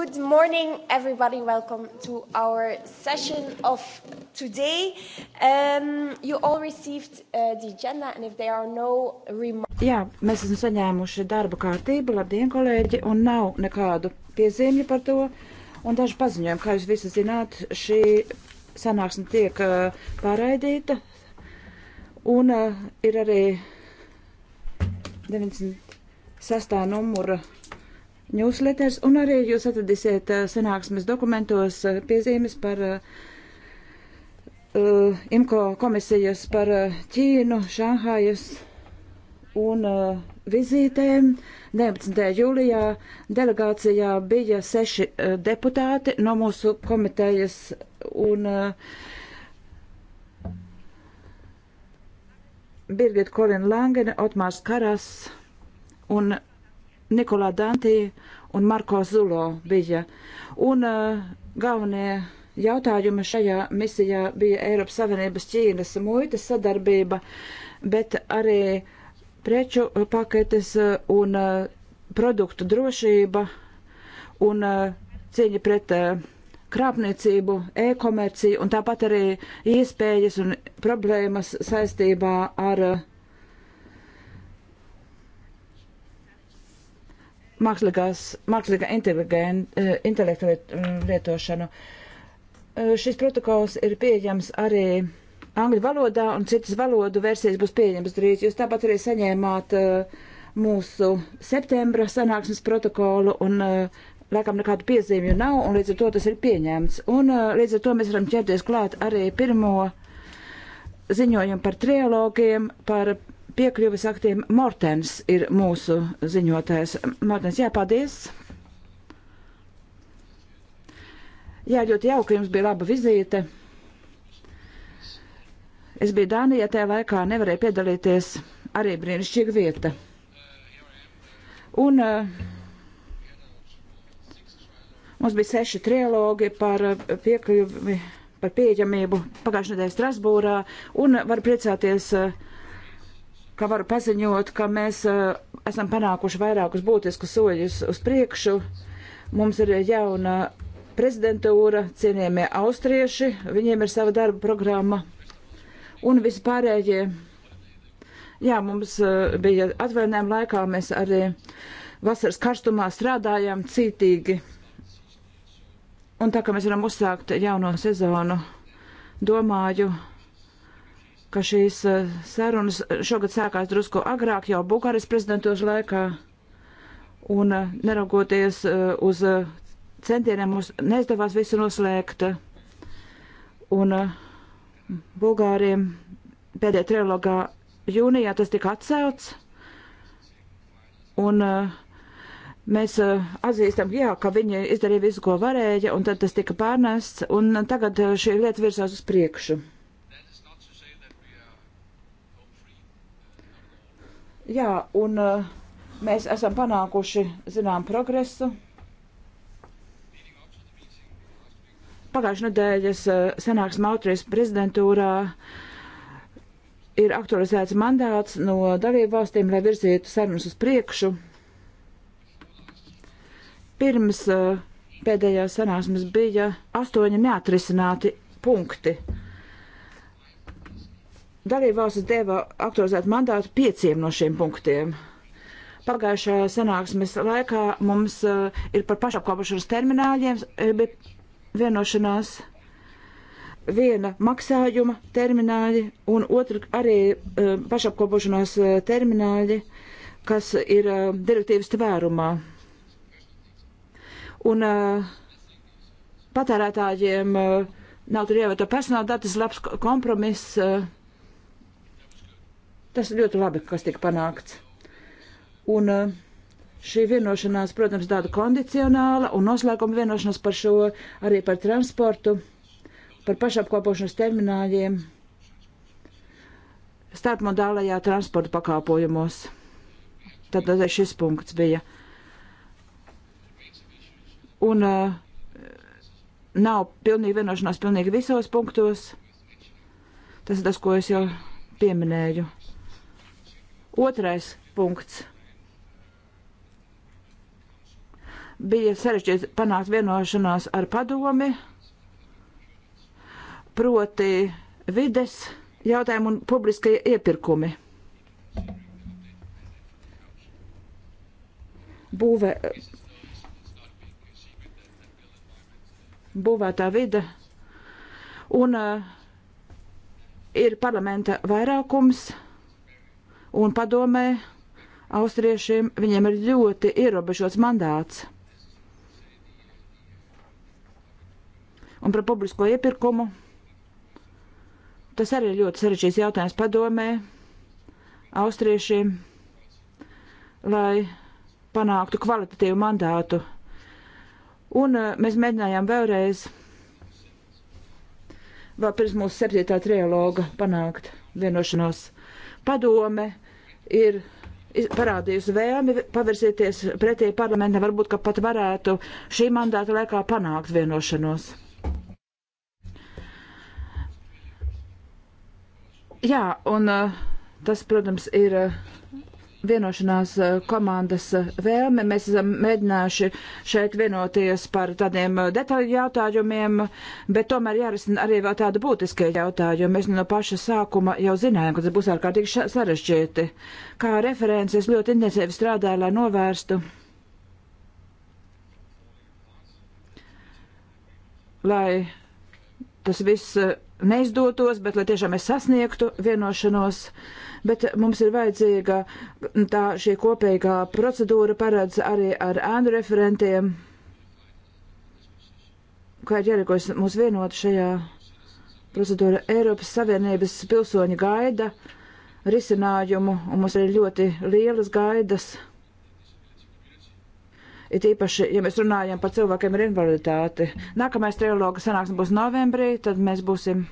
Good morning, everybody. Welcome to our session of today. Um, you all received uh, the agenda, and if there are no remarks. Jā, mēs esam saņēmuši darba kārtību. Labdien, kolēģi, un nav nekādu piezīmju par to. Un daži paziņojumi, kā jūs visi zināt, šī sanāksme tiek uh, pārraidīta, un uh, ir arī 96. numura newsletters, un arī jūs atradīsiet sanāksmes dokumentos piezīmes par uh, IMCO komisijas par Ķīnu, Šanhājas un uh, vizītēm. 19. jūlijā delegācijā bija seši uh, deputāti no mūsu komitejas un uh, Birgit Kolina Langene, Otmārs Karas un Nikolā Dantī un Marko Zulo bija. Un uh, galvenie jautājumi šajā misijā bija Eiropas Savienības Ķīnas muitas sadarbība, bet arī preču paketes uh, un uh, produktu drošība un uh, cīņa pret uh, krāpniecību, e-komerciju un tāpat arī iespējas un problēmas saistībā ar uh, mākslīgā eh, intelektu mm, lietošanu. Eh, šis protokols ir pieejams arī angļu valodā, un citas valodu versijas būs pieejamas drīz. Jūs tāpat arī saņēmāt uh, mūsu septembra sanāksmes protokolu, un uh, laikam nekādu piezīmju nav, un līdz ar to tas ir pieņemts. Un uh, līdz ar to mēs varam ķerties klāt arī pirmo ziņojumu par trilogiem, par piekļuvis aktiem Mortens ir mūsu ziņotājs. Mortens, jā, paldies! Jā, ļoti jauki, jums bija laba vizīte. Es biju Dānijā, tajā laikā nevarēju piedalīties. Arī brīnišķīga vieta. Un uh, mums bija seši trilogi par eh, piekļuvi, par pieejamību pagājušajā nedēļā Strasbūrā. Un var priecāties. Uh, ka varu paziņot, ka mēs eh, esam panākuši vairākus būtiskus soļus uz priekšu. Mums ir jauna prezidentūra, cienījamie austrieši, viņiem ir sava darba programma un vispārējie. Jā, mums eh, bija atvainājuma laikā, mēs arī vasaras karstumā strādājām cītīgi. Un tā kā mēs varam uzsākt jauno sezonu, domāju, ka šīs eh, sarunas šogad sākās drusku agrāk jau Bukāres prezidentūras laikā. Un eh, neraugoties eh, uz centieniem, mums neizdevās visu noslēgt. Un Bulgāriem pēdējā trilogā jūnijā tas tika atcelts. Un uh, mēs uh, atzīstam, jā, ka viņi izdarīja visu, ko varēja, un tad tas tika pārnests, un tagad šī lieta virsās uz priekšu. Jā, un uh, mēs esam panākuši, zinām, progresu. Pagājušā nedēļas uh, eh, senāksmē Austrijas prezidentūrā ir aktualizēts mandāts no dalību valstīm, lai virzītu sarunas uz priekšu. Pirms uh, pēdējās sanāksmes bija astoņi neatrisināti punkti Dalībvalstis deva aktualizēt mandātu pieciem no šiem punktiem. Pagājušā sanāksmes laikā mums uh, ir par pašapkalpošanas termināļiem eh, bija vienošanās viena maksājuma termināļi un otra arī uh, eh, pašapkalpošanās uh, termināļi, kas ir uh, direktīvas tvērumā. Un uh, patērētājiem uh, nav tur ievērta personāla datas labs kompromiss. Uh, Tas ir ļoti labi, kas tika panākts. Un eh, šī vienošanās, protams, tāda kondicionāla un noslēguma vienošanās par šo arī par transportu, par pašapkopošanas termināļiem starpmodālajā transporta pakāpojumos. Tad šis punkts bija. Un uh, nav pilnīgi vienošanās pilnīgi visos punktos. Tas ir tas, ko es jau pieminēju. Otrais punkts. Bija sarežģīti panākt vienošanās ar padomi, proti vides jautājumu un publiskie iepirkumi. Būvē, būvētā vide un uh, ir parlamenta vairākums un padomē austriešiem viņiem ir ļoti ierobežots mandāts. Un par publisko iepirkumu. Tas arī ir ļoti sarežģīts jautājums padomē austriešiem, lai panāktu kvalitatīvu mandātu. Un eh, mēs mēģinājām vēlreiz, vēl pirms mūsu septītā trialoga, panākt vienošanos. Padome ir parādījusi vēlmi pavirzieties pretī parlamentam, varbūt, ka pat varētu šī mandāta laikā panākt vienošanos. Jā, un eh, tas, protams, ir. Eh, vienošanās eh, komandas eh, vēlme. Mēs esam mēģinājuši šeit vienoties par tādiem eh, detaļu jautājumiem, bet tomēr jārisina arī vēl tādi būtiskie jautājumi. Mēs no paša sākuma jau zinājām, ka tas būs ārkārtīgi sarežģīti. Kā referents es ļoti intensīvi strādāju, lai novērstu. Lai tas viss neizdotos, bet lai tiešām es sasniegtu vienošanos. Uh, bet mums ir vajadzīga tā šī kopīgā procedūra paredz arī ar ēnu referentiem, kā ir jārīkojas mūs vienot šajā procedūra Eiropas Savienības pilsoņi gaida risinājumu, un mums ir ļoti lielas gaidas. It īpaši, ja mēs runājam par cilvēkiem ar invaliditāti. Nākamais trilogs sanāksme būs novembrī, tad mēs būsim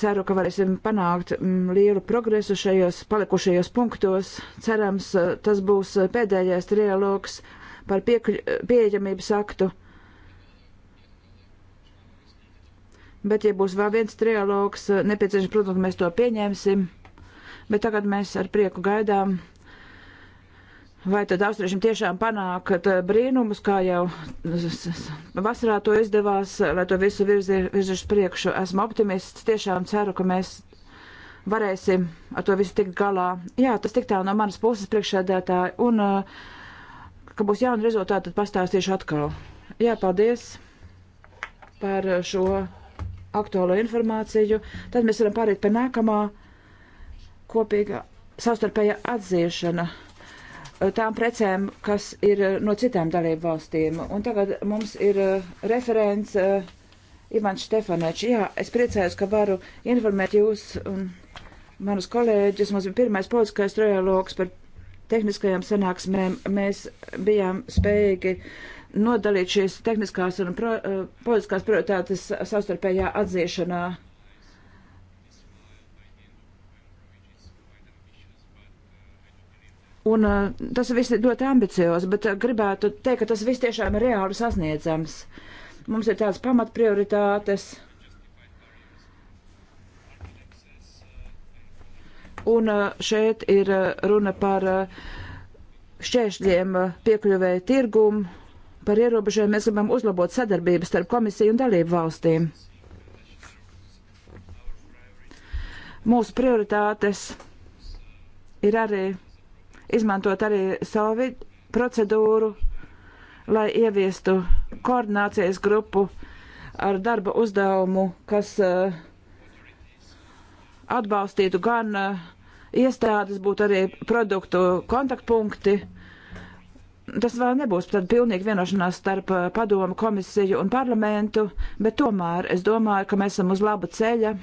Ceru, ka varēsim panākt mm, lielu progresu šajos palikušajos punktos. Cerams, eh, tas būs eh, pēdējais trialogs par eh, pieejamības aktu. Bet, ja būs vēl viens trialogs, nepieciešams, protams, mēs to pieņemsim. Bet tagad mēs ar prieku gaidām Vai tad austriešiem tiešām panākat eh, brīnumus, kā jau vasarā to izdevās, lai to visu virzīšu uz priekšu? Esmu optimists, tiešām ceru, ka mēs varēsim ar to visu tikt galā. Jā, tas tik tālu no manas puses priekšsēdētāji, un, eh, ka būs jauni rezultāti, tad pastāstīšu atkal. Jā, paldies par šo aktuālo informāciju. Tad mēs varam pārīt pie nākamā kopīga savstarpējā atzīšana tām precēm, kas ir eh, no citām dalību valstīm. Un tagad mums ir eh, referents eh, Ivans Štefanečs. Jā, es priecājos, ka varu informēt jūs un manus kolēģus. Mums bija pirmais politiskais trialogs par tehniskajām sanāksmēm. Mēs bijām spējīgi nodalīt šīs tehniskās un pro, politiskās prioritātes savstarpējā atzīšanā. Uh, Un eh, tas viss ir ļoti ambiciozs, bet eh, gribētu teikt, ka tas viss tiešām ir reāli sasniedzams. Mums ir tādas pamatprioritātes. Un eh, šeit ir runa par šķēršļiem piekļuvēju tirgumu, par ierobežojumu. Mēs gribam uzlabot sadarbības starp komisiju un dalību valstīm. Mūsu prioritātes ir arī izmantot arī savu procedūru, lai ieviestu koordinācijas grupu ar darba uzdevumu, kas uh, atbalstītu gan uh, iestādes, būtu arī produktu kontaktpunkti. Tas vēl nebūs tad pilnīgi vienošanās starp uh, padomu komisiju un parlamentu, bet tomēr es domāju, ka mēs esam uz laba ceļa.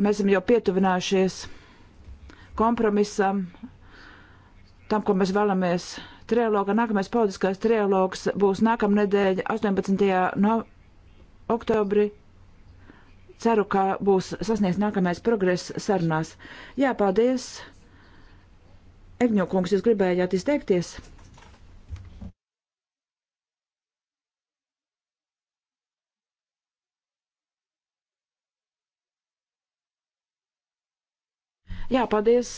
Mēs esam jau pietuvinājušies kompromisam, tam, ko mēs vēlamies trijologā. Nākamais politiskais trijologs būs nākamnedēļ, 18. No oktobri. Ceru, ka būs sasniegts nākamais progress sarunās. Jā, paldies! Egņokungs, jūs gribējāt izteikties? Jā, paldies.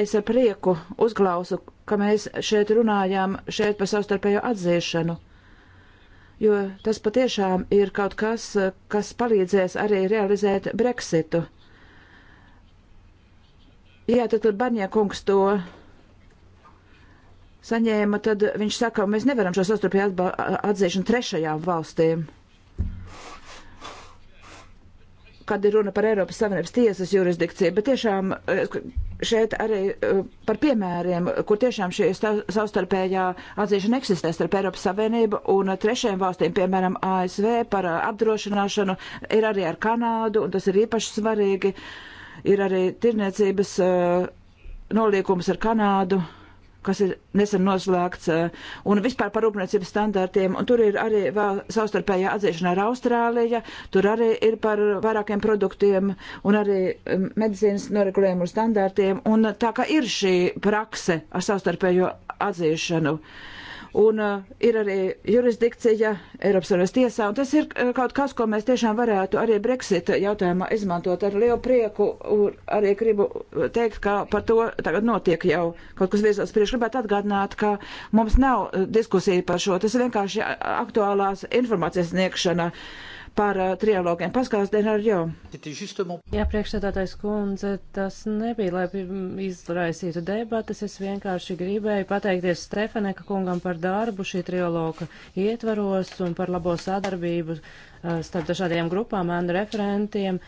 Es ar prieku uzklausu, ka mēs šeit runājām šeit par savstarpējo atzīšanu, jo tas patiešām ir kaut kas, kas palīdzēs arī realizēt Brexitu. Jā, tad, kad Barņēkungs to saņēma, tad viņš saka, mēs nevaram šo sastarpēju atzīšanu trešajām valstīm. kad ir runa par Eiropas Savienības tiesas jurisdikciju, bet tiešām eh, šeit arī eh, par piemēriem, kur tiešām šī savstarpējā atzīšana eksistē starp Eiropas Savienību un trešajām valstīm, piemēram, ASV par eh, apdrošināšanu, ir arī ar Kanādu, un tas ir īpaši svarīgi. Ir arī tirniecības nolīkums ar Kanādu kas ir nesen noslēgts, eh, un vispār par rūpniecības standartiem, un tur ir arī vēl savstarpējā atzīšana ar Austrāliju, tur arī ir par vairākiem produktiem, un arī mm, medicīnas noregulējumu standartiem, un tā kā ir šī prakse ar savstarpējo atzīšanu. Uh, un uh, ir arī jurisdikcija Eiropas Savienības tiesā, un tas ir uh, kaut kas, ko mēs tiešām varētu arī Brexit jautājumā izmantot ar lielu prieku, un arī gribu teikt, ka par to tagad notiek jau kaut kas viesās priekš. Gribētu atgādināt, ka mums nav uh, diskusija par šo, tas ir vienkārši aktuālās informācijas sniegšana. Uh, par uh, trialogiem. Paskās Denarjo. Jā, priekšstādātais kundze, tas nebija, lai mm, izraisītu debatas. Es vienkārši gribēju pateikties Stefaneka kungam par darbu šī trialoga ietvaros un par labo sadarbību uh, starp dažādiem grupām un referentiem.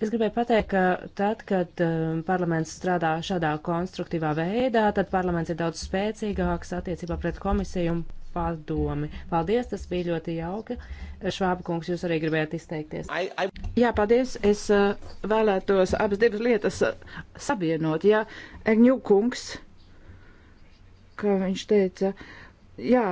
Es gribēju pateikt, ka tad, kad um, parlaments strādā šādā konstruktīvā veidā, tad parlaments ir daudz spēcīgāks attiecībā pret komisiju un padomi. Paldies, tas bija ļoti jauki. Švāba kungs, jūs arī gribējāt izteikties. I, I... Jā, paldies. Es uh, vēlētos abas divas lietas uh, savienot. Jā, Egņu kungs, kā viņš teica, jā.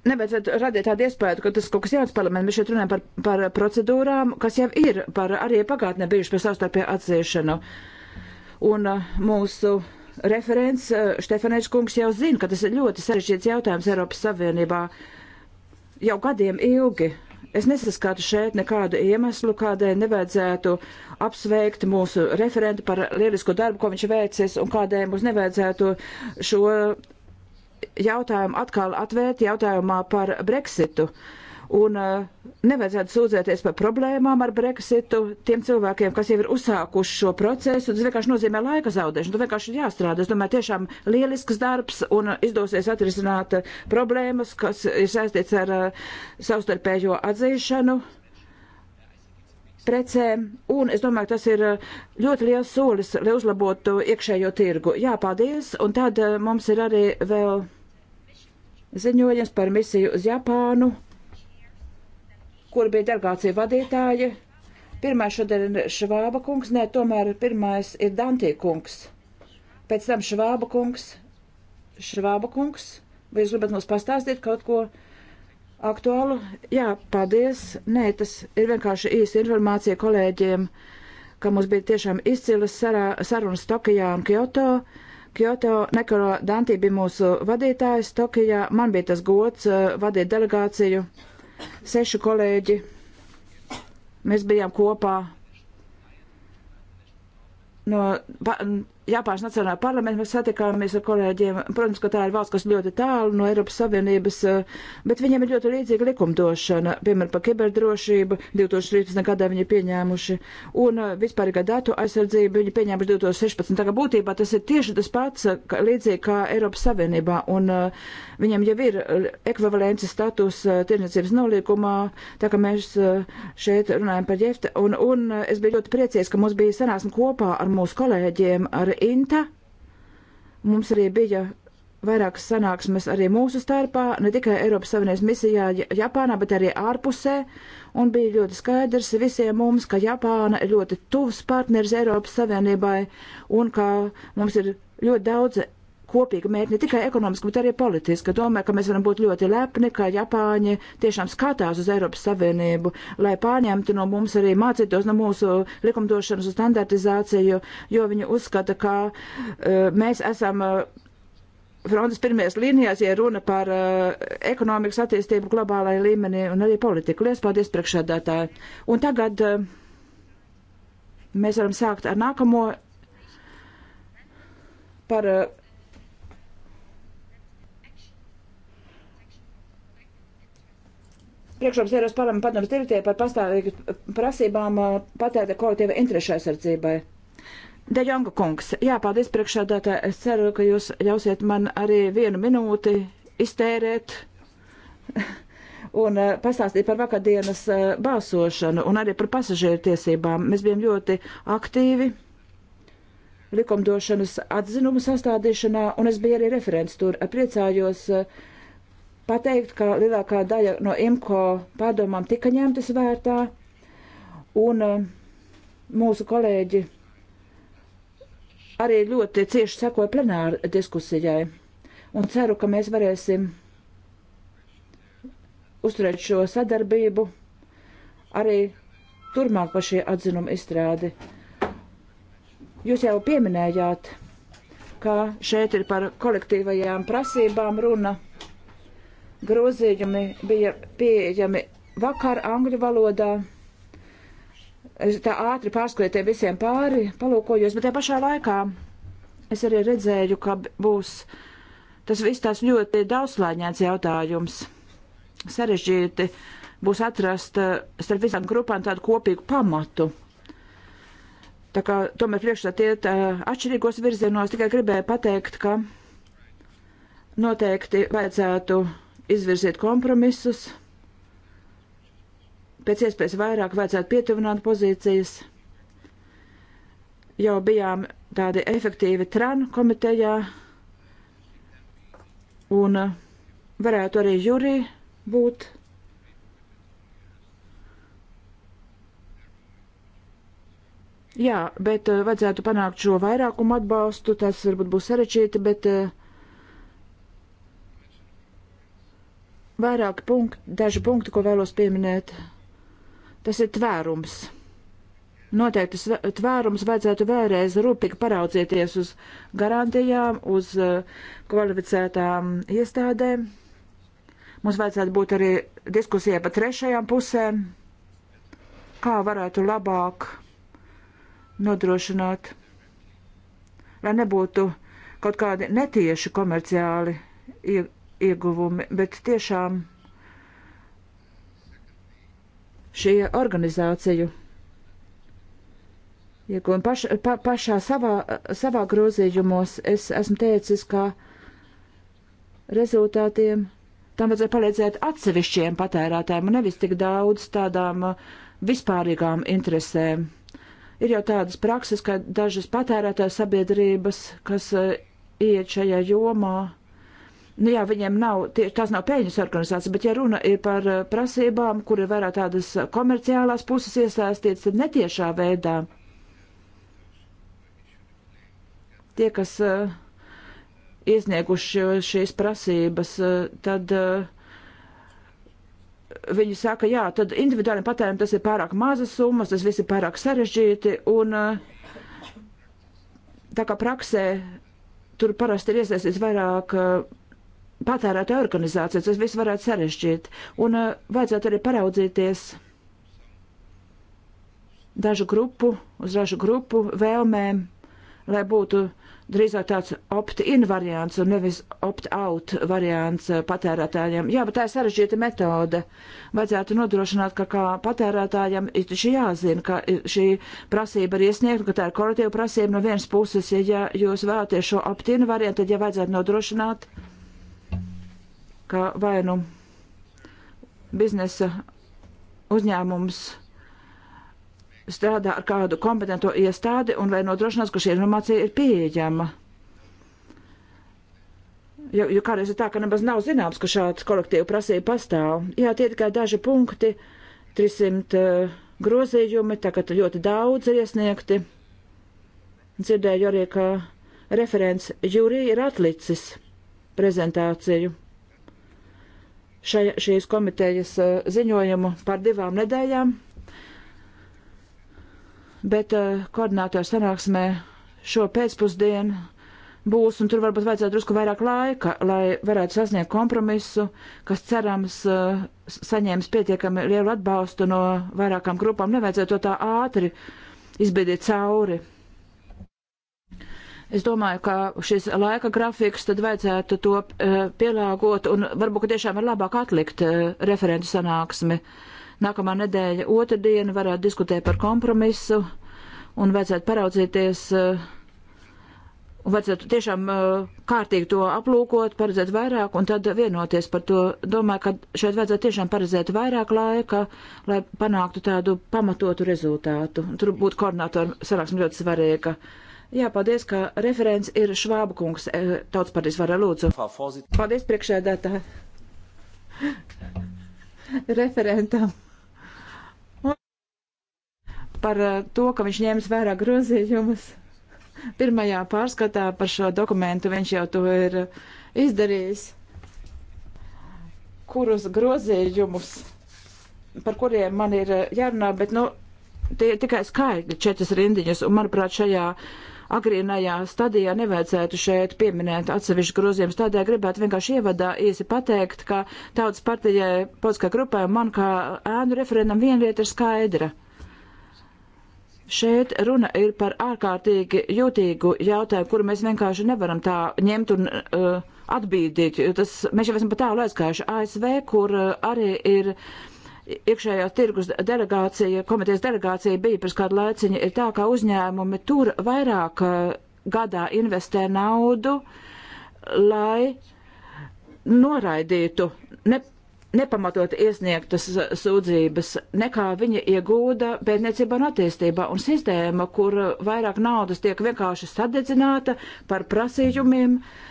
Nevajadzētu radīt tādu iespēju, ka tas kaut kas jauns parlamentam. Mēs šeit runājam par, par procedūrām, kas jau ir, par arī pagātnē bijuši par savstarpēju atzīšanu. Un uh, mūsu uh, Referents eh, Štefanēčs kungs jau zina, ka tas ir ļoti sarežģīts jautājums Eiropas Savienībā jau gadiem ilgi. Es nesaskatu šeit nekādu iemeslu, kādēļ nevajadzētu apsveikt mūsu referentu par lielisko darbu, ko viņš veicis, un kādēļ mums nevajadzētu šo jautājumu atkal atvērt jautājumā par Brexitu. Uh, Un eh, nevajadzētu sūdzēties par problēmām ar Brexitu tiem cilvēkiem, kas jau ir uzsākuši šo procesu. Tas vienkārši nozīmē laika zaudēšanu. Tur vienkārši ir jāstrādā. Es domāju, tiešām lielisks darbs un izdosies atrisināt problēmas, kas ir saistīts ar eh, savstarpējo atzīšanu precēm, un es domāju, tas ir eh, ļoti liels solis, lai uzlabotu iekšējo tirgu. Jā, paldies, un tad mums ir arī vēl ziņojums par misiju uz Japānu kur bija delegācija vadītāji. Pirmais šodien ir Švāba kungs, nē, tomēr pirmais ir Dantī kungs. Pēc tam Švāba kungs, Švāba kungs, vai jūs gribat mums pastāstīt kaut ko aktuālu? Jā, paldies. Nē, tas ir vienkārši īsa informācija kolēģiem, ka mums bija tiešām izcilas sarunas Tokijā un Kyoto. Kyoto Nekoro Dantī bija mūsu vadītājs Tokijā. Man bija tas gods uh, vadīt delegāciju. Seši kolēģi. Mēs bijām kopā no Japānas Nacionālā parlamentā mēs satikāmies ar kolēģiem. Protams, ka tā ir valsts, kas ļoti tālu no Eiropas Savienības, eh, bet viņiem ir ļoti līdzīga likumdošana. Piemēram, par kiberdrošību 2013. gadā viņi ir pieņēmuši un eh, vispārīgā datu aizsardzību viņi pieņēmuši 2016. Tā kā būtībā tas ir tieši tas pats, eh, ka, līdzīgi kā Eiropas Savienībā, un viņiem jau ir ekvivalences status tirdzniecības nolīgumā, tā kā mēs šeit runājam par jefta, un, un es biju ļoti priecies, ka mums bija sanāksme kopā ar mūsu kolēģiem, ar INTA. Mums arī bija vairākas sanāksmes arī mūsu starpā, ne tikai Eiropas Savienības misijā Japānā, bet arī ārpusē, un bija ļoti skaidrs visiem mums, ka Japāna ir ļoti tuvs partneris Eiropas Savienībai, un ka mums ir ļoti daudz kopīga mērķa, ne tikai ekonomiski, bet arī politiski. Domāju, ka mēs varam būt ļoti lepni, ka Japāņi tiešām skatās uz Eiropas Savienību, lai pārņemtu no mums arī mācītos no mūsu likumdošanas uz standartizāciju, jo viņi uzskata, ka uh, mēs esam. Uh, frontes pirmajās līnijās, ja runa par uh, ekonomikas attīstību globālajā līmenī un arī politiku. Lies paldies priekšādātāji. Un tagad uh, mēs varam sākt ar nākamo par uh, priekšroms Eiropas parlamenta padomas direktīva par pastāvīgu prasībām uh, patērta kolektīva interešu aizsardzībai. Dejonga kungs, jā, paldies priekšādātā. Es ceru, ka jūs ļausiet man arī vienu minūti iztērēt un uh, pastāstīt par vakardienas uh, balsošanu un arī par pasažieru tiesībām. Mēs bijām ļoti aktīvi likumdošanas atzinumu sastādīšanā, un es biju arī referents tur. Priecājos, uh, pateikt, ka lielākā daļa no IMCO padomām tika ņemtas vērtā, un eh, mūsu kolēģi arī ļoti cieši sekoja plenāra diskusijai, un ceru, ka mēs varēsim uzturēt šo sadarbību arī turmāk par šie atzinumu izstrādi. Jūs jau pieminējāt, ka šeit ir par kolektīvajām prasībām runa grozījumi bija pieejami vakar angļu valodā. Es tā ātri pārskrēju tie visiem pāri, palūkojos, bet tajā pašā laikā es arī redzēju, ka būs tas viss tās ļoti daudzslāņēts jautājums. Sarežģīti būs atrast eh, starp visām grupām tādu kopīgu pamatu. Tā kā tomēr priekšstat iet eh, atšķirīgos virzienos, tikai gribēju pateikt, ka noteikti vajadzētu izvirzīt kompromisus, pēc iespējas vairāk vajadzētu pietuvināt pozīcijas. Jau bijām tādi efektīvi tran komitejā, un uh, varētu arī jūrī būt. Jā, bet uh, vajadzētu panākt šo vairākumu atbalstu, tas varbūt būs sarežģīti, bet uh, vairāk punktu, daži punkti, ko vēlos pieminēt. Tas ir tvērums. Noteikti tvērums vajadzētu vēlreiz rūpīgi paraudzieties uz garantijām, uz eh, kvalificētām iestādēm. Mums vajadzētu būt arī diskusijai par trešajām pusēm, kā varētu labāk nodrošināt, lai nebūtu kaut kādi netieši komerciāli ieguldījumi ieguvumi, bet tiešām šie organizāciju ieguvumi paš, pa, pašā savā, savā grozījumos es esmu teicis, ka rezultātiem tam vajadzēja palīdzēt atsevišķiem patērētājiem un nevis tik daudz tādām uh, vispārīgām interesēm. Ir jau tādas prakses, ka dažas patērētāju sabiedrības, kas uh, iet šajā jomā, nu jā, viņiem nav, tieši tās nav peļņas organizācijas, bet ja runa ir par eh, prasībām, kur ir vairāk tādas komerciālās puses iesaistītas, tad netiešā veidā tie, kas uh, iesnieguši šīs prasības, uh, tad uh, viņi saka, jā, tad individuāliem patēriem tas ir pārāk mazas summas, tas viss ir pārāk sarežģīti, un tā kā praksē tur parasti ir iesaistīts vairāk uh, patērētāju organizācijas, tas viss varētu sarežģīt. Un uh, vajadzētu arī paraudzīties dažu grupu, uz dažu grupu vēlmēm, lai būtu drīzāk tāds opt-in variants un nevis opt-out variants eh, patērētājiem. Jā, bet tā ir sarežģīta metode. Vajadzētu nodrošināt, ka kā patērētājiem ir šī jāzina, ka šī prasība ir iesniegta, ka tā ir korektīva prasība no vienas puses. Ja, ja jūs vēlaties šo opt-in variantu, tad jau vajadzētu nodrošināt, ka vai nu biznesa uzņēmums strādā ar kādu kompetento iestādi un lai nodrošinās, ka šī informācija ir pieejama. Jo, jo kādreiz ir tā, ka nemaz nav zināms, ka šāds kolektīvu prasība pastāv. Jā, tie tikai daži punkti, 300 uh, eh, grozījumi, tagad ļoti daudz ir iesniegti. Dzirdēju arī, ka referents jūrī ir atlicis prezentāciju še, šīs komitejas eh, ziņojumu par divām nedēļām, bet eh, koordinātoru sanāksmē šo pēcpusdienu būs, un tur varbūt vajadzētu drusku vairāk laika, lai varētu sasniegt kompromisu, kas cerams eh, saņēmis pietiekami lielu atbalstu no vairākām grupām. Nevajadzētu to tā ātri izbēdīt cauri. Es domāju, ka šis laika grafiks tad vajadzētu to eh, pielāgot un varbūt, ka tiešām ir labāk atlikt eh, referentu sanāksmi. Nākamā nedēļa otrdiena varētu diskutēt par kompromisu un vajadzētu paraudzīties. Eh, un vajadzētu tiešām kārtīgi to aplūkot, paredzēt vairāk un tad vienoties par to. Domāju, ka šeit vajadzētu tiešām paredzēt vairāk laika, lai panāktu tādu pamatotu rezultātu. Tur būtu koordinātori sanāksme ļoti svarīga. Ka Jā, paldies, ka referents ir Švāba kungs. E, tautas partijas vara lūdzu. Paldies, priekšēdētāji. Referentam. Par e, to, ka viņš ņēmis vērā grozījumus. Pirmajā pārskatā par šo dokumentu viņš jau to ir izdarījis. Kurus grozījumus, par kuriem man ir e, jārunā, bet, nu, tie ir tikai skaitļi, četras rindiņas, un manuprāt, šajā uh, agrīnajā stadijā nevajadzētu šeit pieminēt atsevišķu grozījumus. Tādēļ gribētu vienkārši ievadā īsi pateikt, ka tautas partijai, politiskā grupai un man kā ēnu referendam viena lieta ir skaidra. Šeit runa ir par ārkārtīgi jūtīgu jautājumu, kuru mēs vienkārši nevaram tā ņemt un uh, atbīdīt. Tas, mēs jau esam pat tālu aizgājuši ASV, kur uh, arī ir iekšējā tirgus delegācija, komitejas delegācija bija pirms kādu laiciņu, ir tā, ka uzņēmumi tur vairāk uh, gadā investē naudu, lai noraidītu ne, nepamatot iesniegtas sūdzības, nekā viņi iegūda pētniecībā un attīstībā. Un sistēma, kur vairāk naudas tiek vienkārši sadedzināta par prasījumiem, uh,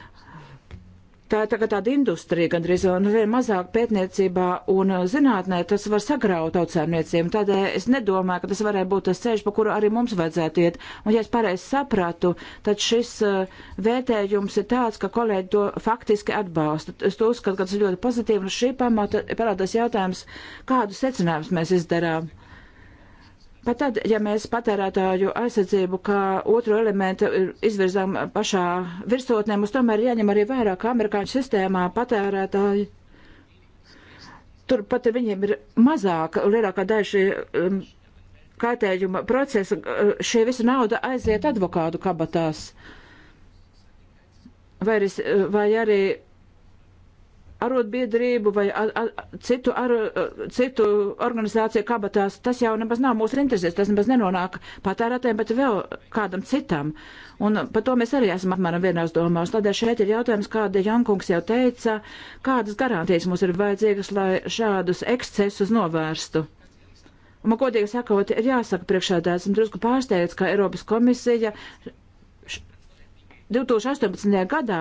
Tā ir tagad tāda industrija gandrīz, un vien mazāk pētniecībā un zinātnē tas var sagraut tautsēmniecību. Tādēļ es nedomāju, ka tas varētu būt tas ceļš, pa kuru arī mums vajadzētu iet. Un, ja es pareizi sapratu, tad šis eh, vērtējums ir tāds, ka kolēģi to faktiski atbalsta. Es to uzskatu, ka tas ir ļoti pozitīvi, un šī pamata parādās jautājums, kādu secinājumus mēs izdarām. Pat tad, ja mēs patērētāju aizsardzību kā otro elementu izvirzām pašā virsotnē, mums tomēr jāņem arī vērā, ka amerikāņu sistēmā patērētāji. Tur pat viņiem ir mazāka, lielākā daļa šī um, kaitējuma procesa, uh, šī visa nauda aiziet advokātu kabatās. Vai arī, vai arī arotbiedrību vai a, a, citu, ar, citu organizāciju kabatās, tas jau nemaz nav mūsu interesēs, tas nemaz nenonāk patērētēm, bet vēl kādam citam. Un par to mēs arī esam apmēram vienās domās. Tādēļ šeit ir jautājums, kāda Jankungs jau teica, kādas garantijas mums ir vajadzīgas, lai šādus ekscesus novērstu. Un man godīgi sakot, ir jāsaka priekšādā, esmu drusku pārsteigts, ka Eiropas komisija 2018. gadā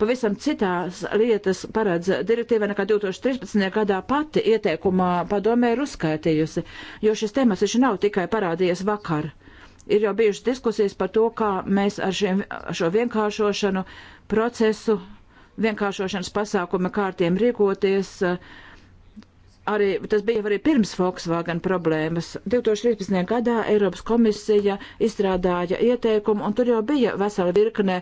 pavisam citās lietas paredz direktīva nekā 2013. gadā pati ieteikumā padomē ir uzskaitījusi, jo šis temats taču nav tikai parādījies vakar. Ir jau bijušas diskusijas par to, kā mēs ar, šiem, ar šo vienkāršošanu procesu, vienkāršošanas pasākuma kārtiem rīkoties. Uh, arī, tas bija arī pirms Volkswagen problēmas. 2013. gadā Eiropas komisija izstrādāja ieteikumu, un tur jau bija vesela virkne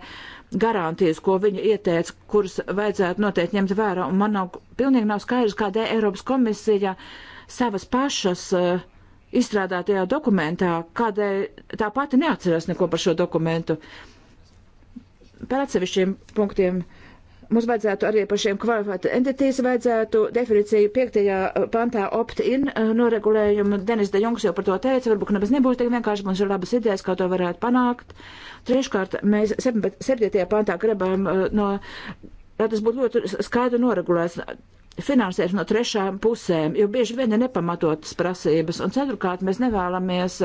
garantijas, ko viņa ieteica, kuras vajadzētu noteikti ņemt vērā. Un man nav, pilnīgi nav skaidrs, kādēļ Eiropas komisija savas pašas uh, izstrādātajā dokumentā, kādēļ tā pati neatceras neko par šo dokumentu. Par atsevišķiem punktiem. Uh, Mums vajadzētu arī par šiem kvalifikātu entitīs vajadzētu definīciju 5. Uh, pantā opt-in uh, noregulējumu. Denis De Jungs jau par to teica, varbūt nebūs, nebūs tik vienkārši, mums ir labas idejas, kā to varētu panākt. Treškārt, mēs 7. pantā gribam uh, no, lai tas būtu ļoti skaidri noregulēts finansēs no trešām pusēm, jo bieži vien ir nepamatotas prasības. Un ceturkārt, mēs nevēlamies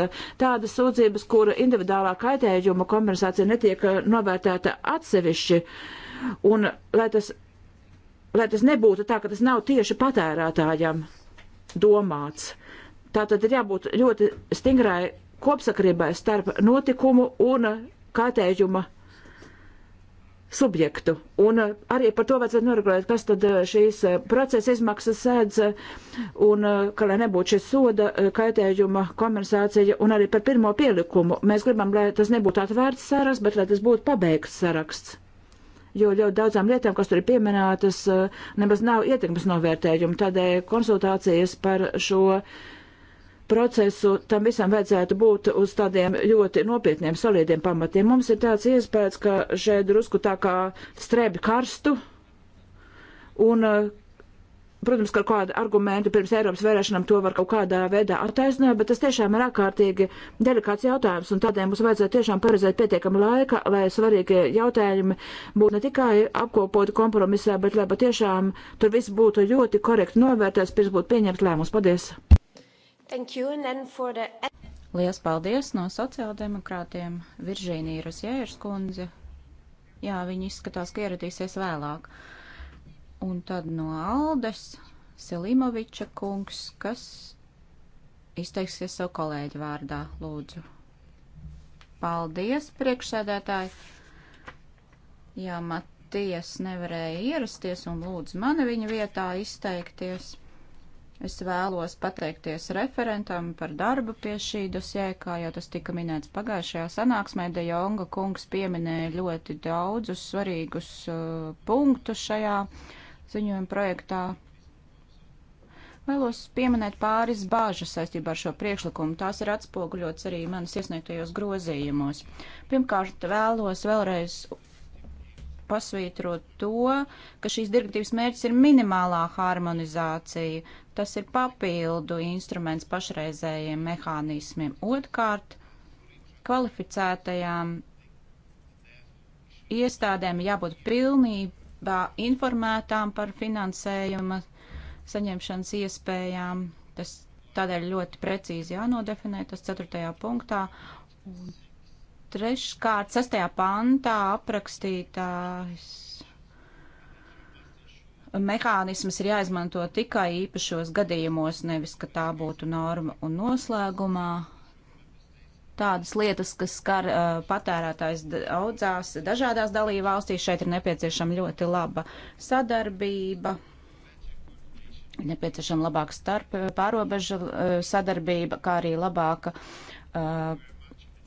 tādas sūdzības, kura individuālā kaitējuma kompensācija netiek novērtēta atsevišķi. Uh, un lai tas, lai tas nebūtu tā, ka tas nav tieši patērētājam domāts. Tā tad ir jābūt ļoti stingrai kopsakrībai starp notikumu un kaitējuma subjektu. Un arī par to vajadzētu noregulēt, kas tad eh, šīs eh, procesa izmaksas sēdz eh, un ka lai nebūtu šī soda kaitējuma kompensācija un arī par pirmo pielikumu. Mēs gribam, lai tas nebūtu atvērts saraksts, bet lai tas būtu pabeigts saraksts jo ļoti daudzām lietām, kas tur ir pieminētas, eh, nemaz nav ietekmes novērtējumu. Tādēļ konsultācijas par šo procesu tam visam vajadzētu būt uz tādiem ļoti nopietniem, solidiem pamatiem. Mums ir tāds iespējas, ka šeit drusku tā kā strebi karstu un eh, Protams, ka ar kādu argumentu pirms Eiropas vēlēšanām to var kaut kādā veidā attaisnot, bet tas tiešām ir ārkārtīgi delikāts jautājums, un tādēļ mums vajadzētu tiešām paredzēt pietiekami laika, lai svarīgie jautājumi būtu ne tikai apkopoti kompromisā, bet lai patiešām tur viss būtu ļoti korekti novērtēts, pirms būtu pieņemts lēmums. Paldies! Thank you, and then for the... Lielas paldies no sociāldemokrātiem Viržīnija Rusjēras kundze. Jā, viņa izskatās, ka ieradīsies vēlāk. Un tad no Aldes Selimoviča kungs, kas izteiksies savu kolēģi vārdā, lūdzu. Paldies, priekšsēdētāji! Jā, Matijas nevarēja ierasties un lūdzu mani viņa vietā izteikties. Es vēlos pateikties referentam par darbu pie šī dosjē, kā jau tas tika minēts pagājušajā sanāksmē. De Jonga kungs pieminēja ļoti daudzus svarīgus uh, punktus šajā uh, ziņojuma projektā. Vēlos pieminēt pāris bāžas saistībā ar šo priekšlikumu. Tās ir atspoguļots arī manas iesniegtajos grozījumos. Pirmkārt, vēlos vēlreiz pasvītrot to, ka šīs direktīvas mērķis ir minimālā harmonizācija. Tas ir papildu instruments pašreizējiem mehānismiem. Otkārt, kvalificētajām iestādēm jābūt pilnībā informētām par finansējuma saņemšanas iespējām. Tas tādēļ ļoti precīzi jānodefinē tas ceturtajā punktā. Un treškārt, sastajā pantā aprakstītājs mehānisms ir jāizmanto tikai īpašos gadījumos, nevis ka tā būtu norma un noslēgumā tādas lietas, kas skar uh, patērētājs daudzās dažādās dalībvalstīs. Šeit ir nepieciešama ļoti laba sadarbība, nepieciešama labāka starp pārobežu uh, sadarbība, kā arī labāka uh,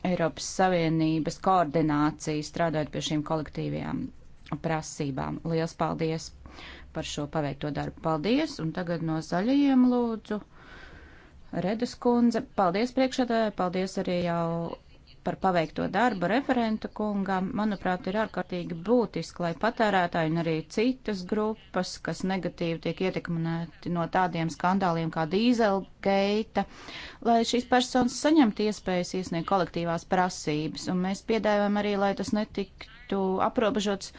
Eiropas Savienības koordinācija strādājot pie šīm kolektīvajām prasībām. Liels paldies par šo paveikto darbu. Paldies! Un tagad no zaļajiem lūdzu. Redes kundze. Paldies priekšādājai, paldies arī jau par paveikto darbu referenta kungam. Manuprāt, ir ārkārtīgi būtiski, lai patērētāji un arī citas grupas, kas negatīvi tiek ietekmēti no tādiem skandāliem kā dīzelgeita, lai šīs personas saņemtu iespējas iesniegt kolektīvās prasības. Un mēs piedāvājam arī, lai tas netiktu aprobežots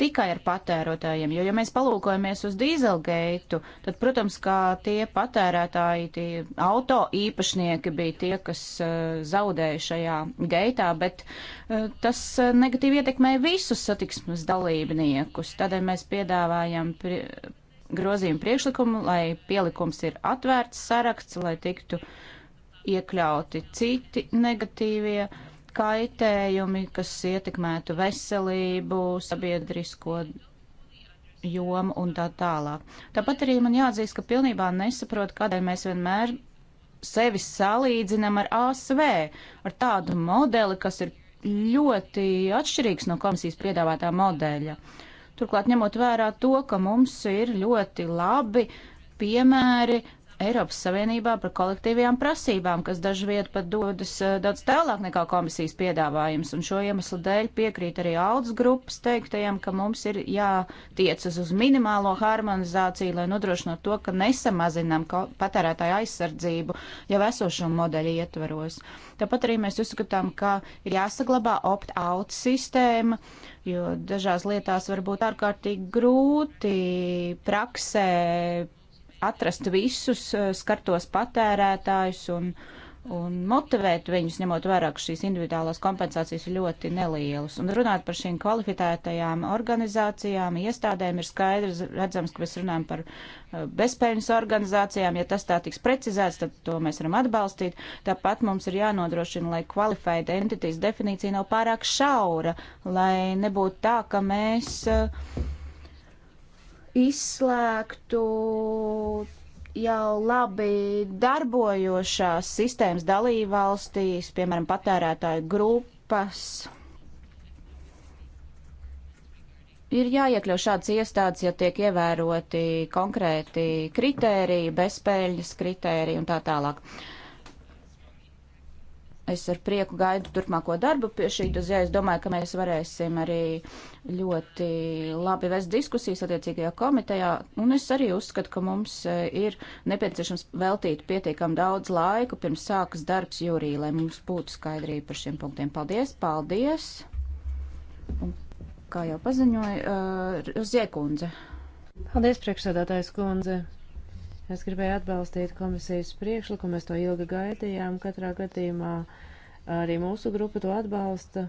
tikai ar patērotājiem, jo, ja mēs palūkojamies uz dīzelgeitu, tad, protams, kā tie patērētāji, tie auto īpašnieki bija tie, kas uh, zaudēja šajā geitā, bet uh, tas eh, negatīvi ietekmē visus satiksmes dalībniekus. Tādēļ mēs piedāvājam pri grozījumu priekšlikumu, lai pielikums ir atvērts saraksts, lai tiktu iekļauti citi negatīvie. Uh, kaitējumi, kas ietekmētu veselību, sabiedrisko jomu un tā tālāk. Tāpat arī man jāatzīst, ka pilnībā nesaprot, kādēļ mēs vienmēr sevi salīdzinam ar ASV, ar tādu modeli, kas ir ļoti atšķirīgs no komisijas piedāvātā modeļa. Turklāt ņemot vērā to, ka mums ir ļoti labi piemēri Eiropas Savienībā par kolektīvajām prasībām, kas dažviet pat dodas eh, daudz tālāk nekā komisijas piedāvājums, un šo iemeslu dēļ piekrīt arī audas grupas teiktajam, ka mums ir jātiecas uz minimālo harmonizāciju, lai nodrošinātu to, ka nesamazinām patērētāju aizsardzību jau esošo modeļu ietvaros. Tāpat arī mēs uzskatām, ka ir jāsaglabā opt-out sistēma, jo dažās lietās var būt ārkārtīgi grūti praksē atrast visus eh, skartos patērētājus un, un motivēt viņus, ņemot vērā, ka šīs individuālās kompensācijas ir ļoti nelielas. Un runāt par šīm kvalificētajām organizācijām, iestādēm ir skaidrs, redzams, ka mēs runājam par eh, bezpēļņas organizācijām. Ja tas tā tiks precizēts, tad to mēs varam atbalstīt. Tāpat mums ir jānodrošina, lai qualified entities definīcija nav pārāk šaura, lai nebūtu tā, ka mēs. Uh, izslēgtu jau labi darbojošās sistēmas dalībvalstīs, piemēram, patērētāju grupas. Ir jāiekļauj šāds iestādes, ja tiek ievēroti konkrēti kritēriji, bezspēļas kritēriji un tā tālāk. Uh, es ar prieku gaidu turpmāko darbu pie šī dozē. Es domāju, ka mēs varēsim arī ļoti labi vest diskusijas attiecīgajā komitejā, un es arī uzskatu, ka mums e, ir nepieciešams veltīt pietiekam daudz laiku pirms sākas darbs jūrī, lai mums būtu skaidrība par šiem punktiem. Paldies, paldies! Un, kā jau paziņoja uh, Ziekundze. Paldies, priekšsēdētājs kundze. Es gribēju atbalstīt komisijas priekšlikumu, mēs to ilgi gaidījām. Katrā gadījumā arī mūsu grupa to atbalsta.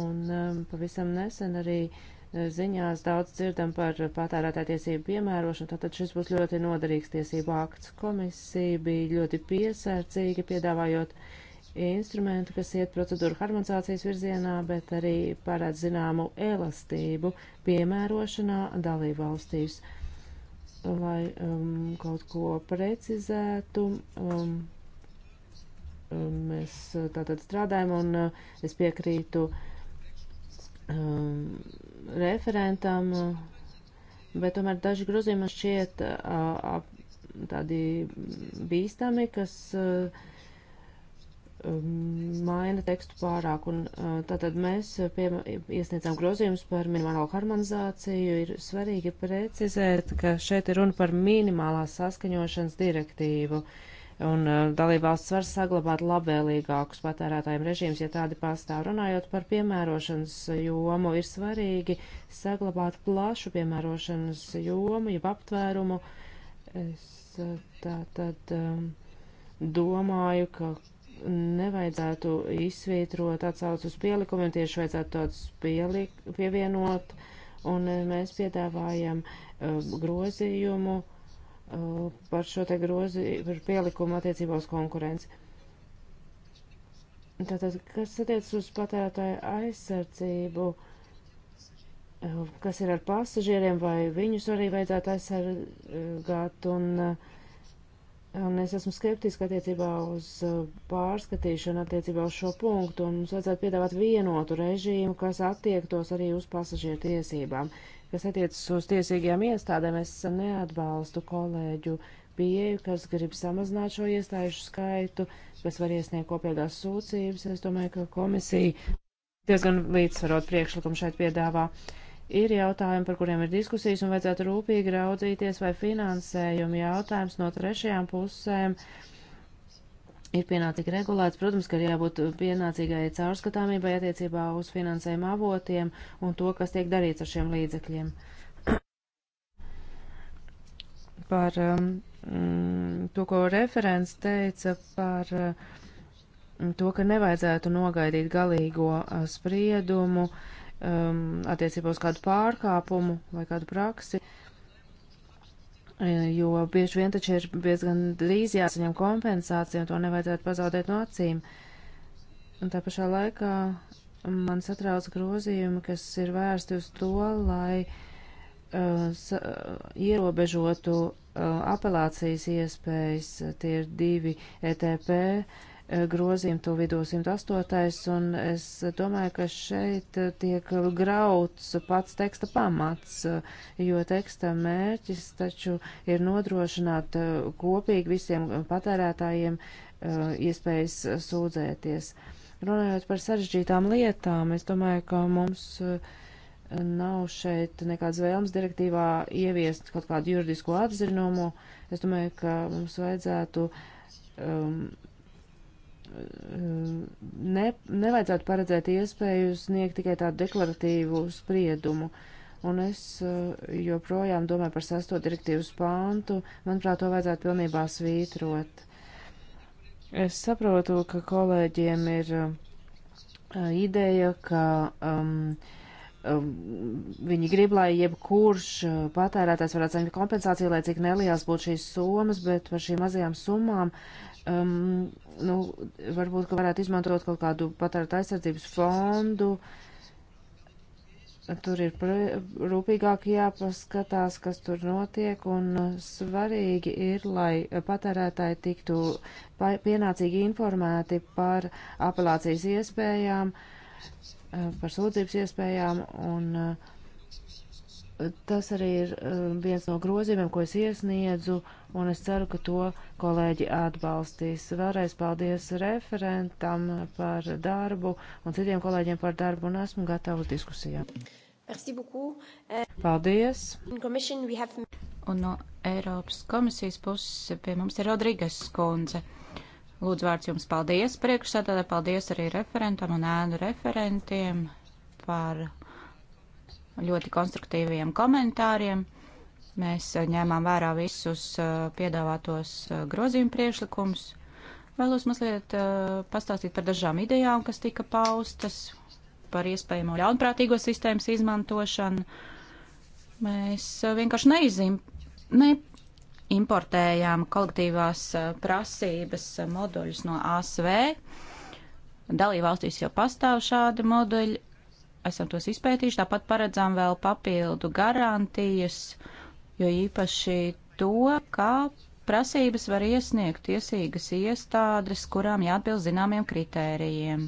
Un um, pavisam nesen arī uh, ziņās daudz dzirdam par patērētāju tiesību piemērošanu, tātad šis būs ļoti noderīgs tiesību akts. Komisija bija ļoti piesērcīga piedāvājot instrumentu, kas iet procedūru harmonizācijas virzienā, bet arī parāda zināmu elastību piemērošanā dalību valstīs. Uh, lai um, kaut ko precizētu. Um, um mēs uh, tātad strādājam un uh, es piekrītu um, referentam, uh, bet tomēr daži grozījumi šķiet uh, tādi bīstami, kas uh, Um, maina tekstu pārāk, un uh, tātad mēs uh, piem, iesniedzām grozījumus par minimālo harmonizāciju. Ir svarīgi precizēt, ka šeit ir runa par minimālās saskaņošanas direktīvu, un uh, dalībvalsts var saglabāt labvēlīgākus patērētājiem režīmus, ja tādi pastāv. Runājot par piemērošanas jomu, ir svarīgi saglabāt plašu piemērošanas jomu, jeb aptvērumu. Es tā tad um, domāju, ka nevajadzētu izsvītrot atsaucu uz pielikumiem, tieši vajadzētu tādus pielik, pievienot, un eh, mēs piedāvājam uh, grozījumu uh, par šo te grozi, par pielikumu attiecībā uz konkurenci. Tātad, kas attiec uz patērētāju aizsardzību, uh, kas ir ar pasažieriem, vai viņus arī vajadzētu aizsargāt un uh, Un es esmu skeptiski attiecībā uz uh, pārskatīšanu attiecībā uz šo punktu, un mums vajadzētu piedāvāt vienotu režīmu, kas attiektos arī uz pasažieru tiesībām. Kas attiecas uz tiesīgajām iestādēm, es neatbalstu kolēģu pieeju, kas grib samazināt šo iestājušu skaitu, kas var iesniegt kopīgās sūdzības. Es domāju, ka komisija diezgan līdzsvarot priekšlikumu šeit piedāvā. Uh, Ir jautājumi, par kuriem ir diskusijas, un vajadzētu rūpīgi raudzīties, vai finansējuma jautājums no trešajām pusēm ir pienācīgi regulēts. Protams, ka ir jābūt pienācīgai caurskatāmībai attiecībā uz finansējuma avotiem un to, kas tiek darīts ar šiem līdzekļiem. Par um, mm, to, ko referents teica par uh, to, ka nevajadzētu nogaidīt galīgo uh, spriedumu. Uh, um, attiecībā uz kādu pārkāpumu vai kādu praksi, e, jo bieži vien taču ir diezgan drīz jāsaņem kompensācija, un to nevajadzētu pazaudēt no acīm. Un tā pašā laikā man satrauc grozījumi, kas ir vērsti uz to, lai uh, sa, ierobežotu uh, apelācijas iespējas. Tie ir divi ETP grozījumu, to vidū 108. Un es domāju, ka šeit tiek grauts pats teksta pamats, jo teksta mērķis taču ir nodrošināt kopīgi visiem patērētājiem eh, iespējas sūdzēties. Runājot par sarežģītām lietām, es domāju, ka mums eh, nav šeit nekādas vēlmes direktīvā ieviest kaut kādu juridisko atzinumu. Es domāju, ka mums vajadzētu um, ne, nevajadzētu paredzēt iespēju sniegt tikai tādu deklaratīvu spriedumu. Un es eh, joprojām domāju par sesto direktīvas pāntu. Manuprāt, to vajadzētu pilnībā svītrot. Es saprotu, ka kolēģiem ir eh, ideja, ka. Um, um, viņi grib, lai jebkurš eh, patērētājs varētu saņemt kompensāciju, lai cik nelielas būtu šīs summas, bet par šīm mazajām summām um, nu, varbūt, ka varētu izmantot kaut kādu patērta aizsardzības fondu. Tur ir rūpīgāk jāpaskatās, kas tur notiek, un svarīgi ir, lai patērētāji tiktu pienācīgi informēti par apelācijas iespējām, uh, par sūdzības iespējām, un uh, tas arī ir uh, viens no grozījumiem, ko es iesniedzu, uh, un es ceru, ka to kolēģi atbalstīs. Vēlreiz paldies referentam par darbu un citiem kolēģiem par darbu, un esmu gatava diskusijām. Paldies! Un no Eiropas komisijas puses pie mums ir Rodrīgas skundze. Lūdzu, vārds jums paldies priekšsēdētāji, paldies arī referentam un ēnu referentiem par ļoti konstruktīviem komentāriem. Mēs eh, ņēmām vērā visus eh, piedāvātos eh, grozījumu priekšlikumus. Vēlos mazliet pastāstīt par dažām idejām, kas tika paustas, par iespējamo ļaunprātīgo sistēmas izmantošanu. Mēs vienkārši neizim, ne importējām kolektīvās prasības moduļus no ASV. Dalībvalstīs jau pastāv šādi moduļi, esam tos izpētījuši, tāpat paredzām vēl papildu garantijas uh, jo īpaši to, kā prasības var iesniegt tiesīgas iestādes, kurām jāatbilst zināmiem kritērijiem.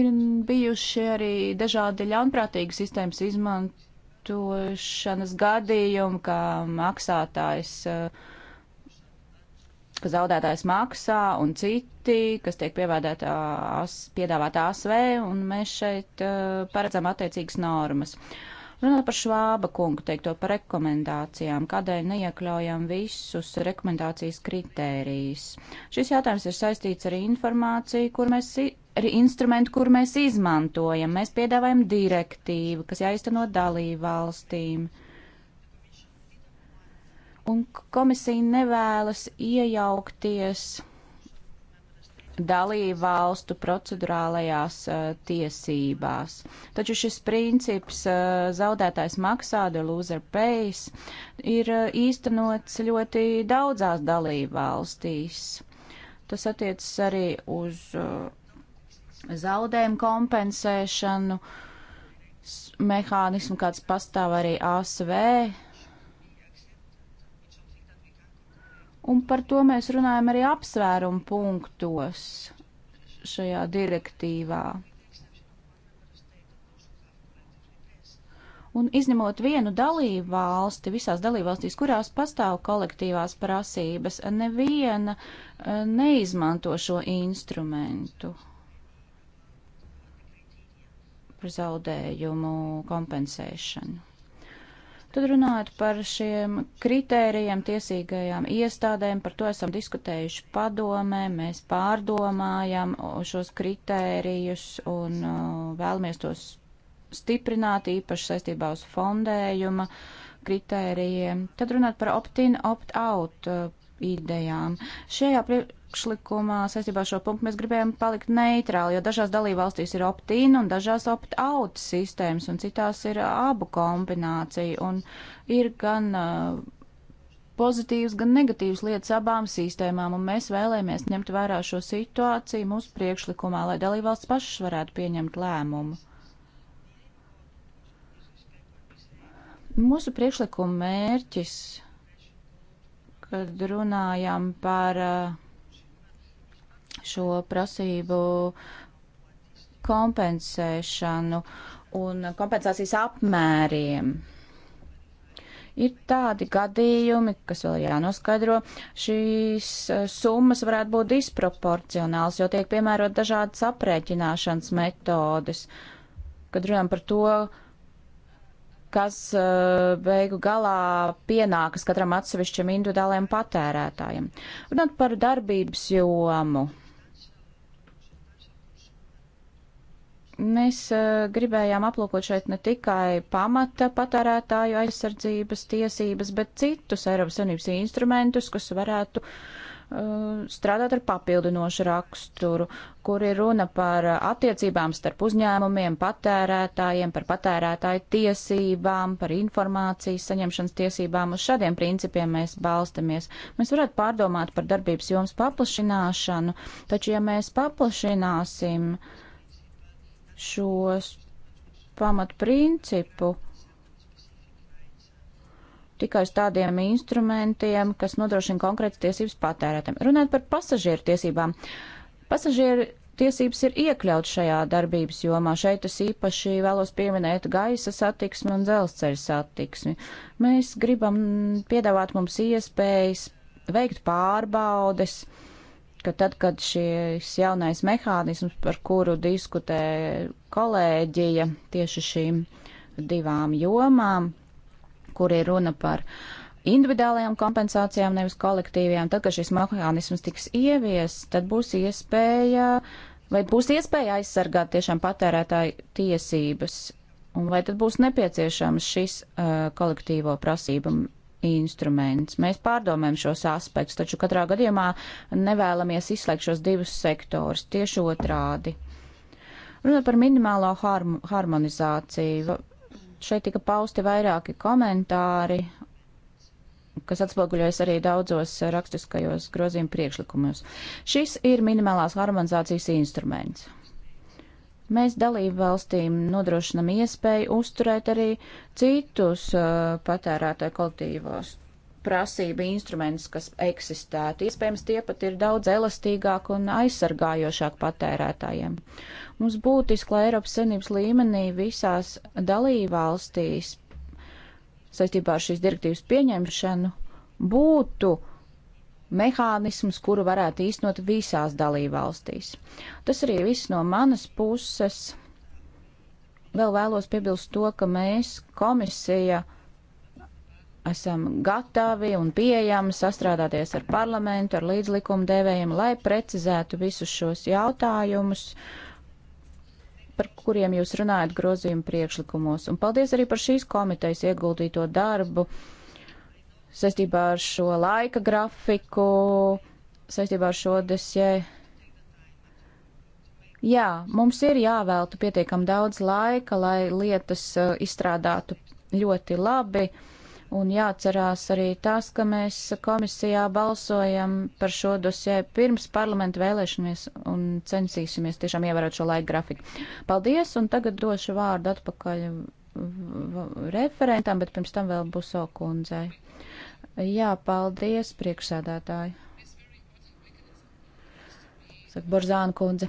Ir bijuši arī dažādi ļaunprātīgi sistēmas izmantošanas gadījumi, kā maksātājs uh, ka zaudētājs maksā un citi, kas tiek piedāvāta ASV, un mēs šeit uh, paredzam attiecīgas normas. Runājot par švāba kungu teikto par rekomendācijām, kādēļ neiekļaujam visus rekomendācijas kritērijus. Šis jautājums ir saistīts ar informāciju, kur mēs, ar instrumentu, kur mēs izmantojam. Mēs piedāvājam direktīvu, kas jāizteno dalību valstīm un komisija nevēlas iejaukties dalību valstu procedurālajās uh, tiesībās. Taču šis princips uh, zaudētājs maksā, the loser pays, ir uh, īstenots ļoti daudzās dalību valstīs. Tas attiecas arī uz uh, zaudējumu kompensēšanu mehānismu, kāds pastāv arī ASV Un par to mēs runājam arī apsvērumu punktos šajā direktīvā. Un izņemot vienu dalību valsti, visās dalībvalstīs, kurās pastāv kolektīvās prasības, neviena eh, neizmanto šo instrumentu par zaudējumu kompensēšanu. Tad runājot par šiem kritērijiem, tiesīgajām iestādēm, par to esam diskutējuši padomē, mēs pārdomājam šos kritērijus un uh, vēlamies tos stiprināt, īpaši saistībā uz fondējuma kritērijiem. Tad runāt par opt-in, opt-out uh, idejām. Šajā priekšlikumā saistībā ar šo punktu mēs gribējām palikt neitrāli, jo dažās dalībvalstīs ir opt-in un dažās opt-out sistēmas, un citās ir abu kombinācija. Un ir gan uh, pozitīvas, gan negatīvas lietas abām sistēmām, un mēs vēlēmies ņemt vērā šo situāciju mūsu priekšlikumā, lai dalībvalsts pašas varētu pieņemt lēmumu. Mūsu priekšlikuma mērķis kad runājam par uh, šo prasību kompensēšanu un kompensācijas apmēriem. Ir tādi gadījumi, kas vēl jānoskaidro, šīs eh, summas varētu būt disproporcionāls, jo tiek piemērot dažādas aprēķināšanas metodes. Kad runājam par to, kas eh, beigu galā pienākas katram atsevišķam individuālajam patērētājam. Runāt par darbības jomu. Mēs eh, gribējām aplūkot šeit ne tikai pamata patērētāju aizsardzības tiesības, bet citus Eiropas Savienības instrumentus, kas varētu eh, strādāt ar papildinošu raksturu, kur ir runa par attiecībām starp uzņēmumiem, patērētājiem, par patērētāju tiesībām, par informācijas saņemšanas tiesībām. Uz šādiem principiem mēs balstamies. Mēs varētu pārdomāt par darbības jomas paplašināšanu, taču ja mēs paplašināsim uh, šo pamatprincipu tikai uz tādiem instrumentiem, kas nodrošina konkrētas tiesības patērētājiem. Runājot par pasažieru tiesībām, pasažieru tiesības ir iekļauts šajā darbības jomā. Šeit es īpaši vēlos pieminēt gaisa satiksmi un dzelzceļa satiksmi. Mēs gribam piedāvāt mums iespējas veikt pārbaudes, uh, ka tad, kad šis jaunais mehānisms, par kuru diskutē kolēģija tieši šīm divām jomām, kur ir runa par individuālajām kompensācijām, nevis kolektīvajām, tad, kad šis mehānisms tiks ieviests, tad būs iespēja, vai būs iespēja aizsargāt tiešām patērētāju tiesības, un vai tad būs nepieciešams šis uh, kolektīvo prasību instruments. Mēs pārdomājam šos aspektus, taču katrā gadījumā nevēlamies izslēgt šos divus sektorus tieši otrādi. Runājot par minimālo harmonizāciju, šeit tika pausti vairāki komentāri, kas atspoguļojas arī daudzos rakstiskajos grozījuma priekšlikumos. Šis ir minimālās harmonizācijas instruments. Mēs dalību valstīm nodrošinam iespēju uzturēt arī citus uh, patērētāju kolektīvos prasību instrumentus, kas eksistētu. Iespējams, tie pat ir daudz elastīgāk un aizsargājošāk patērētājiem. Mums būtiski, lai Eiropas Savienības līmenī visās dalībvalstīs saistībā ar šīs direktīvas pieņemšanu būtu uh, mehānisms, kuru varētu īstenot visās dalībvalstīs. Tas arī viss no manas puses. Vēl vēlos piebilst to, ka mēs komisija esam gatavi un pieejami sastrādāties ar parlamentu, ar līdzlikumu devējiem, lai precizētu visus šos jautājumus, par kuriem jūs runājat grozījuma priekšlikumos. Un paldies arī par šīs komitejas ieguldīto darbu. Uh, saistībā ar šo laika grafiku, saistībā ar šo desē. Jā, mums ir jāvēlta pietiekam daudz laika, lai lietas uh, izstrādātu ļoti labi, un jāatcerās arī tas, ka mēs komisijā balsojam par šo dosē pirms parlamentu vēlēšanas un censīsimies tiešām ievērot šo laika grafiku. Paldies, un tagad došu vārdu atpakaļ referentam, bet pirms tam vēl būs okundzei. Jā, paldies, priekšsēdētāji. Saka Borzāna kundze,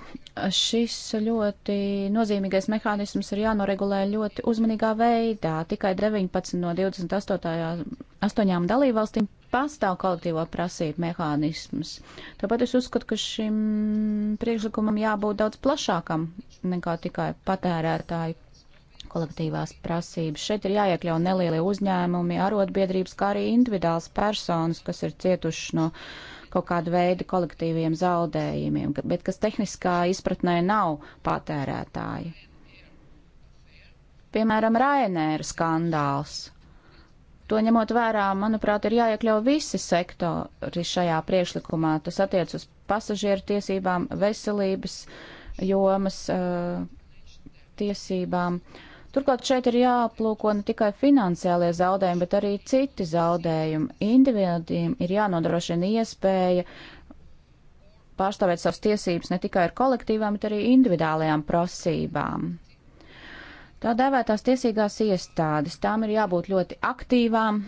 šis ļoti nozīmīgais mehānisms ir jānoregulē ļoti uzmanīgā veidā. Tikai 19 no 28 dalībvalstīm pastāv kolektīvo prasību mehānisms. Tāpat es uzskatu, ka šim priekšlikumam jābūt daudz plašākam nekā tikai patērētāju kolektīvās prasības. Šeit ir jāiekļau nelielie uzņēmumi, arotbiedrības, kā arī individuāls personas, kas ir cietuši no kaut kāda veida kolektīviem zaudējumiem, bet kas tehniskā izpratnē nav patērētāji. Piemēram, Rainēra skandāls. To ņemot vērā, manuprāt, ir jāiekļau visi sektori šajā priekšlikumā. Tas attiec uz pasažieru tiesībām, veselības jomas uh, tiesībām. Uh, Turklāt šeit ir jāaplūko ne tikai finansiālie zaudējumi, bet arī citi zaudējumi. Individiem ir jānodrošina iespēja pārstāvēt savas tiesības ne tikai ar kolektīvām, bet arī individuālajām prasībām. Tā dēvētās tiesīgās iestādes, tām ir jābūt ļoti aktīvām,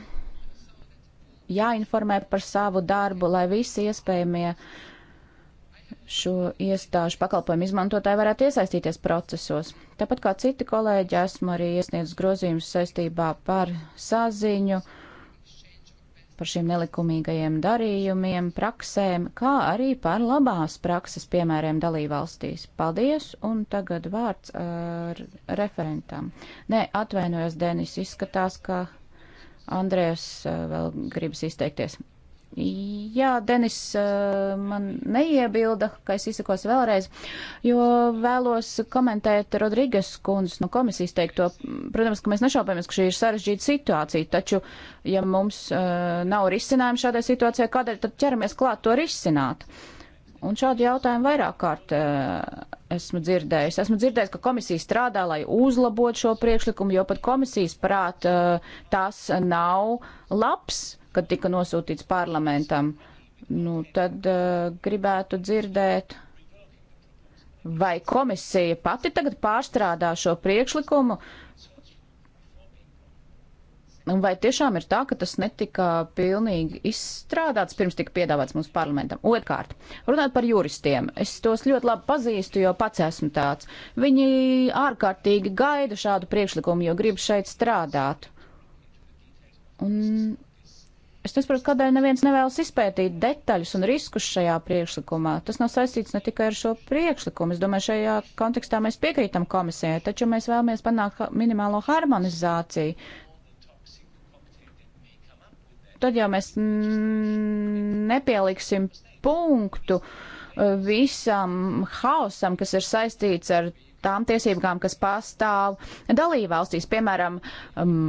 jāinformē par savu darbu, lai visi iespējamie uh, šo iestāžu pakalpojumu izmantotāji varētu iesaistīties procesos. Tāpat kā citi kolēģi, esmu arī iesniedzis grozījumus saistībā par saziņu, par šiem nelikumīgajiem darījumiem, praksēm, kā arī par labās prakses piemēriem dalībvalstīs. Paldies, un tagad vārds ar referentam. Nē, atvainojos, Denis, izskatās, ka Andrēs vēl gribas izteikties. Jā, Denis eh, man neiebilda, ka es izsakos vēlreiz, jo vēlos komentēt Rodrīgas kundzes no komisijas teikto. Protams, ka mēs nešaubāmies, ka šī ir sarežģīta situācija, taču, ja mums uh, nav risinājumu šādai situācijai, kādēļ tad ķeramies klāt to risināt? Un šādu jautājumu vairāk kārt uh, esmu dzirdējis. Esmu dzirdējis, ka komisija strādā, lai uzlabotu šo priekšlikumu, jo pat komisijas prāt uh, tas nav labs kad tika nosūtīts parlamentam. Nu, tad uh, gribētu dzirdēt, vai komisija pati tagad pārstrādā šo priekšlikumu, Un vai tiešām ir tā, ka tas netika pilnīgi izstrādāts pirms tika piedāvāts mums parlamentam? Otkārt, runāt par juristiem. Es tos ļoti labi pazīstu, jo pats esmu tāds. Viņi ārkārtīgi gaida šādu priekšlikumu, jo grib šeit strādāt. Un Es nesaprotu, kādēļ neviens nevēlas izpētīt detaļas un riskus šajā priekšlikumā. Tas nav saistīts ne tikai ar šo priekšlikumu. Es domāju, šajā kontekstā mēs piekrītam komisijai, taču mēs vēlamies panākt minimālo harmonizāciju. Tad jau mēs nepieliksim punktu uh, visam haosam, kas ir saistīts ar tām tiesībām, kas pastāv dalībvalstīs. Piemēram,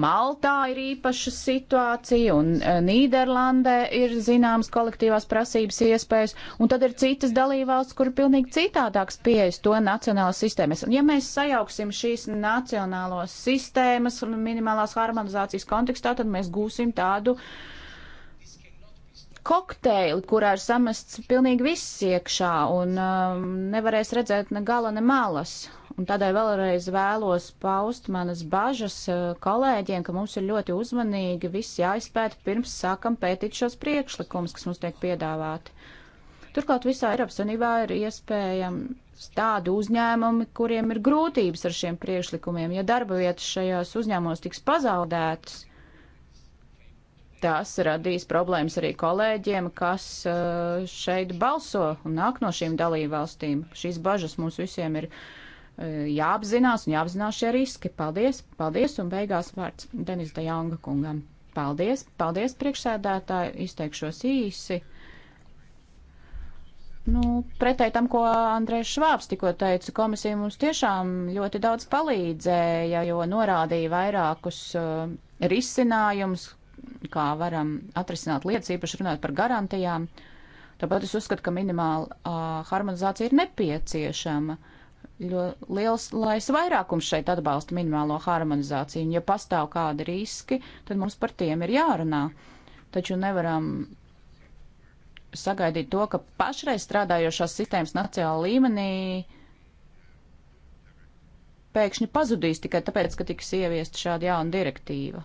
Maltā ir īpaša situācija un e, Nīderlandē ir zināmas kolektīvās prasības iespējas, un tad ir citas dalībvalsts, kur ir pilnīgi citādāks pieejas to nacionālas sistēmas. Ja mēs sajauksim šīs nacionālos sistēmas un minimālās harmonizācijas kontekstā, tad mēs gūsim tādu uh, kokteili, kurā ir samests pilnīgi viss iekšā un um, nevarēs redzēt ne gala, ne malas. Un tādēļ vēlreiz vēlos paust manas bažas uh, kolēģiem, ka mums ir ļoti uzmanīgi viss jāizpēta pirms sākam pētīt šos priekšlikumus, kas mums tiek piedāvāti. Turklāt visā Eiropas Unībā ir iespējams tādi uzņēmumi, kuriem ir grūtības ar šiem priekšlikumiem. Ja darba vietas šajos uzņēmumos tiks pazaudētas, Tas radīs problēmas arī kolēģiem, kas uh, šeit balso un nāk no šīm dalībvalstīm. Šīs bažas mums visiem ir uh, jāapzinās un jāapzinās šie riski. Paldies, paldies un beigās vārds Denis Dajanga kungam. Paldies, paldies priekšsēdētāji, izteikšos īsi. Nu, pretēji tam, ko Andrēs Švābs tikko teica, komisija mums tiešām ļoti daudz palīdzēja, jo norādīja vairākus uh, risinājumus, kā varam atrisināt lietas, īpaši runāt par garantijām. Tāpēc es uzskatu, ka minimāla uh, harmonizācija ir nepieciešama. Jo liels lais vairākums šeit atbalsta minimālo harmonizāciju, un ja pastāv kādi riski, tad mums par tiem ir jārunā. Taču nevaram sagaidīt to, ka pašreiz strādājošās sistēmas nacionāla līmenī pēkšņi pazudīs tikai tāpēc, ka tiks ieviesta šāda jauna direktīva.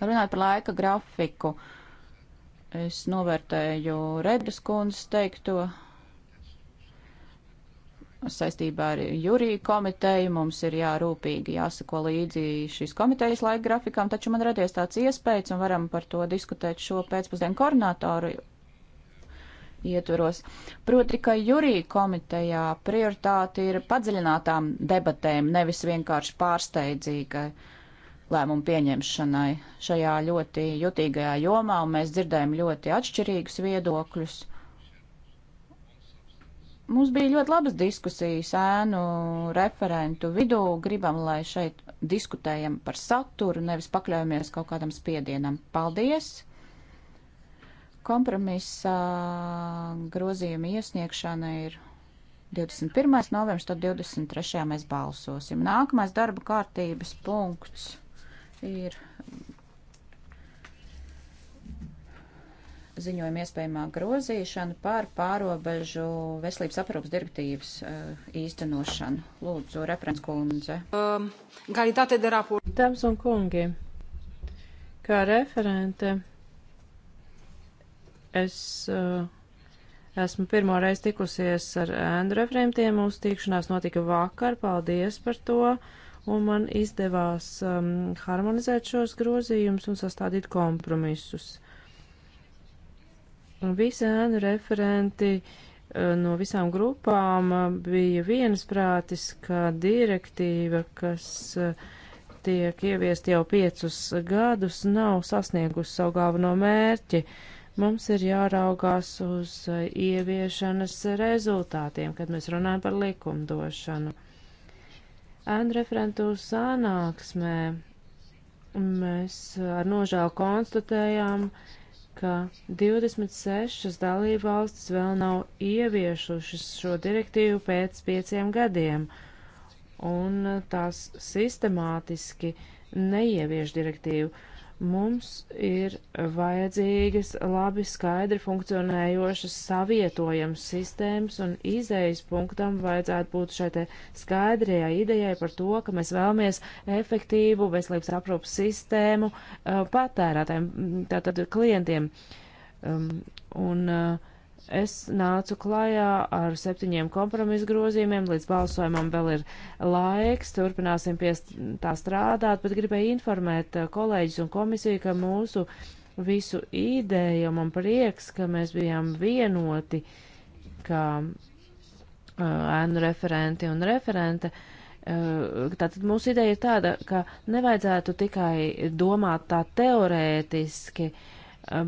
Runājot par laika grafiku, es novērtēju Redras kundzes teikto saistībā ar jūriju komiteju. Mums ir jārūpīgi jāsako līdzi šīs komitejas laika grafikām, taču man radies tāds iespējas, un varam par to diskutēt šo pēcpusdienu koordinātoru ietveros. Proti, ka jūrija komitejā prioritāte ir padziļinātām debatēm, nevis vienkārši pārsteidzīgai. Uh, lēmumu pieņemšanai šajā ļoti jutīgajā jomā, un mēs dzirdējam ļoti atšķirīgus viedokļus. Mums bija ļoti labas diskusijas ēnu referentu vidū. Gribam, lai šeit diskutējam par saturu, nevis pakļaujamies kaut kādam spiedienam. Paldies! Kompromisa grozījuma iesniegšana ir 21. novembris, tad 23. mēs balsosim. Nākamais darba kārtības punkts ir ziņojuma iespējamā grozīšana par pārobežu veselības aprūpas direktīvas uh, īstenošanu. Lūdzu, referents kundze. Um, Galitāte de raport. Dāmas un kungi, kā referente es uh, esmu pirmo reizi tikusies ar ēnu referentiem. Mūsu tikšanās notika vakar. Paldies par to. Uh, un man izdevās um, harmonizēt šos grozījumus un sastādīt kompromisus. Visi ēnu referenti uh, no visām grupām uh, bija viensprātis, ka direktīva, kas uh, tiek ieviest jau piecus gadus, nav sasniegusi savu galveno mērķi. Mums ir jāraugās uz uh, ieviešanas rezultātiem, kad mēs runājam par likumdošanu. Ēnu referentu sanāksmē mēs ar nožēlu konstatējām, ka 26 dalību valstis vēl nav ieviešušas šo direktīvu pēc pieciem gadiem, un tās sistemātiski neievieš direktīvu. Mums ir vajadzīgas labi skaidri funkcionējošas savietojams sistēmas un izējas punktam vajadzētu būt šai te skaidrajā idejai par to, ka mēs vēlamies efektīvu veselības aprūpas sistēmu uh, patērētājiem, tātad klientiem. Um, un uh, es nācu klajā ar septiņiem kompromisu grozījumiem, līdz balsojumam vēl ir laiks, turpināsim pie tā strādāt, bet gribēju informēt eh, kolēģis un komisiju, ka mūsu visu ideju man prieks, ka mēs bijām vienoti, ka eh, ēnu uh, referenti un referente. Uh, tātad mūsu ideja ir tāda, ka nevajadzētu tikai domāt tā teorētiski, uh,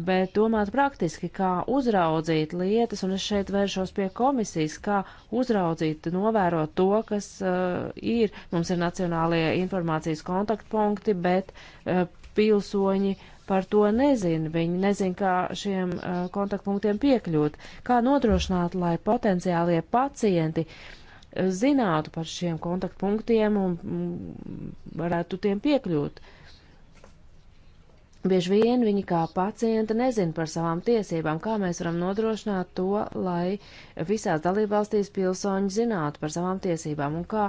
bet domāt praktiski, kā uzraudzīt lietas, un es šeit vēršos pie komisijas, kā uzraudzīt, novērot to, kas uh, ir. Mums ir nacionālie informācijas kontaktpunkti, bet uh, pilsoņi par to nezina. Viņi nezina, kā šiem uh, kontaktpunktiem piekļūt. Kā nodrošināt, lai potenciālie pacienti zinātu par šiem kontaktpunktiem un mm, varētu tiem piekļūt. Uh, Bieži vien viņi kā pacienti nezin par savām tiesībām, kā mēs varam nodrošināt to, lai visās dalībvalstīs pilsoņi zinātu par savām tiesībām un kā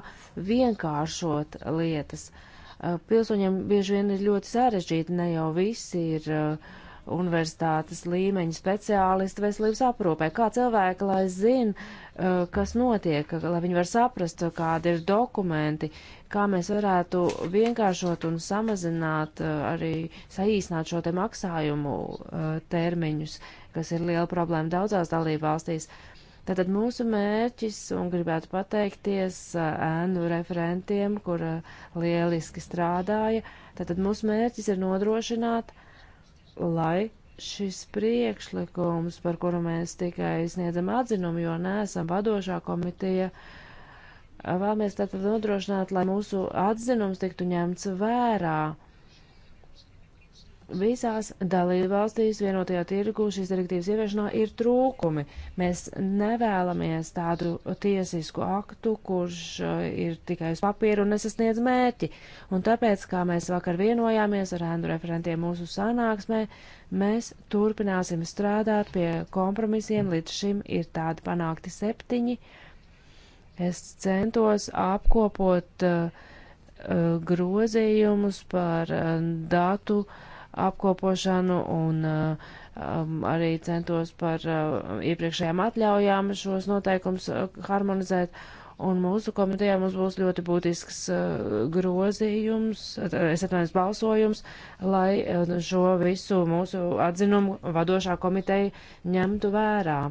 vienkāršot lietas. Uh, pilsoņiem bieži vien ir ļoti sarežģīti, ne jau visi ir uh, universitātes līmeņa speciālisti veselības aprūpē. Kā cilvēki, lai zina, uh, kas notiek, lai viņi var saprast, kādi ir dokumenti, kā mēs varētu vienkāršot un samazināt, eh, arī saīsnāt šo te maksājumu eh, termiņus, kas ir liela problēma daudzās dalībvalstīs. Tātad mūsu mērķis, un gribētu pateikties eh, ēnu referentiem, kur lieliski strādāja, tātad mūsu mērķis ir nodrošināt, lai šis priekšlikums, par kuru mēs tikai sniedzam atzinumu, jo neesam vadošā komiteja, uh, Vēlamies tātad nodrošināt, lai mūsu atzinums tiktu ņemts vērā. Visās dalībvalstīs vienotajā tirgu šīs direktīvas ieviešanā ir trūkumi. Mēs nevēlamies tādu tiesisku aktu, kurš uh, ir tikai uz papīru un nesasniedz mērķi. Un tāpēc, kā mēs vakar vienojāmies ar ēnu referentiem mūsu sanāksmē, mēs turpināsim strādāt pie kompromisiem. Līdz šim ir tādi panākti septiņi. Uh, Es centos apkopot uh, grozījumus par uh, datu apkopošanu un uh, um, arī centos par uh, iepriekšējām atļaujām šos noteikums uh, harmonizēt. Un mūsu komitejā mums būs ļoti būtisks uh, grozījums, es atvainojos balsojums, lai uh, šo visu mūsu atzinumu vadošā komiteja ņemtu vērā.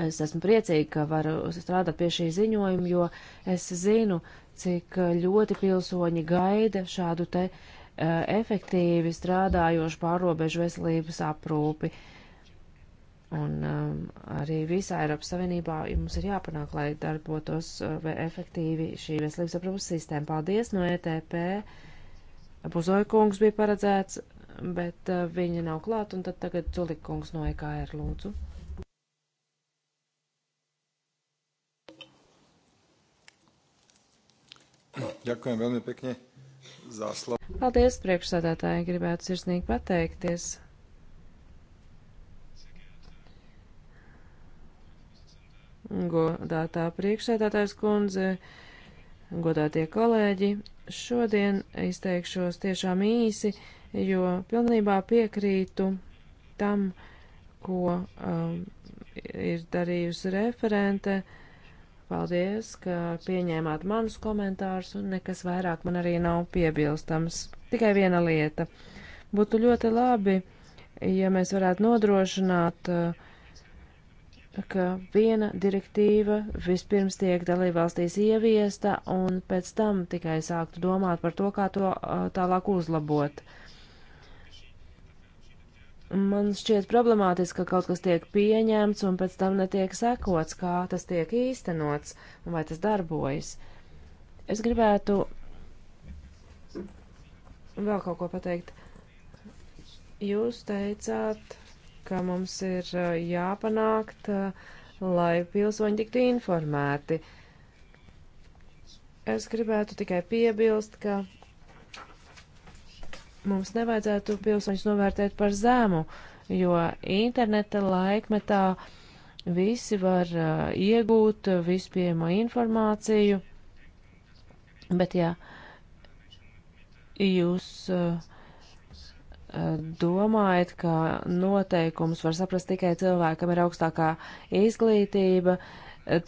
Es esmu priecīga, ka varu strādāt pie šī ziņojuma, jo es zinu, cik ļoti pilsoņi gaida šādu te uh, efektīvi strādājošu pārobežu veselības aprūpi. Un um, arī visā Eiropas Savienībā mums ir jāpanāk, lai darbotos uh, efektīvi šī veselības aprūpas sistēma. Paldies no ETP. Buzoikungs bija paredzēts, bet uh, viņa nav klāt, un tad tagad Zulikungs no EKR lūdzu. Ďakujem veľmi pekne za slovo. Paldies, priekšsādātāji, gribētu sirsnīgi pateikties. Godātā priekšsēdētājs kundze, godātie kolēģi, šodien izteikšos tiešām īsi, jo pilnībā piekrītu tam, ko um, ir darījusi referente. Uh, Paldies, ka pieņēmāt manus komentārus, un nekas vairāk man arī nav piebilstams. Tikai viena lieta. Būtu ļoti labi, ja mēs varētu nodrošināt, eh, ka viena direktīva vispirms tiek dalībvalstīs ieviesta, un pēc tam tikai sāktu domāt par to, kā to eh, tālāk uzlabot. Uh, Man šķiet problemātiski, ka kaut kas tiek pieņemts un pēc tam netiek sekots, kā tas tiek īstenots un vai tas darbojas. Es gribētu vēl kaut ko pateikt. Jūs teicāt, ka mums ir eh, jāpanākt, eh, lai pilsoņi tiktu informēti. Es gribētu tikai piebilst, ka mums nevajadzētu pilsoņus novērtēt par zemu, jo interneta laikmetā visi var uh, iegūt vispieejamo informāciju, bet jā, jūs uh, uh, domājat, ka noteikumus var saprast tikai cilvēkam ir augstākā izglītība,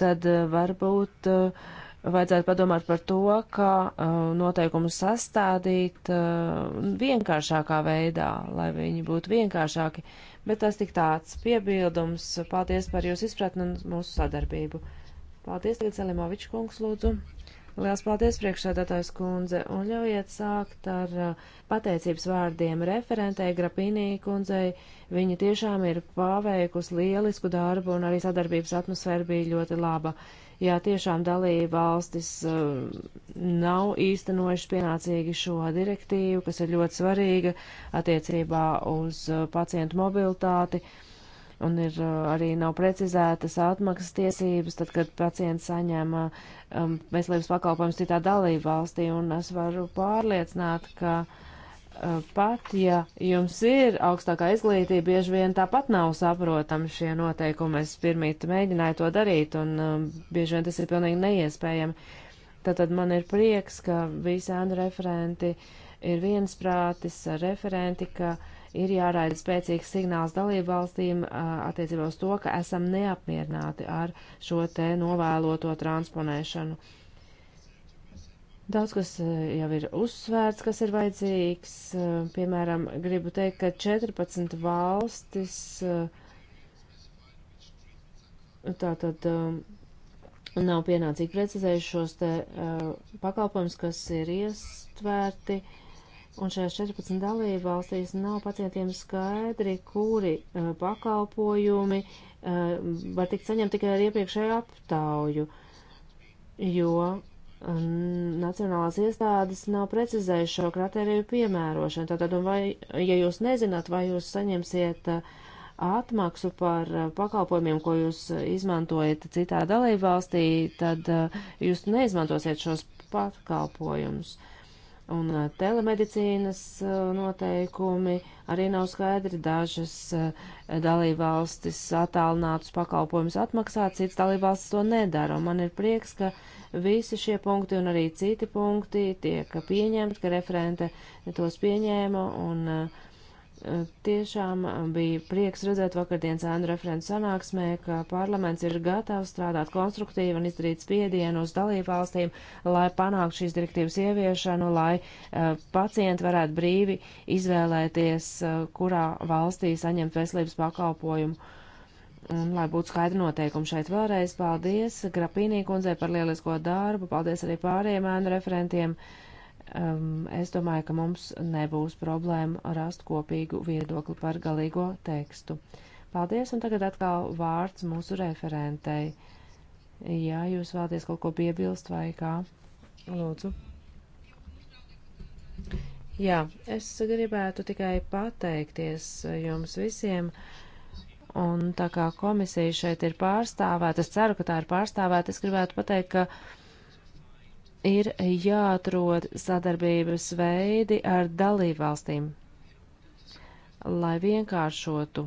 tad uh, varbūt uh, vajadzētu padomāt par to, kā uh, noteikumus sastādīt uh, vienkāršākā veidā, lai viņi būtu vienkāršāki. Bet tas tik tāds piebildums. Paldies par jūsu izpratni un mūsu sadarbību. Paldies, tagad Selimovičs kungs, lūdzu. Liels paldies, priekšsēdētājs kundze, un ļaujiet sākt ar uh, pateicības vārdiem referentei Grapinī kundzei. Viņa tiešām ir paveikusi lielisku darbu, un arī sadarbības atmosfēra bija ļoti laba. Jā, tiešām dalība valstis um, nav īstenojuši pienācīgi šo direktīvu, kas ir ļoti svarīga attiecībā uz uh, pacientu mobilitāti. Un ir uh, arī nav precizētas atmaksas tiesības, tad, kad pacients saņem uh, um, veselības pakalpojumus citā dalība valstī. Un es varu pārliecināt, ka uh, Eh, pat ja jums ir augstākā izglītība, bieži vien tāpat nav saprotami šie noteikumi. Es pirmīt mēģināju to darīt, un um, bieži vien tas ir pilnīgi neiespējami. Tātad man ir prieks, ka visi ēnu referenti ir viensprātis ar referenti, ka ir jāraida spēcīgs signāls dalību valstīm uh, attiecībā uz to, ka esam neapmierināti ar šo te novēloto transponēšanu. Uh, Daudz kas eh, jau ir uzsvērts, kas ir vajadzīgs. Eh, piemēram, gribu teikt, ka 14 valstis eh, tātad nav pienācīgi precizējuši šos te pakalpojumus, kas ir iestvērti. Un šajās 14 dalību valstīs nav pacientiem skaidri, kuri pakalpojumi var tikt saņemti tikai ar iepriekšēju aptauju, jo nacionālās iestādes nav precizējuši šo kritēriju piemērošanu. Tātad, vai, ja jūs nezināt, vai jūs saņemsiet uh, atmaksu par uh, pakalpojumiem, ko jūs izmantojat citā dalībvalstī, tad uh, jūs neizmantosiet šos pakalpojumus. Uh, Un eh, telemedicīnas eh, noteikumi arī nav skaidri. Dažas eh, dalībvalstis attālinātus pakalpojumus atmaksā, citas dalībvalstis to nedara. Un man ir prieks, ka visi šie punkti un arī citi punkti tiek pieņemti, ka referente tos pieņēma. Un, uh, Tiešām eh, bija prieks redzēt vakardienas ēnu referentu sanāksmē, ka parlaments ir gatavs strādāt konstruktīvi un izdarīt spiedienu uz dalību valstīm, lai panāktu šīs direktīvas ieviešanu, lai uh, pacienti varētu brīvi izvēlēties, uh, kurā valstī saņemt veselības pakalpojumu. Un, lai būtu skaidri noteikumi šeit vēlreiz, paldies Grapīnī kundzei par lielisko darbu, paldies arī pārējiem ēnu referentiem. Uh, um, es domāju, ka mums nebūs problēma rast kopīgu viedokli par galīgo tekstu. Paldies, un tagad atkal vārds mūsu referentei. Ja jūs vēlaties kaut ko piebilst vai kā, lūdzu. Jā, es gribētu tikai pateikties jums visiem. Un tā kā komisija šeit ir pārstāvēta, es ceru, ka tā ir pārstāvēta, es gribētu pateikt, ka ir jāatrod sadarbības veidi ar dalībvalstīm, lai vienkāršotu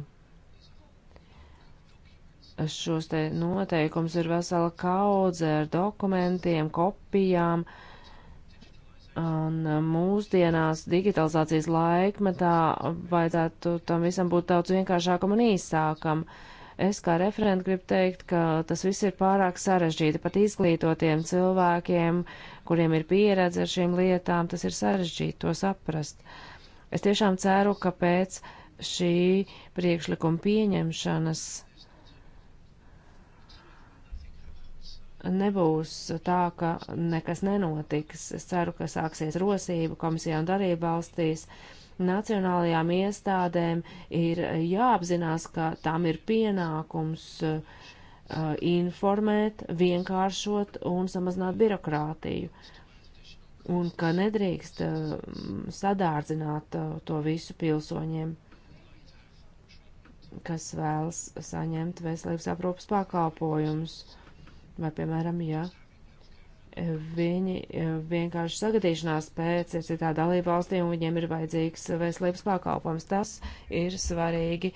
šos te noteikums. Ir vesela kaudze ar dokumentiem, kopijām, un mūsdienās digitalizācijas laikmetā vajadzētu tam visam būt daudz vienkāršākam un īsākam. Uh, Es kā referenti gribu teikt, ka tas viss ir pārāk sarežģīti pat izglītotiem cilvēkiem, kuriem ir pieredze ar šīm lietām, tas ir sarežģīti to saprast. Es tiešām ceru, ka pēc šī priekšlikuma pieņemšanas nebūs tā, ka nekas nenotiks. Es ceru, ka sāksies rosība komisijā un darība valstīs. Uh, nacionālajām iestādēm ir jāapzinās, ka tām ir pienākums uh, informēt, vienkāršot un samazināt birokrātiju. Un ka nedrīkst uh, sadārdzināt uh, to visu pilsoņiem, kas vēlas saņemt veselības aprūpas pakalpojumus. Vai, piemēram, ja viņi e, vienkārši sagatīšanās pēc ir citā dalībvalstī un viņiem ir vajadzīgs veselības pakalpojums. Tas ir svarīgi e,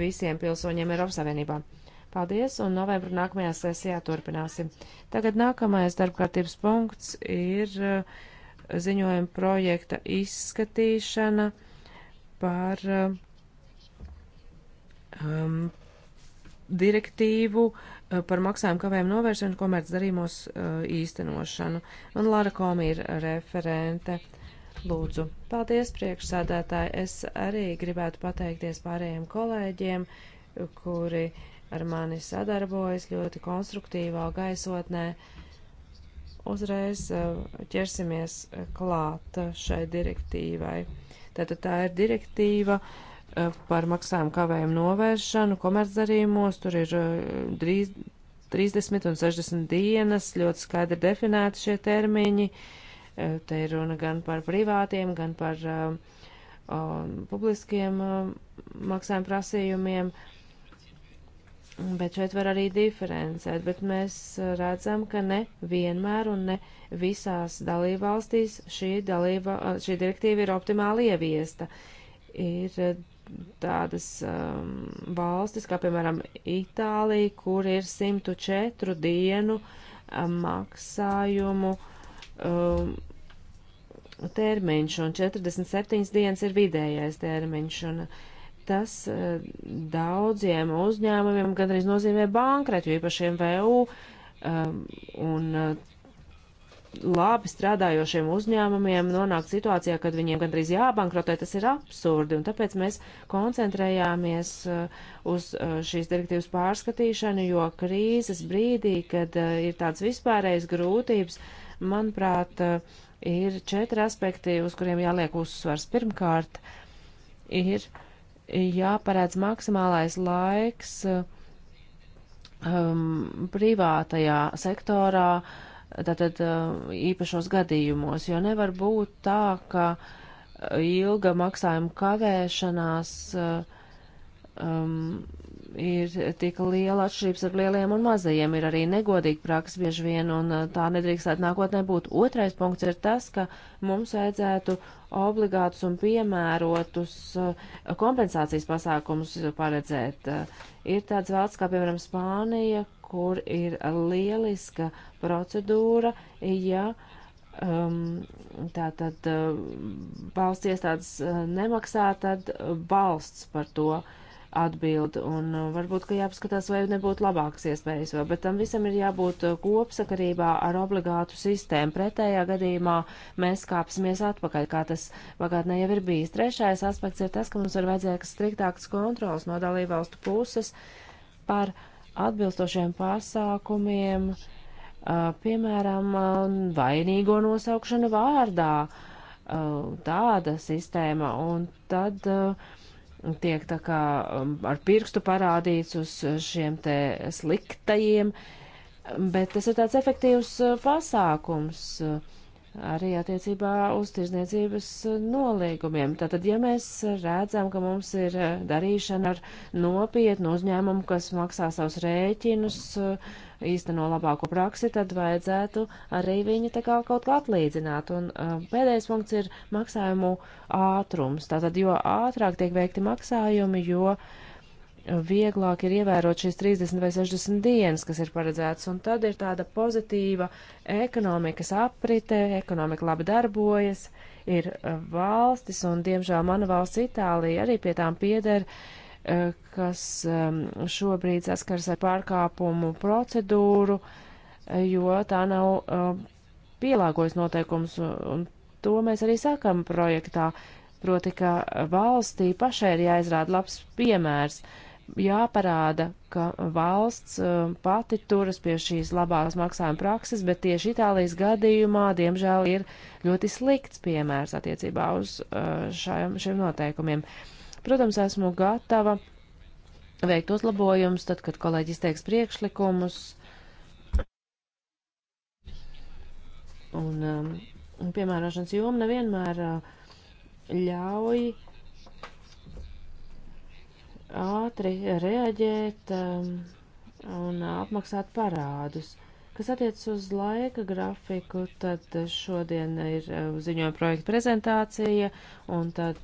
visiem pilsoņiem Eiropas Savienībā. Paldies, un novembra nākamajā sesijā turpināsim. Tagad nākamais darbkārtības punkts ir e, ziņojuma projekta izskatīšana par um, direktīvu eh, par maksājumu kavējumu novēršanu, komerc darījumos eh, īstenošanu. Un Lara Komi ir referente. Lūdzu, paldies priekšsādātāji. Es arī gribētu pateikties pārējiem kolēģiem, kuri ar mani sadarbojas ļoti konstruktīvā gaisotnē. Uzreiz eh, ķersimies klāt šai direktīvai. Tātad tā ir direktīva uh, Eh, par maksājumu kavējumu novēršanu komercdarījumos. Tur ir eh, drīz, 30 un 60 dienas ļoti skaidri definēti šie termiņi. Eh, te ir runa gan par privātiem, gan par uh, publiskiem uh, maksājuma prasījumiem. Bet šeit var arī diferencēt, bet mēs redzam, ka ne vienmēr un ne visās dalībvalstīs šī, dalība, šī direktīva ir optimāli ieviesta. Ir tādas um, valstis, kā piemēram Itālija, kur ir 104 dienu um, maksājumu um, termiņš, un 47 dienas ir vidējais termiņš. Un, Tas uh, daudziem uzņēmumiem gandrīz nozīmē bankretu, īpašiem VU, um, un uh, labi strādājošiem uzņēmumiem nonākt situācijā, kad viņiem gandrīz jābankrotē, tas ir absurdi, un tāpēc mēs koncentrējāmies uh, uz uh, šīs direktīvas pārskatīšanu, jo krīzes brīdī, kad uh, ir tāds vispārējais grūtības, manuprāt, ir četri aspekti, uz kuriem jāliek uzsvars. Pirmkārt, ir jāparēdz maksimālais laiks um, privātajā sektorā, uh, tātad īpašos gadījumos, jo nevar būt tā, ka ilga maksājuma kavēšanās um, ir tik liela atšķirības ar lieliem un mazajiem, ir arī negodīga praksa bieži vien, un uh, tā nedrīkstētu nākotnē būt. Otrais punkts ir tas, ka mums vajadzētu obligātus un piemērotus uh, kompensācijas pasākumus paredzēt. Uh, ir tāds valsts kā, piemēram, Spānija, kur ir lieliska procedūra, ja um, tā tad valsts iestādes nemaksā, tad balsts par to. Uh, atbild, un uh, varbūt, ka jāpaskatās, vai nebūtu labākas iespējas, vēl, bet tam visam ir jābūt uh, kopsakarībā ar obligātu sistēmu. Pretējā gadījumā mēs kāpsimies atpakaļ, kā tas pagātnē jau ir bijis. Trešais aspekts ir tas, ka mums ir vajadzējas striktākas kontrolas no dalībvalstu puses par atbilstošiem pasākumiem, uh, piemēram, vainīgo nosaukšanu vārdā. Tāda sistēma, un tad uh, tiek tā kā um, ar pirkstu parādīts uz šiem te sliktajiem, bet tas ir tāds efektīvs uh, pasākums. Uh, arī attiecībā uz tirzniecības eh, nolīgumiem. Tātad, ja mēs redzam, ka mums ir eh, darīšana ar nopietnu uzņēmumu, kas maksā savus rēķinus, eh, īsteno labāko praksi, tad vajadzētu arī viņi tā kā kaut kā atlīdzināt. Un pēdējais punkts ir maksājumu ātrums. Tātad, jo ātrāk tiek veikti maksājumi, jo uh, vieglāk ir ievērot šīs 30 vai 60 dienas, kas ir paredzētas, un tad ir tāda pozitīva ekonomikas aprite, ekonomika labi darbojas, ir e, valstis, un diemžēl mana valsts Itālija arī pie tām pieder, e, kas e, šobrīd saskars ar pārkāpumu procedūru, jo tā nav pielāgojas noteikums, un to mēs arī sakam projektā proti, ka valstī pašai ir jāizrāda labs piemērs jāparāda, ka valsts uh, pati turas pie šīs labās maksājuma prakses, bet tieši Itālijas gadījumā, diemžēl, ir ļoti slikts piemērs attiecībā uz uh, šajam, šiem noteikumiem. Protams, esmu gatava veikt uzlabojumus, tad, kad kolēģis teiks priekšlikumus. Un, um, piemērošanas joma nevienmēr uh, ļauj uh, ātri reaģēt um, un apmaksāt parādus. Kas attiec uz laika grafiku, tad šodien ir uh, ziņojuma projekta prezentācija un tad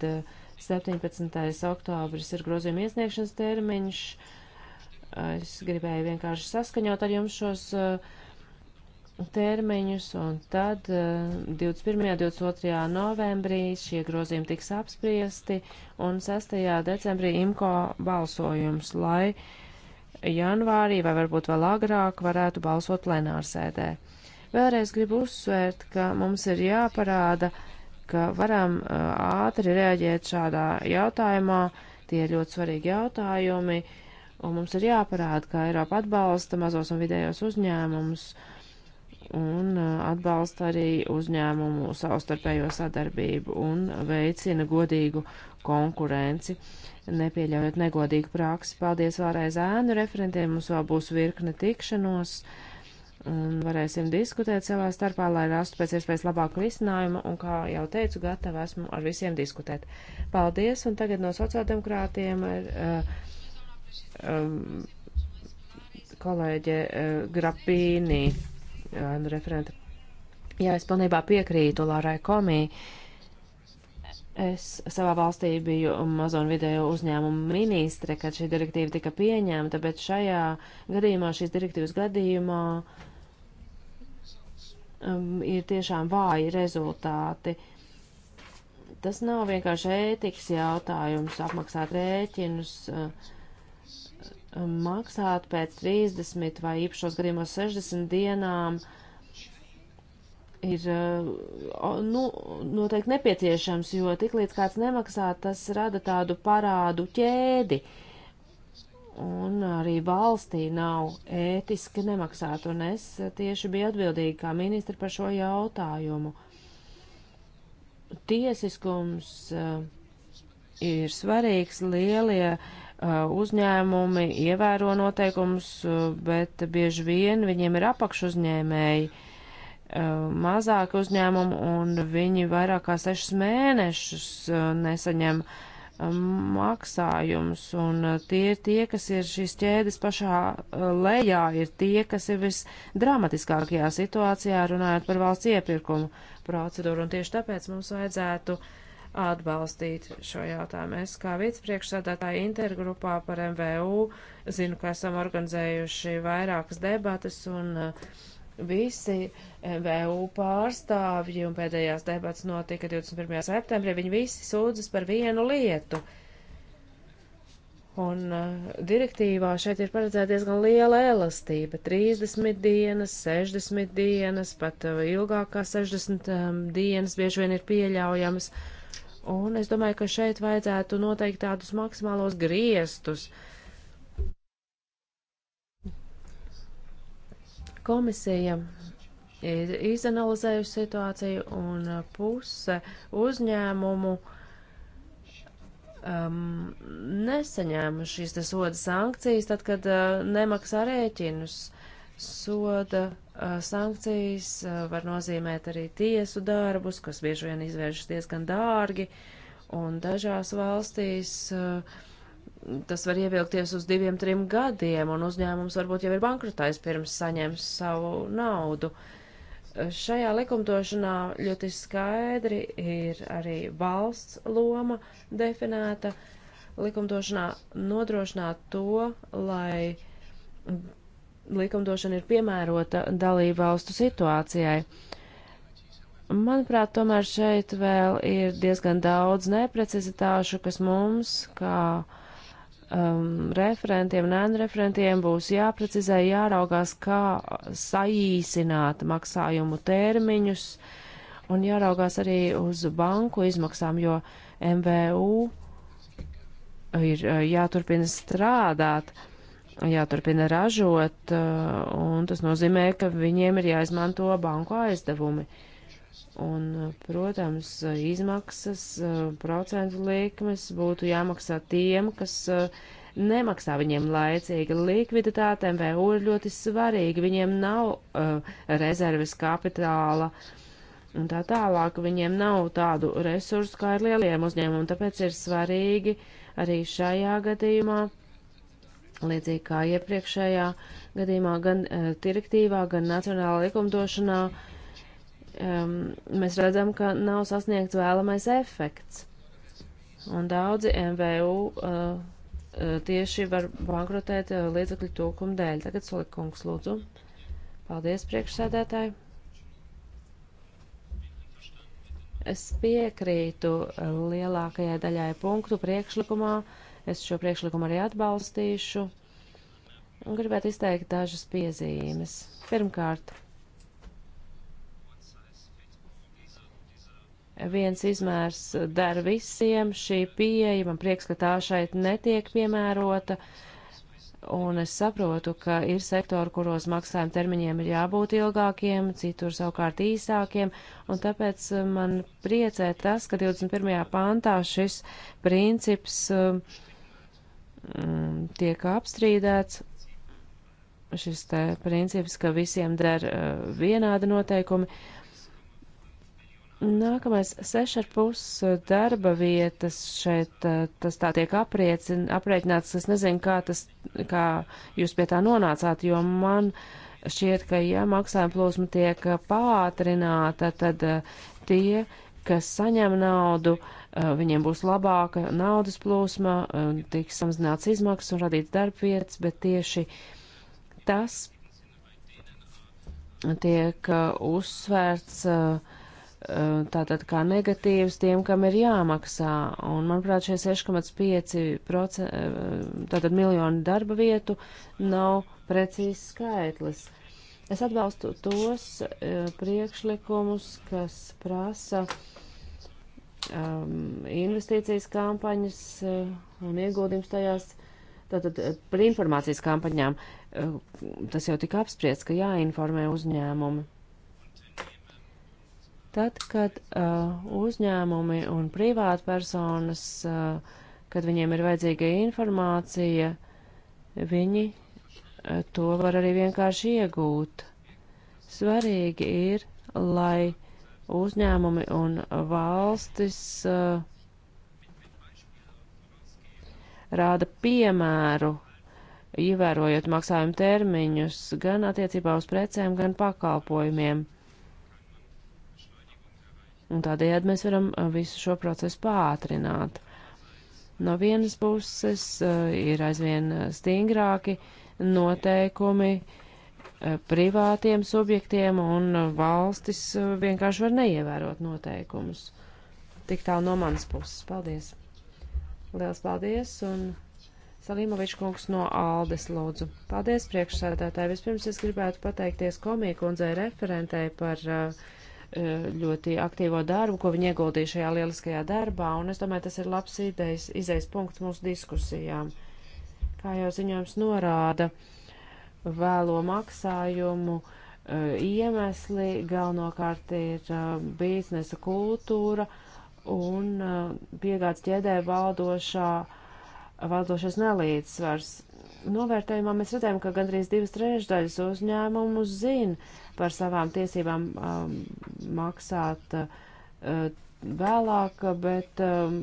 17. Uh, oktobris ir grozījuma iesniegšanas termiņš. Es gribēju vienkārši saskaņot ar jums šos uh, termiņus, un tad 21. un 22. novembrī šie grozījumi tiks apspriesti, un 6. decembrī imko balsojums, lai janvārī vai varbūt vēl agrāk varētu balsot plenārsēdē. Vēlreiz gribu uzsvērt, ka mums ir jāparāda, ka varam eh, ātri reaģēt šādā jautājumā, tie ir ļoti svarīgi jautājumi, un mums ir jāparāda, ka Eiropa atbalsta mazos un vidējos uzņēmumus, uh, un uh, atbalsta arī uzņēmumu savstarpējo sadarbību un veicina godīgu konkurenci, nepieļaujot negodīgu praksi. Paldies vēlreiz ēnu referentiem, mums vēl būs virkne tikšanos un varēsim diskutēt savā starpā, lai rastu pēc iespējas labāku risinājumu, un kā jau teicu, gatava esmu ar visiem diskutēt. Paldies, un tagad no sociāldemokrātiem ir. Uh, um, kolēģe uh, Grapīnī. Anu referenta. Jā, es pilnībā piekrītu Lārai Komī. Es savā valstī biju mazo un vidējo uzņēmumu ministre, kad šī direktīva tika pieņemta, bet šajā gadījumā, šīs direktīvas gadījumā, um, ir tiešām vāji rezultāti. Tas nav vienkārši ētikas jautājums apmaksāt rēķinus. Uh, maksāt pēc 30 vai īpašos gadījumos 60 dienām ir nu, noteikti nepieciešams, jo tiklīdz kāds nemaksā, tas rada tādu parādu ķēdi. Un arī valstī nav ētiski nemaksāt, un es tieši biju atbildīga kā ministra par šo jautājumu. Tiesiskums eh, ir svarīgs lielie uh, Eh, uzņēmumi ievēro noteikumus, eh, bet bieži vien viņiem ir apakšuzņēmēji, eh, mazāki uzņēmumi, un viņi vairāk kā sešus mēnešus nesaņem maksājumus, un tie ir tie, kas ir šīs ķēdes pašā lejā, ir tie, kas ir visdramatiskākajā situācijā, runājot par valsts iepirkumu procedūru, un tieši tāpēc mums vajadzētu uh, atbalstīt šo jautājumu. Es kā vicepriekšsādātāja intergrupā par MVU zinu, ka esam organizējuši vairākas debatas un uh, visi MVU pārstāvji un pēdējās debatas notika 21. septembrī. Viņi visi sūdzas par vienu lietu. Un uh, direktīvā šeit ir paredzēta diezgan liela elastība - 30 dienas, 60 dienas, pat uh, ilgāk kā 60 um, dienas bieži vien ir pieļaujamas. Uh, Un es domāju, ka šeit vajadzētu noteikt tādus maksimālos griestus. Komisija ir izanalizējusi situāciju un puse uzņēmumu um, nesaņēma šīs soda sankcijas, tad, kad uh, nemaksā rēķinus. Uh, Soda sankcijas var nozīmēt arī tiesu darbus, kas bieži vien izvēršas diezgan dārgi, un dažās valstīs tas var ievilkties uz diviem, trim gadiem, un uzņēmums varbūt jau ir bankrotājs pirms saņems savu naudu. Šajā likumdošanā ļoti skaidri ir arī valsts loma definēta. Likumdošanā nodrošināt to, lai likumdošana ir piemērota dalību valstu situācijai. Manuprāt, tomēr šeit vēl ir diezgan daudz neprecizitāšu, kas mums, kā um, referentiem, nēnreferentiem būs jāprecizē, jāraugās, kā saīsināt maksājumu termiņus un jāraugās arī uz banku izmaksām, jo MVU ir uh, jāturpina strādāt. Uh, jāturpina ražot, eh, un tas nozīmē, ka viņiem ir jāizmanto banku aizdevumi. Un, protams, izmaksas, eh, procentu likmes būtu jāmaksā tiem, kas eh, nemaksā viņiem laicīgi. Likviditāte MVU ir ļoti svarīga, viņiem nav uh, rezerves kapitāla un tā tālāk, viņiem nav tādu resursu kā ar lieliem uzņēmumiem, tāpēc ir svarīgi arī šajā gadījumā uh, Līdzīgi kā iepriekšējā gadījumā, gan uh, direktīvā, gan nacionālā likumdošanā um, mēs redzam, ka nav sasniegts vēlamais efekts. Un daudzi MVU uh, e, e, tieši var bankrotēt uh, līdzekļu tūkuma dēļ. Tagad solikungs lūdzu. Paldies priekšsēdētāji. Es piekrītu lielākajai daļai punktu priekšlikumā. Uh, Es šo priekšlikumu arī atbalstīšu un gribētu izteikt dažas piezīmes. Pirmkārt, viens izmērs dar visiem, šī pieeja, man prieks, ka tā šeit netiek piemērota, un es saprotu, ka ir sektori, kuros maksājuma termiņiem ir jābūt ilgākiem, citur savukārt īsākiem, un tāpēc uh, man priecē tas, ka 21. pantā šis princips uh, Mm, tiek apstrīdēts šis te princips, ka visiem der eh, vienādi noteikumi. Nākamais 6,5 eh, darba vietas šeit, eh, tas tā tiek apriecin, aprēķināts, es nezinu, kā, tas, kā jūs pie tā nonācāt, jo man šķiet, ka, ja maksājuma plūsma tiek pātrināta, tad tie, kas saņem naudu, uh, Eh, viņiem būs labāka naudas plūsma, eh, tiks samazināts izmaksas un radīts darba vietas, bet tieši tas tiek eh, uzsvērts tātad kā negatīvs tiem, kam ir jāmaksā. Un, manuprāt, šie 6,5 tātad miljoni darba vietu nav precīzs skaitlis. Es atbalstu tos priekšlikumus, kas prasa uh, um, investīcijas kampaņas uh, un ieguldījums tajās, tātad uh, par informācijas kampaņām. Uh, tas jau tika apspriests, ka jāinformē uzņēmumi. Tad, kad uh, uzņēmumi un privātpersonas, uh, kad viņiem ir vajadzīga informācija, viņi uh, to var arī vienkārši iegūt. Svarīgi ir, lai uh, uzņēmumi un valstis uh, rāda piemēru, ievērojot maksājumu termiņus gan attiecībā uz precēm, gan pakalpojumiem. Un tādējādi mēs varam eh, visu šo procesu pātrināt. No vienas puses uh, ir aizvien stingrāki noteikumi uh, Eh, privātiem subjektiem, un valstis eh, vienkārši var neievērot noteikumus. Tik tālu no manas puses. Paldies! Liels paldies! Un Salīmovičs kungs no Aldes lūdzu. Paldies priekšsēdētāji! Vispirms es gribētu pateikties komiju kundzei referentei par eh, ļoti aktīvo darbu, ko viņi ieguldīja šajā lieliskajā darbā, un es domāju, tas ir labs idejas, izejas punkts mūsu diskusijām. Kā jau ziņojums norāda, uh, vēlo maksājumu eh, iemesli galvenokārt ir eh, biznesa kultūra un eh, piegādes ķēdē valdošā, valdošais nelīdzsvars. Novērtējumā mēs redzējām, ka gandrīz divas trešdaļas uzņēmumu zina par savām tiesībām um, maksāt uh, vēlāk, bet um,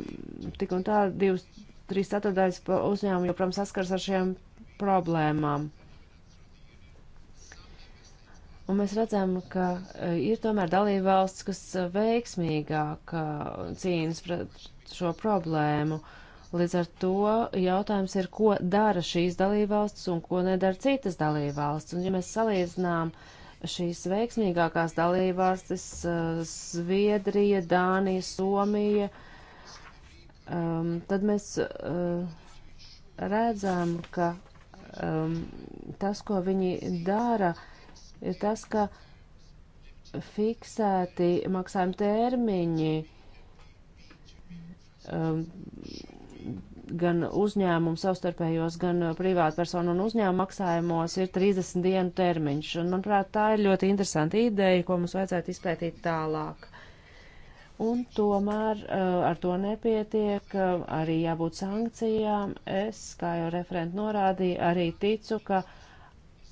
tik un tā divas, trīs ceturdaļas uzņēmumu joprojām saskars ar šiem problēmām. Un mēs redzam, ka e, ir tomēr dalībvalsts, kas e, veiksmīgāk e, cīnas pret šo problēmu. Līdz ar to jautājums ir, ko dara šīs dalībvalsts un ko nedara citas dalībvalsts. Un ja mēs salīdzinām šīs veiksmīgākās dalībvalstis - Zviedrija, Dānija, Somija, um, tad mēs uh, redzam, ka um, tas, ko viņi dara, uh, ir tas, ka fiksēti maksājuma termiņi um, gan uzņēmumu savstarpējos, gan privātpersonu un uzņēmumu maksājumos ir 30 dienu termiņš. Un, manuprāt, tā ir ļoti interesanta ideja, ko mums vajadzētu izpētīt tālāk. Un tomēr uh, ar to nepietiek, uh, arī jābūt sankcijām. Es, kā jau referenti norādīja, arī ticu, ka uh,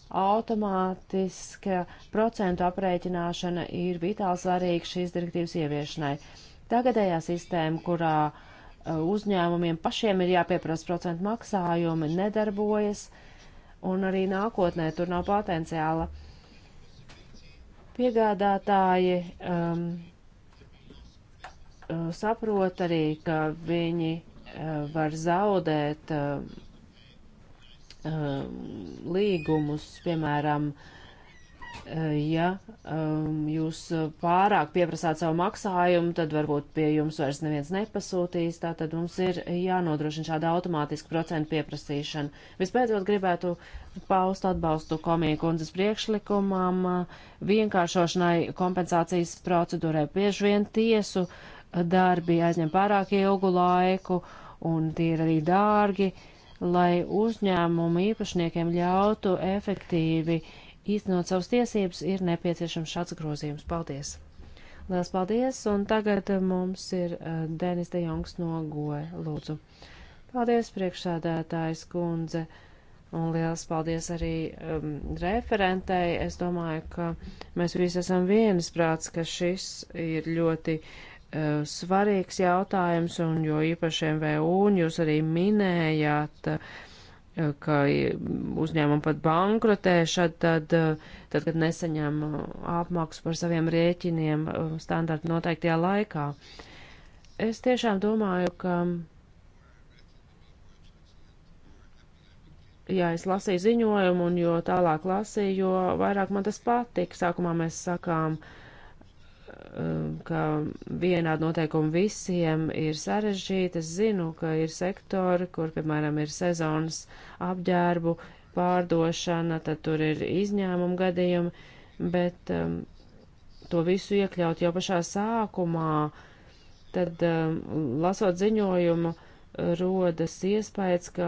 automātiska procentu aprēķināšana ir vitāli svarīga šīs direktīvas ieviešanai. Tagadējā sistēma, kurā e, uzņēmumiem pašiem ir jāpieprasa procentu maksājumi, nedarbojas, un arī nākotnē tur nav potenciāla. Piegādātāji um, e, saprot arī, ka viņi uh, var zaudēt uh, Uh, līgumus, piemēram, uh, ja um, jūs pārāk pieprasāt savu maksājumu, tad varbūt pie jums vairs neviens nepasūtīs, tātad mums ir jānodrošina šāda automātiska procentu pieprasīšana. Vispēcot gribētu paust atbalstu komiju kundzes priekšlikumam uh, vienkāršošanai kompensācijas procedūrai. Bieži vien tiesu darbi aizņem pārāk ilgu laiku un tie ir arī dārgi. Uh, lai uzņēmumu īpašniekiem ļautu efektīvi īstenot savas tiesības, ir nepieciešams šāds grozījums. Paldies! Lielas paldies! Un tagad mums ir uh, Denis De Jongs no Goe. Lūdzu! Paldies, priekšsādātājs kundze! Un liels paldies arī um, referentei. Es domāju, ka mēs visi esam vienisprāts, ka šis ir ļoti Eh, svarīgs jautājums, un jo īpaši MVU, un jūs arī minējāt, eh, ka uzņēmumi pat bankrotēša, tad, eh, tad, kad nesaņem apmaksu par saviem rēķiniem standarta noteiktajā laikā. Es tiešām domāju, ka. Jā, es lasīju ziņojumu, un jo tālāk lasīju, jo vairāk man tas patika. Sākumā mēs sakām, uh, Um, ka vienādi noteikumi visiem ir sarežģīti. Es zinu, ka ir sektori, kur, piemēram, ir sezonas apģērbu pārdošana, tad tur ir izņēmumu gadījumi, bet um, to visu iekļaut jau pašā sākumā, tad um, lasot ziņojumu, uh, rodas iespējas, ka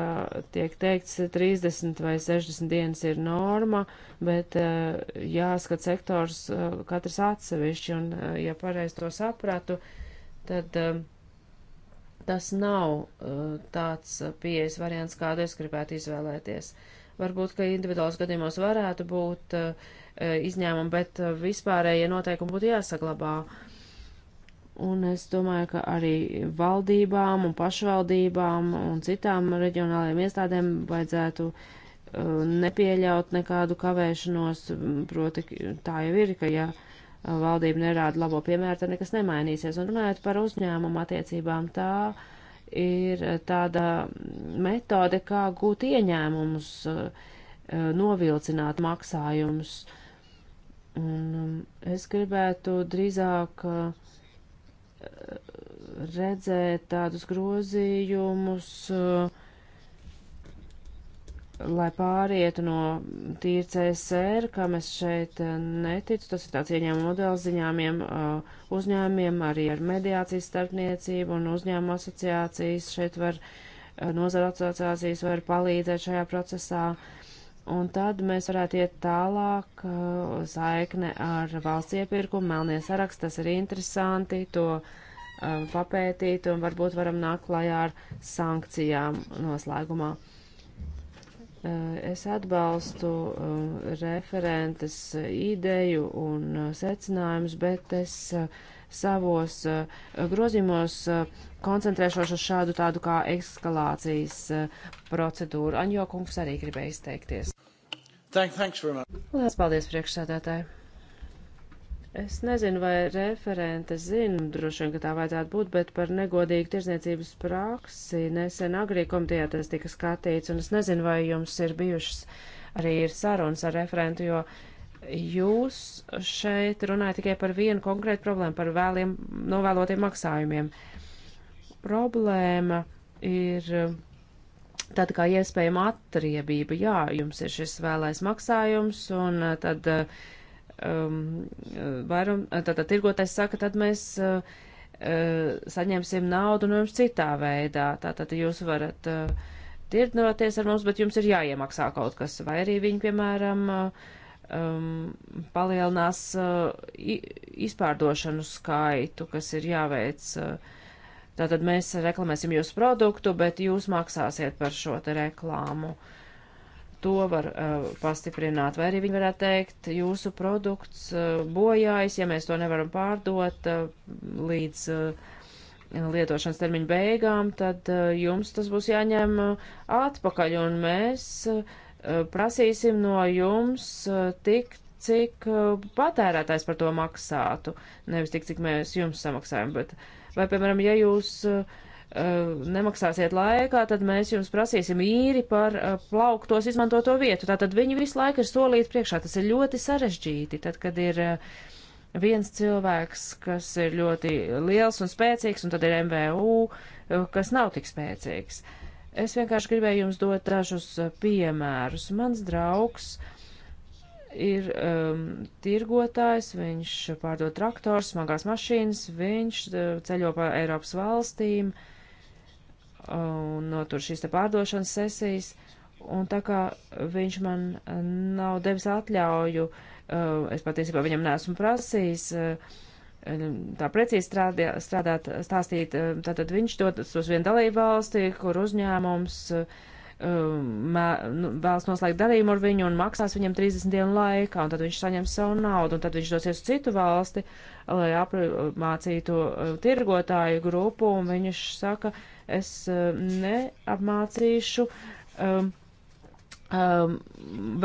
tiek teikts 30 vai 60 dienas ir norma, bet eh, jāskat sektors eh, katrs atsevišķi, un eh, ja pareiz to sapratu, tad tas nav tāds pieejas variants, kādu es gribētu izvēlēties. Varbūt, ka individuāls gadījumos varētu būt izņēmumi, bet vispārējie ja noteikumi būtu jāsaglabā. Uh, Un es domāju, ka arī valdībām un pašvaldībām un citām reģionālajām iestādēm vajadzētu uh, nepieļaut nekādu kavēšanos, proti tā jau ir, ka ja valdība nerāda labo piemēru, tad nekas nemainīsies. Un runājot par uzņēmumu attiecībām, tā ir tāda metode, kā gūt ieņēmumus, uh, novilcināt maksājumus. Un um, es gribētu drīzāk uh, redzēt tādus grozījumus, eh, lai pārietu no tīra CSR, kam es šeit eh, neticu. Tas ir tāds ieņēmuma modelis ziņāmiem eh, uzņēmiem, arī ar mediācijas starpniecību un uzņēmuma asociācijas. Šeit var nozara asociācijas var palīdzēt šajā procesā. Uh, Un tad mēs varētu iet tālāk, uh, saikne ar valsts iepirkumu, melnie saraksts, tas ir interesanti, to um, papētīt un varbūt varam nākt klajā ar sankcijām noslēgumā. Uh, es atbalstu uh, referentes ideju un secinājumus, bet es savos grozījumos koncentrēšos uz šādu tādu kā ekskalācijas uh, eh, procedūru. Anjo kungs arī gribēja izteikties. Thank, thanks very much. Lielas paldies priekšsēdētāji. Es nezinu, vai referente zina, droši vien, ka tā vajadzētu būt, bet par negodīgu tirzniecības praksi nesen agrī komitejā tas tika skatīts, un es nezinu, vai jums ir bijušas arī ir sarunas ar referentu, jo jūs šeit runājat tikai par vienu konkrētu problēmu, par vēliem novēlotiem maksājumiem. Uh, problēma ir eh, tāda kā iespējama atriebība. Jā, jums ir šis vēlais maksājums, un eh, tad eh, um, vairum, tad, tad tirgotais saka, tad mēs uh, saņemsim naudu no jums citā veidā. Tātad jūs varat uh, tirdzinoties ar mums, bet jums ir jāiemaksā kaut kas. Vai arī viņi, piemēram, um, palielinās uh, izpārdošanu skaitu, kas ir jāveic. Uh, Tātad mēs reklamēsim jūsu produktu, bet jūs maksāsiet par šo te reklāmu. To var uh, pastiprināt, vai arī viņi varētu teikt, jūsu produkts uh, bojājas, ja mēs to nevaram pārdot uh, līdz uh, lietošanas termiņa beigām, tad uh, jums tas būs jāņem uh, atpakaļ, un mēs uh, prasīsim no jums uh, tik, cik uh, patērētājs par to maksātu, nevis tik, cik mēs jums samaksājam, bet uh, Vai, piemēram, ja jūs uh, nemaksāsiet laikā, tad mēs jums prasīsim īri par uh, plauktos izmantoto vietu. Tātad viņi visu laiku ir solīti priekšā. Tas ir ļoti sarežģīti, tad, kad ir uh, viens cilvēks, kas ir ļoti liels un spēcīgs, un tad ir MVU, kas nav tik spēcīgs. Es vienkārši gribēju jums dot dažus piemērus. Mans draugs uh, ir um, tirgotājs, viņš pārdod traktors, smagās mašīnas, viņš uh, ceļo pa Eiropas valstīm un notur šīs te pārdošanas sesijas. Un tā kā viņš man uh, nav devis atļauju, uh, es patiesībā viņam neesmu prasījis uh, tā precīzi strādāt, strādāt stāstīt, uh, tātad viņš dodas uz vienu dalību valsti, kur uzņēmums uh, Um, mē, nu, vēlas noslēgt darījumu ar viņu un maksās viņam 30 dienu laikā, un tad viņš saņem savu naudu, un tad viņš dosies uz citu valsti, lai apmācītu uh, tirgotāju grupu, un viņš saka, es uh, neapmācīšu. Um, um,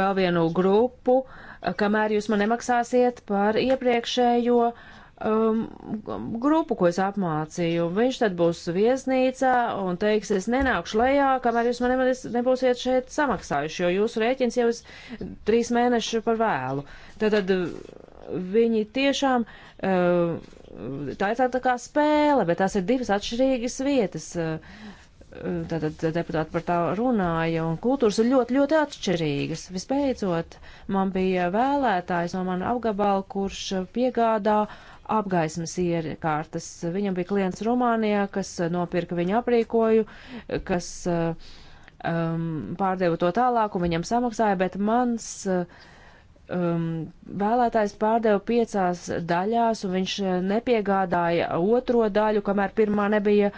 vēl vienu grupu, uh, kamēr jūs man nemaksāsiet par iepriekšējo uh, um, grupu, ko es apmācīju. Viņš tad būs viesnīcā un teiks, es nenākšu lejā, kamēr jūs man nebūsiet šeit samaksājuši, jo jūsu rēķins jau ir trīs mēneši par vēlu. Tad, tad uh, viņi tiešām. Uh, Tā ir tāda kā spēle, bet tās ir divas atšķirīgas vietas. Tātad uh, uh, deputāti par tā runāja, un kultūras ir ļoti, ļoti atšķirīgas. Vispēcot, man bija vēlētājs no mana apgabala, kurš piegādā uh, apgaismas iekārtas. Viņam bija klients Rumānijā, kas uh, nopirka viņu aprīkoju, kas uh, um, pārdeva to tālāk un viņam samaksāja, bet mans uh, um, vēlētājs pārdeva piecās daļās un viņš nepiegādāja otro daļu, kamēr pirmā nebija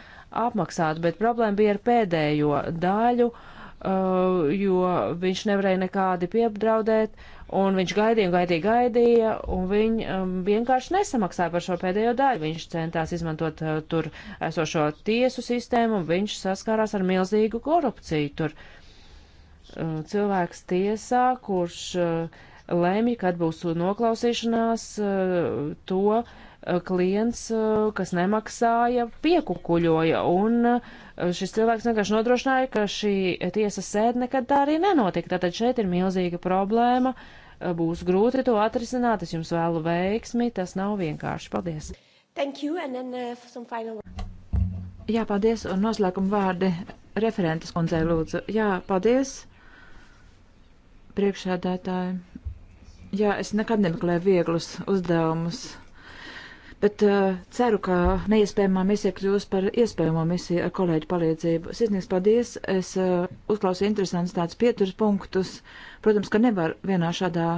apmaksāta, bet problēma bija ar pēdējo daļu, uh, jo viņš nevarēja nekādi piepdraudēt. Uh, Un viņš gaidīja un gaidīja, gaidīja, un viņi um, vienkārši nesamaksāja par šo pēdējo daļu. Viņš centās izmantot uh, tur esošo tiesu sistēmu, un viņš saskārās ar milzīgu korupciju. Tur uh, cilvēks tiesā, kurš uh, lēmja, kad būs noklausīšanās, uh, to Eh, klients, eh, kas nemaksāja, piekukuļoja, un eh, šis cilvēks vienkārši nodrošināja, ka šī tiesas sēde nekad tā arī nenotika. Tātad šeit ir milzīga problēma, būs grūti to atrisināt, es jums vēlu veiksmi, tas nav vienkārši. Paldies! Thank you, and then uh, some final Jā, paldies, un noslēguma vārdi referentes kundzei lūdzu. Jā, paldies, priekšēdētāji. Jā, es nekad nemeklēju vieglus uzdevumus bet uh, ceru, ka neiespējamā misija kļūs par iespējamo misiju ar kolēģu palīdzību. Sirsnīgs paldies, es uh, uzklausīju interesants tāds pieturas punktus. Protams, ka nevar vienā šādā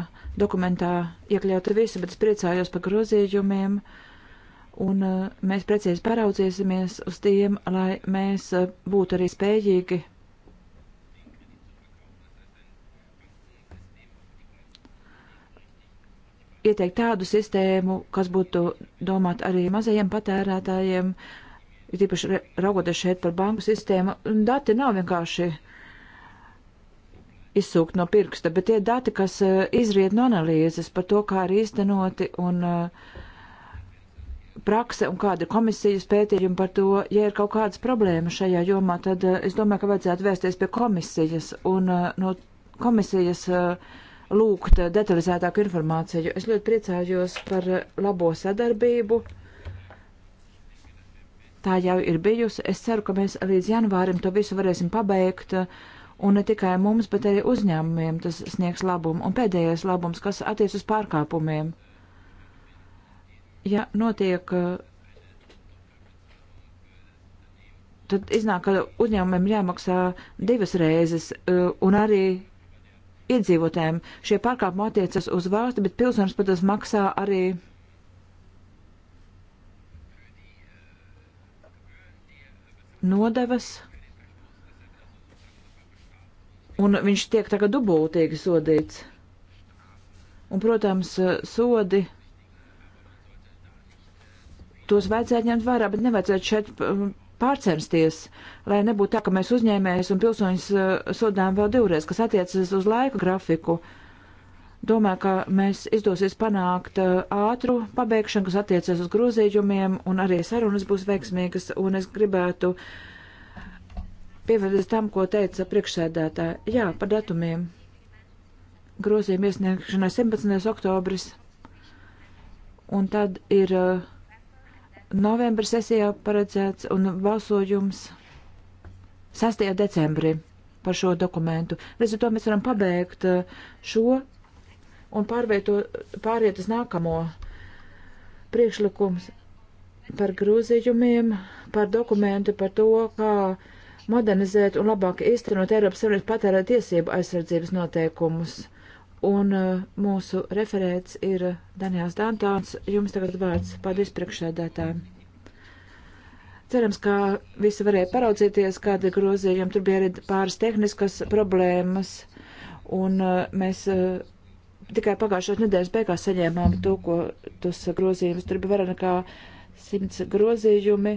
dokumentā iekļaut visu, bet es priecājos par grozījumiem, un uh, mēs precīzi paraudzīsimies uz tiem, lai mēs uh, būtu arī spējīgi ieteikt tādu sistēmu, kas būtu domāt arī mazajiem patērētājiem, ir īpaši raugoties šeit par banku sistēmu. Dati nav vienkārši izsūkt no pirksta, bet tie dati, kas eh, izriet no analīzes par to, kā ir īstenoti un eh, prakse un kāda ir komisijas pētījuma par to, ja ir kaut kādas problēmas šajā jomā, tad eh, es domāju, ka vajadzētu vērsties pie komisijas un no komisijas uh, lūgt detalizētāku informāciju. Es ļoti priecājos par labo sadarbību. Tā jau ir bijusi. Es ceru, ka mēs līdz janvārim to visu varēsim pabeigt. Un ne tikai mums, bet arī uzņēmumiem tas sniegs labumu. Un pēdējais labums, kas attiec uz pārkāpumiem. Ja notiek tad iznāk, ka uzņēmumiem jāmaksā divas reizes, un arī iedzīvotājiem. Šie pārkāpumi attiecas uz valsti, bet pilsonis pat tas maksā arī. Nodevas, un viņš tiek tagad dubultīgi sodīts. Un, protams, sodi tos vajadzētu ņemt vērā, bet nevajadzētu šeit pārcensties, lai nebūtu tā, ka mēs uzņēmējus un pilsoņus eh, sodām vēl divreiz, kas attiecas uz laika grafiku. Domāju, ka mēs izdosies panākt eh, ātru pabeigšanu, kas attiecas uz grozījumiem, un arī sarunas būs veiksmīgas, un es gribētu pievērsties tam, ko teica priekšsēdētāja. Jā, par datumiem. Grozījuma iesniegšanai 17. oktobris, un tad ir uh, novembra sesijā paredzēts un balsojums 6. decembrī par šo dokumentu. Līdz ar to mēs varam pabeigt uh, šo un pārvieto, pāriet uz nākamo priekšlikums par grozījumiem, par dokumentu, par to, kā modernizēt un labāk īstenot Eiropas Savienības patērēt tiesību aizsardzības noteikumus. Un uh, mūsu referēts ir Daniels Dantāns. Jums tagad vārds paldies priekšsēdētājiem. Cerams, ka visi varēja paraudzīties, kāda grozījuma tur bija arī pāris tehniskas problēmas. Un uh, mēs uh, tikai pagājušās nedēļas beigās saņēmām to, ko tos grozījumus. Tur bija vairāk nekā simts grozījumi.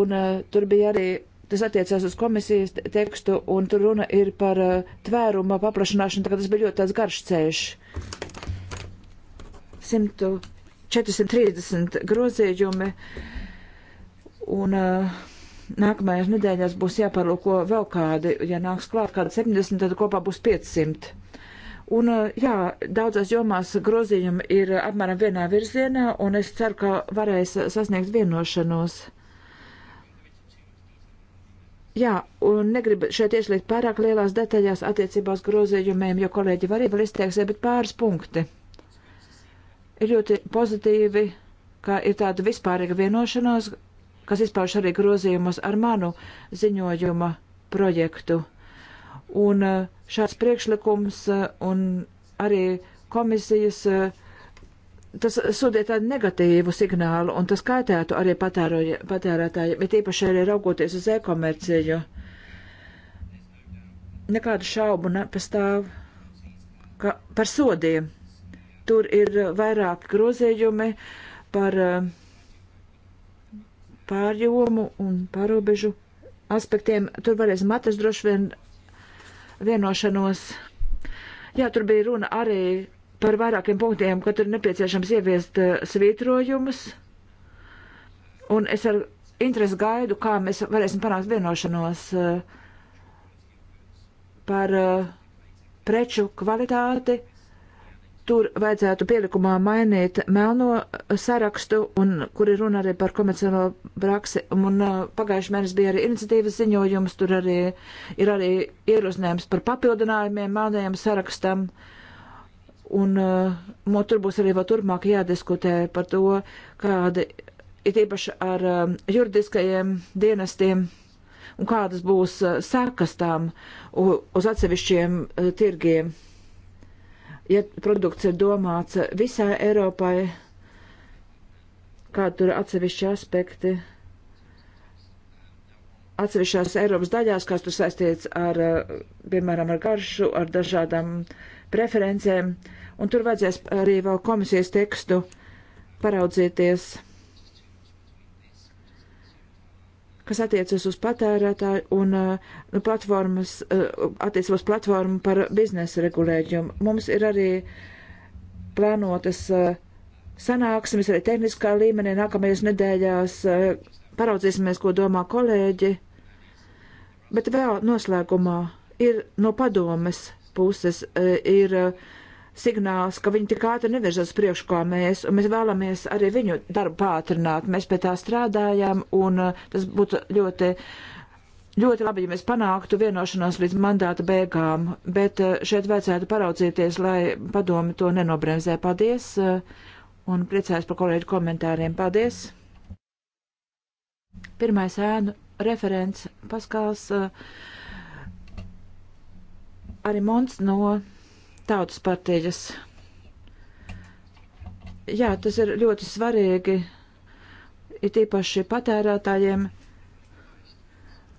Un uh, tur bija arī Tas attiecās uz komisijas tekstu, un tur runa ir par uh, tvēruma paplašināšanu, tā kā tas bija ļoti tāds garš ceļš. 430 grozījumi, un uh, nākamajās nedēļās būs jāparlūko vēl kādi, ja nāks klāt kādi 70, tad kopā būs 500. Un, uh, jā, daudzās jomās grozījumi ir apmēram vienā virzienā, un es ceru, ka varēs sasniegt vienošanos. Jā, un negribu šeit iešlikt pārāk lielās detaļās attiecībā uz grozījumiem, jo kolēģi var arī vēl izteiksies, bet pāris punkti. Ir ļoti pozitīvi, ka ir tāda vispārīga vienošanās, kas izpauž arī grozījumus ar manu ziņojuma projektu. Un uh, šāds priekšlikums uh, un arī komisijas uh, tas sūtīja tādu negatīvu signālu, un tas kaitētu arī patērētājiem, bet īpaši arī raugoties uz e-komerciju. Nekādu šaubu nepastāv ka par sodiem. Tur ir vairāk grozījumi par pārjomu un pārobežu aspektiem. Tur varēsim atrast droši vien vienošanos. Jā, tur bija runa arī par vairākiem punktiem, ka tur nepieciešams ieviest eh, svītrojumus, un es ar interesi gaidu, kā mēs varēsim panākt vienošanos eh, par eh, preču kvalitāti. Tur vajadzētu pielikumā mainīt melno sarakstu, un, kur ir runa arī par komerciālo praksi. Un, un pagājuši mēnesis bija arī iniciatīvas ziņojums, tur arī ir arī ierosinājums par papildinājumiem melnajam sarakstam. Uh, Un uh, mums tur būs arī vēl turpmāk jādiskutē par to, kāda ir īpaši ar uh, juridiskajiem dienestiem un kādas būs uh, sekas tām uz atsevišķiem uh, tirgiem. Ja produkts ir domāts uh, visai Eiropai, kādi tur atsevišķi aspekti atsevišķās Eiropas daļās, kas tur saistīts ar, uh, piemēram, ar garšu, ar dažādām uh, preferencēm, un tur vajadzēs arī vēl komisijas tekstu paraudzīties, kas attiecas uz patērētāju un uh, nu, platformas, uh, attiecībā uz platformu par biznesa regulējumu. Mums ir arī plānotas uh, sanāksmes arī tehniskā līmenī nākamajās nedēļās. Paraudzīsimies, ko domā kolēģi. Bet vēl noslēgumā ir no padomes puses e, ir e, signāls, ka viņi tik ātri nevirzās priekšu kā mēs, un mēs vēlamies arī viņu darbu pātrināt. Mēs pie tā strādājam, un e, tas būtu ļoti, ļoti labi, ja mēs panāktu vienošanos līdz mandāta beigām, bet šeit vajadzētu paraudzīties, lai padomi to nenobremzē. Paldies, un priecājos par kolēģu komentāriem. Paldies! Pirmais ēnu referents Paskals. Uh, arī Mons no Tautas partijas. Jā, tas ir ļoti svarīgi, it īpaši patērētājiem,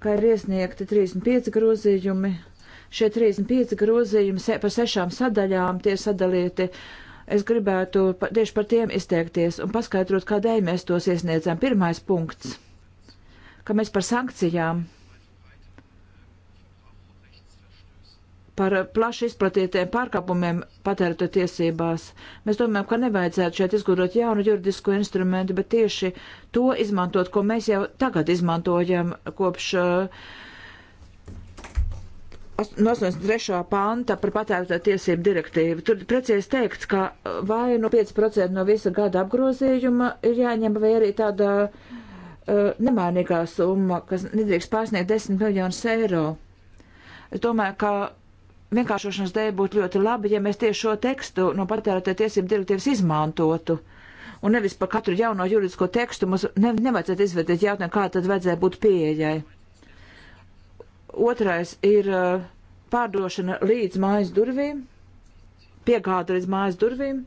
ka ir iesniegti 35 grozījumi. Šie 35 grozījumi par sešām sadaļām tie sadalīti. Es gribētu tieši par tiem izteikties un paskaidrot, kādēļ mēs tos iesniedzām. Pirmais punkts, ka mēs par sankcijām par plaši izplatītiem pārkāpumiem patērta tiesībās. Mēs domājam, ka nevajadzētu šeit izgudrot jaunu juridisku instrumentu, bet tieši to izmantot, ko mēs jau tagad izmantojam kopš uh, no 83. panta par patērta tiesību direktīvu. Tur precīzi teikts, ka vai no nu 5% no visa gada apgrozījuma ir jāņem, vai arī tāda uh, nemainīgā summa, kas nedrīkst pārsniegt 10 miljonus eiro. Es domāju, ka vienkāršošanas dēļ būtu ļoti labi, ja mēs tieši šo tekstu no patērētāja tiesību direktīvas izmantotu. Un nevis par katru jauno juridisko tekstu mums ne, nevajadzētu izvērtēt jautājumu, kā tad vajadzēja būt pieejai. Otrais ir uh, pārdošana līdz mājas durvīm, piegāda līdz mājas durvīm.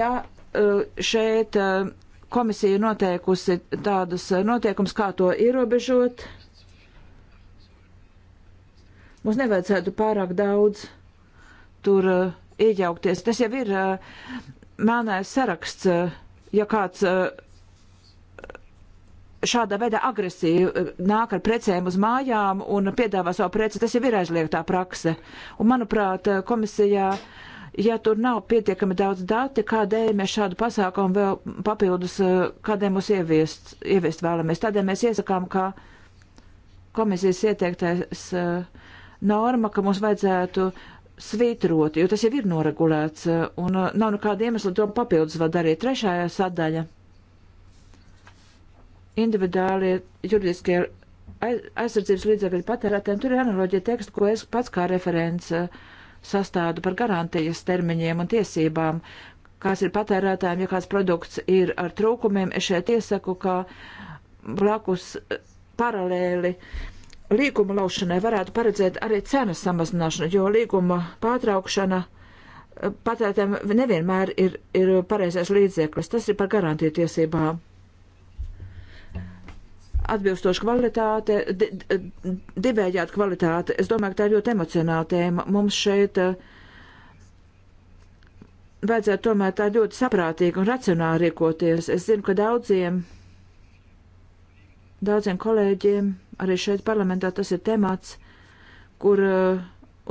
Ja uh, šeit uh, komisija noteikusi tādas noteikums, kā to ierobežot, Mums nevajadzētu pārāk daudz tur uh, iejaukties. Tas jau ir uh, mēnēs saraksts, uh, ja kāds. Uh, šādā veidā agresīvi uh, nāk ar precēm uz mājām un piedāvā savu preci, tas jau ir aizliegtā prakse. Un, manuprāt, uh, komisijā, ja tur nav pietiekami daudz dati, kādēļ mēs šādu pasākumu vēl papildus, uh, kādēļ mums ieviest, ieviest vēlamies. Tādēļ mēs iesakām, ka komisijas ieteiktais uh, norma, ka mums vajadzētu svītrot, jo tas jau ir noregulēts un uh, nav nekāda no iemesla to papildus vēl darīt. Trešajā sadaļa - individuālie juridiskie aizsardzības līdzekļi patērētēm. Tur ir analoģija teksta, ko es pats kā referents uh, sastādu par garantijas termiņiem un tiesībām, kas ir patērētājiem, ja kāds produkts ir ar trūkumiem. Es šeit iesaku, ka blakus uh, paralēli uh, līguma laušanai varētu paredzēt arī cenas samazināšanu, jo līguma pārtraukšana eh, patērētēm nevienmēr ir, ir pareizais līdzeklis. Tas ir par garantiju tiesībām. Atbilstoši kvalitāte, di, di, divējāda kvalitāte. Es domāju, ka tā ir ļoti emocionāla tēma. Mums šeit eh, vajadzētu tomēr tā ļoti saprātīgi un racionāli rīkoties. Es zinu, ka daudziem, daudziem kolēģiem Arī šeit parlamentā tas ir temats, kur uh,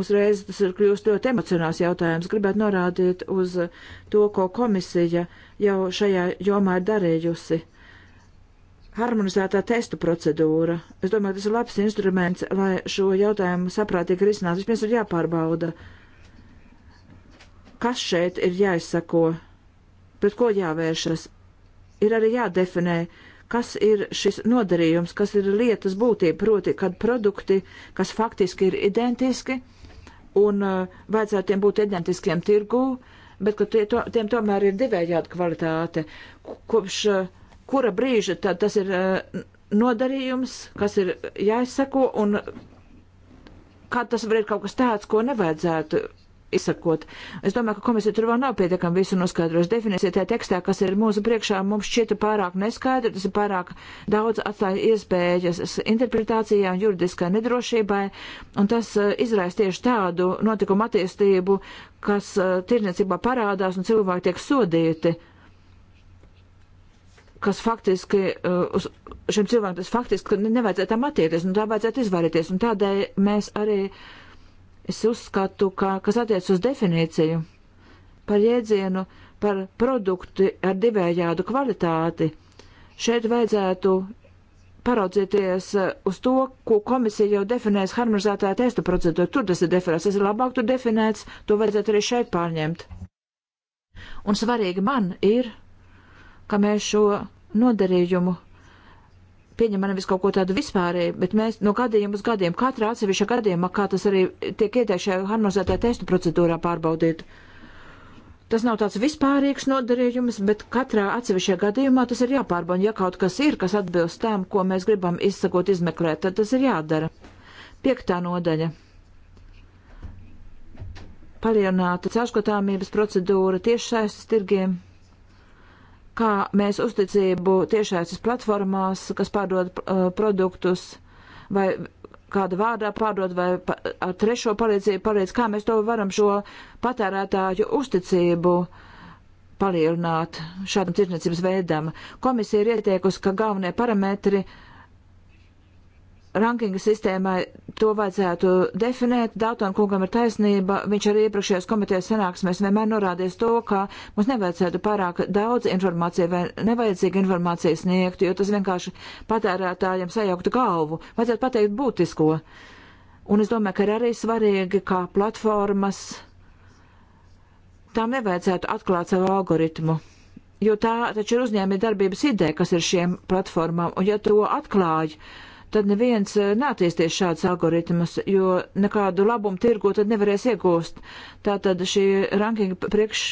uzreiz tas ir kļūst ļoti emocionāls jautājums. Gribētu norādīt uz to, ko komisija jau šajā jomā ir darījusi. Harmonizētā testu procedūra. Es domāju, tas ir labs instruments, lai šo jautājumu saprātīgi risinātu. Vispirms ir jāpārbauda, kas šeit ir jāizsako, pret ko jāvēršas. Ir arī jādefinē, uh, kas ir šis nodarījums, kas ir lietas būtība, proti, kad produkti, kas faktiski ir identiski un uh, vajadzētu tiem būt identiskiem tirgū, bet ka tie, to, tiem tomēr ir divējāda kvalitāte. Kopš uh, kura brīža tad tas ir uh, nodarījums, kas ir jāizseko un kā tas var ir kaut kas tāds, ko nevajadzētu izsakot. Es domāju, ka komisija tur vēl nav pietiekami visu noskaidrojusi. Definīcija tajā tekstā, kas ir mūsu priekšā, mums šķiet pārāk neskaidra, tas ir pārāk daudz atstāja iespējas interpretācijā un juridiskai nedrošībai, un tas eh, izraisa tieši tādu notikumu attīstību, kas eh, tirniecībā parādās un cilvēki tiek sodīti kas faktiski eh, uz šiem cilvēkiem tas faktiski nevajadzētu tam attiekties, un tā vajadzētu izvairīties. Un tādēļ mēs arī uh, Es uzskatu, ka, kas attiec uz definīciju par jēdzienu, par produktu ar divējādu kvalitāti, šeit vajadzētu paraudzieties uz to, ko komisija jau definēs harmonizētā testa procedūra. Tur tas ir definēts, tas ir labāk tur definēts, to vajadzētu arī šeit pārņemt. Un svarīgi man ir, ka mēs šo nodarījumu pieņemam nevis kaut ko tādu vispārēju, bet mēs no gadiem uz gadiem, katrā atsevišķa gadījumā, kā tas arī tiek ieteikts šajā harmonizētajā testu procedūrā pārbaudīt. Tas nav tāds vispārīgs nodarījums, bet katrā atsevišķajā gadījumā tas ir jāpārbauda. Ja kaut kas ir, kas atbilst tām, ko mēs gribam izsakot, izmeklēt, tad tas ir jādara. Piektā nodaļa. Palielināta caurskatāmības procedūra tieši saistas tirgiem kā mēs uzticību tiešācis platformās, kas pārdod uh, produktus vai kāda vārdā pārdod vai pa, ar trešo palīdzību palīdz, kā mēs to varam šo patērētāju uzticību palielināt šādam tirdzniecības veidam. Komisija ir ieteikusi, ka galvenie parametri uh, rankinga sistēmai to vajadzētu definēt. Dalton kungam ir taisnība. Viņš arī iepriekšējās komitejas sanāksmēs vienmēr norādījis to, ka mums nevajadzētu pārāk daudz informācija vai nevajadzīga informācija sniegt, jo tas vienkārši patērētājiem sajauktu galvu. Vajadzētu pateikt būtisko. Un es domāju, ka ir arī svarīgi, kā platformas tām nevajadzētu atklāt savu algoritmu. Jo tā taču ir uzņēmē darbības ideja, kas ir šiem platformām, un ja to atklāju, tad neviens eh, neattīstīs šādus algoritmus, jo nekādu labumu tirgu tad nevarēs iegūst. Tātad šī rankinga priekš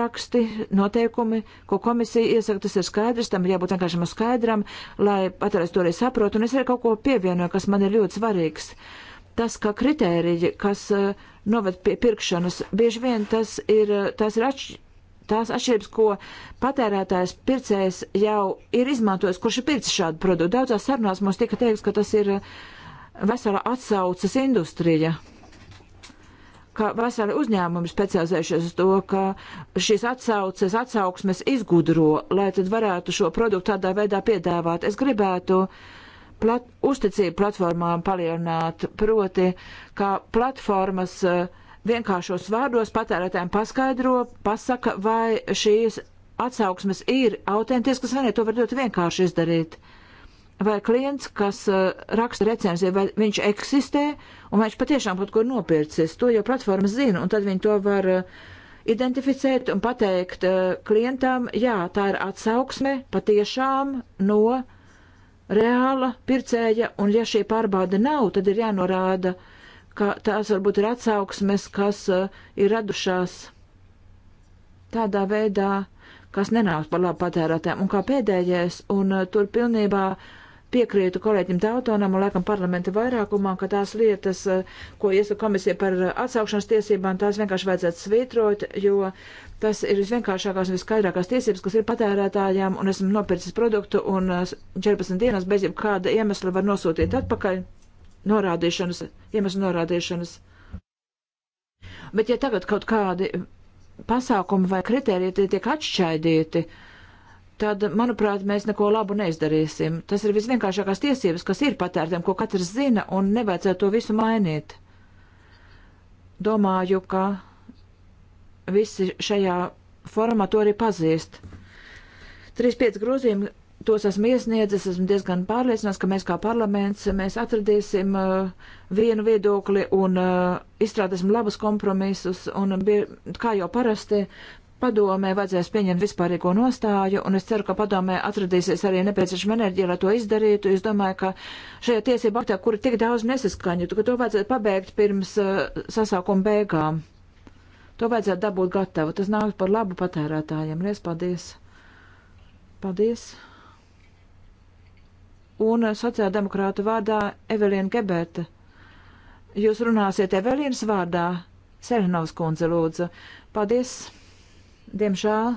raksti, noteikumi, ko komisija iesaka, tas ir skaidrs, tam ir jābūt vienkāršam un skaidram, lai patērēs to arī saprotu, un es arī kaut ko pievienoju, kas man ir ļoti svarīgs. Tas, kā ka kritēriji, kas eh, noved pie pirkšanas, bieži vien tas ir, eh, tas ir atšķirīgi tās atšķirības, ko patērētājs pircējs jau ir izmantojis, kurš ir pircis šādu produktu. Daudzās sarunās mums tika teiks, ka tas ir vesela atsaucas industrija ka veseli uzņēmumi specializējušies uz to, ka šīs atsauces, atsauksmes izgudro, lai tad varētu šo produktu tādā veidā piedāvāt. Es gribētu plat, uzticību platformām palielināt, proti, kā platformas uh, vienkāršos vārdos patērētājiem paskaidro, pasaka, vai šīs atsauksmes ir autentiskas vai ne. To var ļoti vienkārši izdarīt. Vai klients, kas uh, raksta recenziju, vai viņš eksistē un vai viņš patiešām kaut ko nopircis, to jau platformas zina, un tad viņi to var uh, identificēt un pateikt uh, klientam, jā, tā ir atsauksme patiešām no reāla pircēja, un ja šī pārbauda nav, tad ir jānorāda, uh, ka tās varbūt ir atsauksmes, kas uh, ir radušās tādā veidā, kas nenāks par labu patērētēm. Un kā pēdējais, un uh, tur pilnībā piekrītu kolēģim Dautonam un laikam parlamenta vairākumam, ka tās lietas, uh, ko iesaka komisija par atsaukšanas tiesībām, tās vienkārši vajadzētu svītrot, jo tas ir visvienkāršākās un viskaidrākās tiesības, kas ir patērētājām, un esmu nopircis produktu, un 14 dienas bez jebkāda iemesla var nosūtīt atpakaļ. Mm norādīšanas, iemeslu norādīšanas. Bet ja tagad kaut kādi pasākumi vai kritēriji tie tiek atšķaidīti, tad, manuprāt, mēs neko labu neizdarīsim. Tas ir visvienkāršākās tiesības, kas ir patērtiem, ko katrs zina, un nevajadzētu to visu mainīt. Domāju, ka visi šajā formā to arī pazīst. 35 grozījumi tos esmu iesniedzis, esmu diezgan pārliecināts, ka mēs kā parlaments, mēs atradīsim uh, vienu viedokli un uh, izstrādāsim labus kompromisus, un kā jau parasti, padomē vajadzēs pieņemt vispārīgo nostāju, un es ceru, ka padomē atradīsies arī nepieciešama enerģija, lai to izdarītu. Es domāju, ka šajā tiesību aktā, kur ir tik daudz nesaskaņu, ka to vajadzētu pabeigt pirms uh, sasaukuma beigām. To vajadzētu dabūt gatavu. Tas nāk par labu patērētājiem. Lies, paldies! Paldies! un sociāldemokrātu vārdā Evelīna Gebēta. Jūs runāsiet Evelīnas vārdā, Serhanovs kundze lūdzu. Paldies! Diemžēl,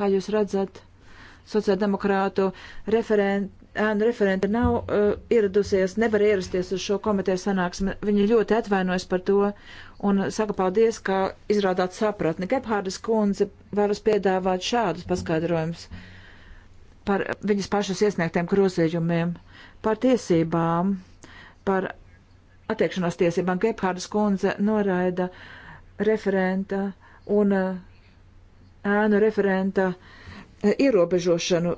kā jūs redzat, sociāldemokrātu referentu ēnu referente nav uh, ieradusies, nevar ierasties uz šo komiteju sanāksmi. Viņa ļoti atvainojas par to un saka paldies, ka izrādāt sapratni. Gebhārdas kundze varas piedāvāt šādus paskaidrojumus. Mm par viņas pašas iesniegtiem grozījumiem, par tiesībām, par attiekšanās tiesībām. Gebhārdas kundze noraida referenta un eh, ēnu referenta eh, ierobežošanu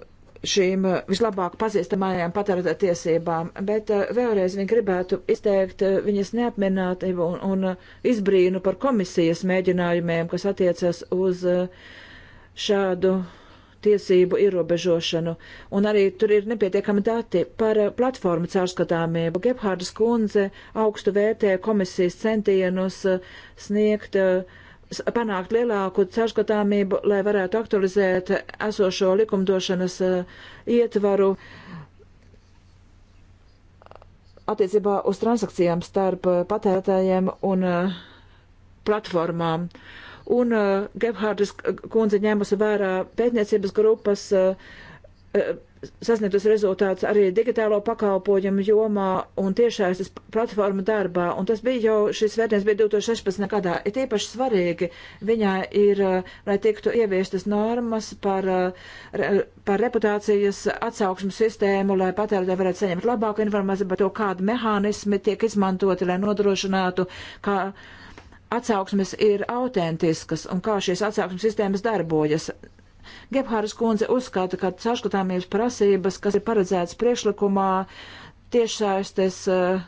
šīm eh, vislabāk pazīstamajām patērētā tiesībām, bet vēlreiz viņi gribētu izteikt viņas neapmierinātību un, un izbrīnu par komisijas mēģinājumiem, kas attiecas uz šādu tiesību ierobežošanu, un arī tur ir nepietiekami dati par uh, platformu caurskatāmību. Gebhārdas kundze augstu vērtē komisijas centienus uh, sniegt uh, panākt lielāku caurskatāmību, lai varētu aktualizēt esošo likumdošanas ietvaru attiecībā uz transakcijām starp patērētājiem un platformām. Uh, un uh, Gebhārdas uh, kundze ņēmusi vērā pētniecības grupas uh, uh, sasniegtos rezultātus arī digitālo pakalpojumu jomā un tiešais platforma darbā. Un tas bija jau, šis vērtējums bija 2016. gadā. Ir īpaši svarīgi viņā ir, uh, lai tiktu ieviestas normas par, uh, par reputācijas atsauksmu sistēmu, lai patērētāji varētu saņemt labāku informāciju par to, kādi mehānismi tiek izmantoti, lai nodrošinātu, kā. Ka atsauksmes ir autentiskas un kā šīs atsauksmes sistēmas darbojas. Gebhāras kundze uzskata, ka caurskatāmības prasības, kas ir paredzētas priekšlikumā, tiešsaistes uh,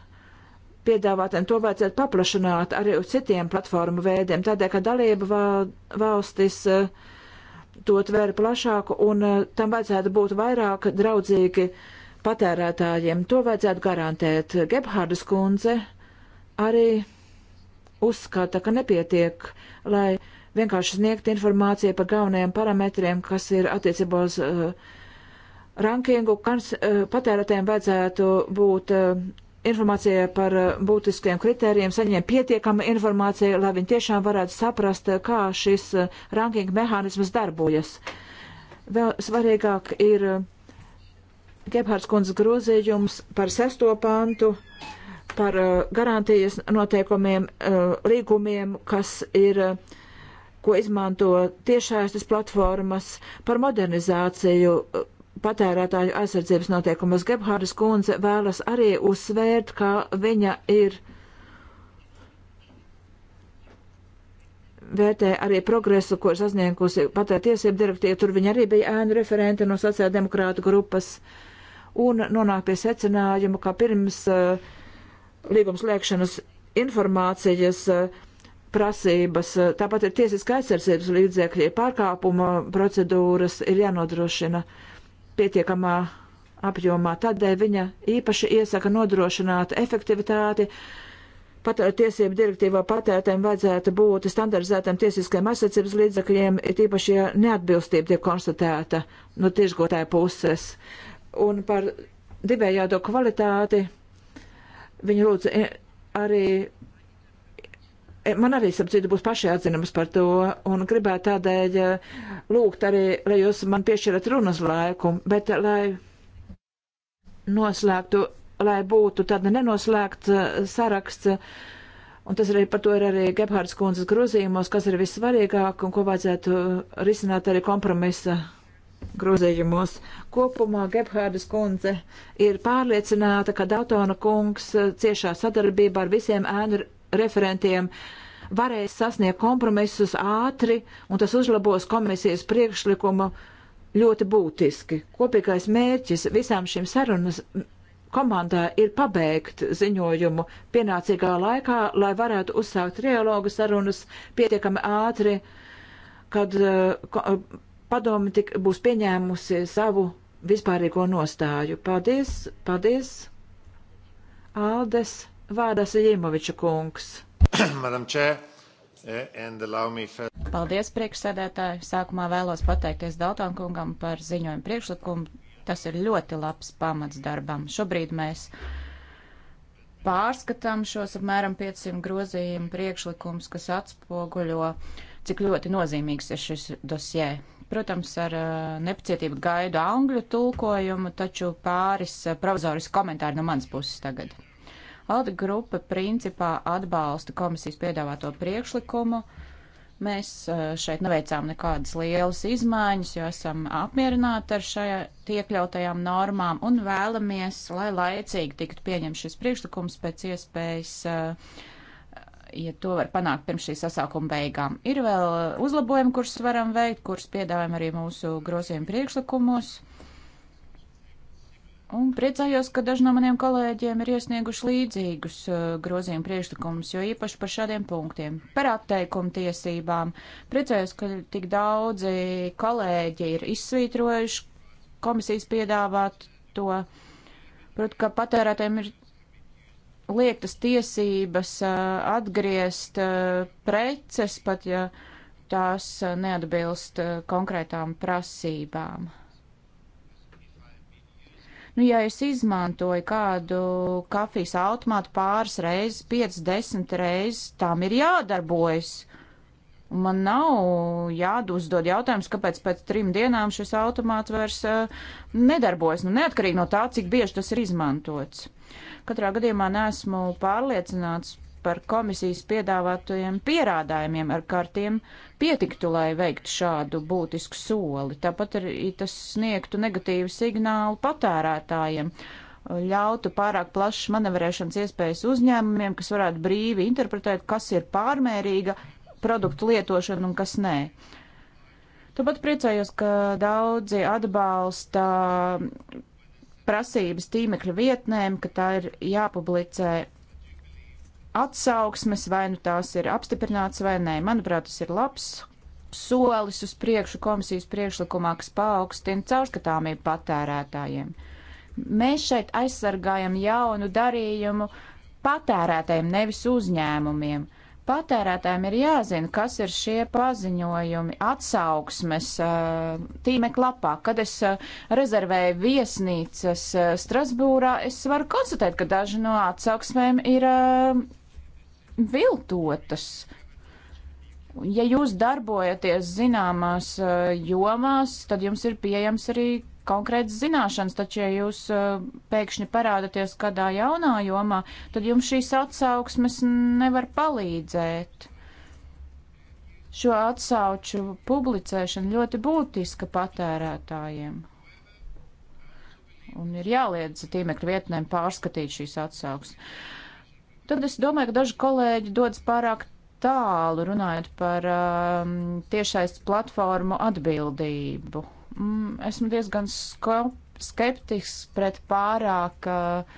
piedāvātiem to vajadzētu paplašināt arī uz citiem platformu veidiem, tādēļ, ka dalība val, valstis uh, to tvēra plašāku un uh, tam vajadzētu būt vairāk draudzīgi patērētājiem. To vajadzētu garantēt. Gebhārdas kundze arī uzskata, ka nepietiek, lai vienkārši sniegt informāciju par galvenajiem parametriem, kas ir attiecībā uz uh, rankingu, kas uh, patērētēm vajadzētu būt uh, informācija par uh, būtiskiem kritērijiem, saņem pietiekama informācija, lai viņi tiešām varētu saprast, uh, kā šis uh, rankinga mehānisms darbojas. Vēl svarīgāk ir Gebhards kundzes grozījums par sesto pantu. Uh, par uh, garantijas noteikumiem, uh, līgumiem, kas ir, uh, ko izmanto tiešaistas platformas, par modernizāciju patērētāju aizsardzības noteikumus. Gebhārdas kundze vēlas arī uzsvērt, ka viņa ir vērtē arī progresu, ko ir sasniegusi patērtiesību direktīva. Tur viņa arī bija ēnu referente no sociāldemokrātu grupas un nonāk pie secinājuma, ka pirms uh, līgumslēgšanas informācijas eh, prasības, eh, tāpat ir tiesiska aizsardzības līdzekļi, pārkāpuma procedūras ir jānodrošina pietiekamā apjomā. Tādēļ viņa īpaši iesaka nodrošināt efektivitāti. Patērtiesību direktīvā patērtēm vajadzētu būt standarizētām tiesiskajiem aizsardzības līdzakļiem, ir īpaši, ja neatbilstība tiek konstatēta no tiešgotāja puses. Un par divējādo kvalitāti Viņa lūdza e, arī. E, man arī, sapcīt, būs pašai atzinums par to, un gribētu tādēļ e, lūgt arī, lai jūs man piešķirat runas laiku, bet lai noslēgtu, lai būtu tāda nenoslēgta saraksts, Un tas arī par to ir arī Gebhārdas kundzes grozījumos, kas ir vissvarīgāk un ko vajadzētu risināt arī kompromisa grozījumos. Kopumā Gebhārdas kundze ir pārliecināta, ka Daltona kungs eh, ciešā sadarbībā ar visiem ēnu referentiem varēs sasniegt kompromisus ātri, un tas uzlabos komisijas priekšlikumu ļoti būtiski. Kopīgais mērķis visām šīm sarunas komandā ir pabeigt ziņojumu pienācīgā laikā, lai varētu uzsākt trialogu sarunas pietiekami ātri, kad uh, padomi tik būs pieņēmusi savu vispārīgo nostāju. Paldies, paldies, Aldes Vārdas Jēmoviča kungs. Madam Chair, eh, Paldies, priekšsēdētāji. Sākumā vēlos pateikties Dalton kungam par ziņojumu priekšlikumu. Tas ir ļoti labs pamats darbam. Šobrīd mēs pārskatām šos apmēram 500 grozījumu priekšlikumus, kas atspoguļo, cik ļoti nozīmīgs ir šis dosjē. Protams, ar eh, nepacietību gaidu angļu tulkojumu, taču pāris eh, provizorisku komentāru no manas puses tagad. Alda grupa principā atbalsta komisijas piedāvāto priekšlikumu. Mēs eh, šeit neveicām nekādas lielas izmaiņas, jo esam apmierināti ar šajā iekļautajām normām un vēlamies, lai laicīgi tiktu pieņemts šis priekšlikums pēc iespējas uh, ja to var panākt pirms šī sasākuma beigām. Ir vēl uzlabojumi, kurus varam veikt, kurus piedāvājam arī mūsu grozījuma priekšlikumos. Un priecājos, ka daži no maniem kolēģiem ir iesnieguši līdzīgus uh, grozījumu priekšlikumus, jo īpaši par šādiem punktiem. Par atteikumu tiesībām. Priecājos, ka tik daudzi kolēģi ir izsvītrojuši komisijas piedāvāt to. Protams, ka patērētājiem ir liektas tiesības atgriezt preces, pat ja tās neatbilst konkrētām prasībām. Nu, ja es izmantoju kādu kafijas automātu pāris reizes, 5-10 reizes, tam ir jādarbojas. Man nav jāuzdod jautājums, kāpēc pēc trim dienām šis automāts vairs nedarbojas, nu, neatkarīgi no tā, cik bieži tas ir izmantots. Katrā gadījumā neesmu pārliecināts par komisijas piedāvātajiem pierādājumiem ar kartiem pietiktu, lai veiktu šādu būtisku soli. Tāpat arī tas sniegtu negatīvu signālu patērētājiem, ļautu pārāk plašas manevrēšanas iespējas uzņēmumiem, kas varētu brīvi interpretēt, kas ir pārmērīga produktu lietošana un kas nē. Tāpat priecājos, ka daudzi atbalsta prasības tīmekļa vietnēm, ka tā ir jāpublicē atsauksmes, vai nu tās ir apstiprināts vai nē. Manuprāt, tas ir labs solis uz priekšu komisijas priekšlikumā, kas paaugstina caurskatāmību patērētājiem. Mēs šeit aizsargājam jaunu darījumu patērētājiem, nevis uzņēmumiem. Patērētājiem ir jāzina, kas ir šie paziņojumi, atsauksmes uh, tīmeklapā. Kad es uh, rezervēju viesnīcas uh, Strasbūrā, es varu konstatēt, ka daži no atsauksmēm ir viltotas. Ja jūs darbojaties zināmās jomās, tad jums ir pieejams arī konkrētas zināšanas, taču, ja jūs uh, pēkšņi parādaties kādā jaunā jomā, tad jums šīs atsauksmes nevar palīdzēt. Šo atsauču publicēšana ļoti būtiska patērētājiem. Un ir jāliedz tīmekļa vietnēm pārskatīt šīs atsauksmes. Tad es domāju, ka daži kolēģi dodas pārāk tālu runājot par um, tiešais platformu atbildību. Mm, esmu diezgan skeptisks pret pārāk uh,